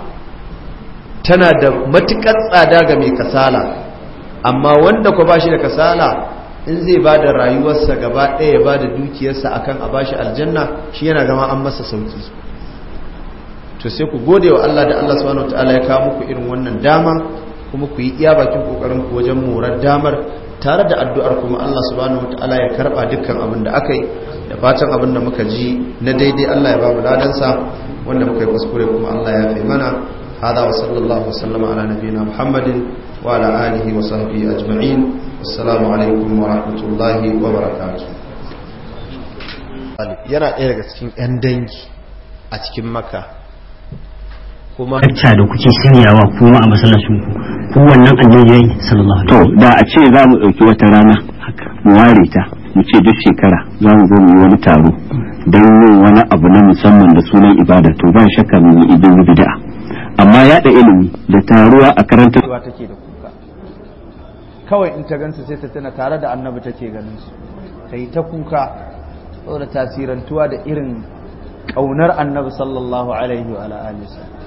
tana da matukar tsada ga mai kasala amma wanda ko bashi da kasala in zai ba da rayuwarsa gaba ɗaya ya ba da dukiyarsa akan a bashi aljanna shi yana gama an masa sauki to sai ku gode wa Allah da Allah subhanahu wataala ya kawo muku irin wannan dama kuma ku yi iya bakin kokarin ku wajen morar damar tare da addu'ar kuma Allah subhanahu wataala ya karba dukkan abin da aka yi da fatan abin da muka ji na daidai Allah ya ba mu ladansa wanda muka yi kuskure kuma Allah ya fi mana hada wa sallallahu wasallama ala nabiyina muhammadin wa ala wa assalamu alaikum wa rahmatullahi wa barakatuh yana ɗaya daga cikin 'yan dangi a cikin maka kuma ta da kuke sanyawa kuma a masallacin ku wannan annabi yayi sallallahu alaihi to da a ce za mu dauki wata rana mu ware ta mu ce duk shekara za mu zo mu yi wani taro don yin wani abu na musamman da sunan ibada to ba shakka mu yi bid'a amma yaɗa ilimi da taruwa a karantarwa take da kawai in ta gansu sai ta tana tare da annabi take ganin su kai ta kuka saboda tasirantuwa da irin kaunar annabi sallallahu alaihi wa alihi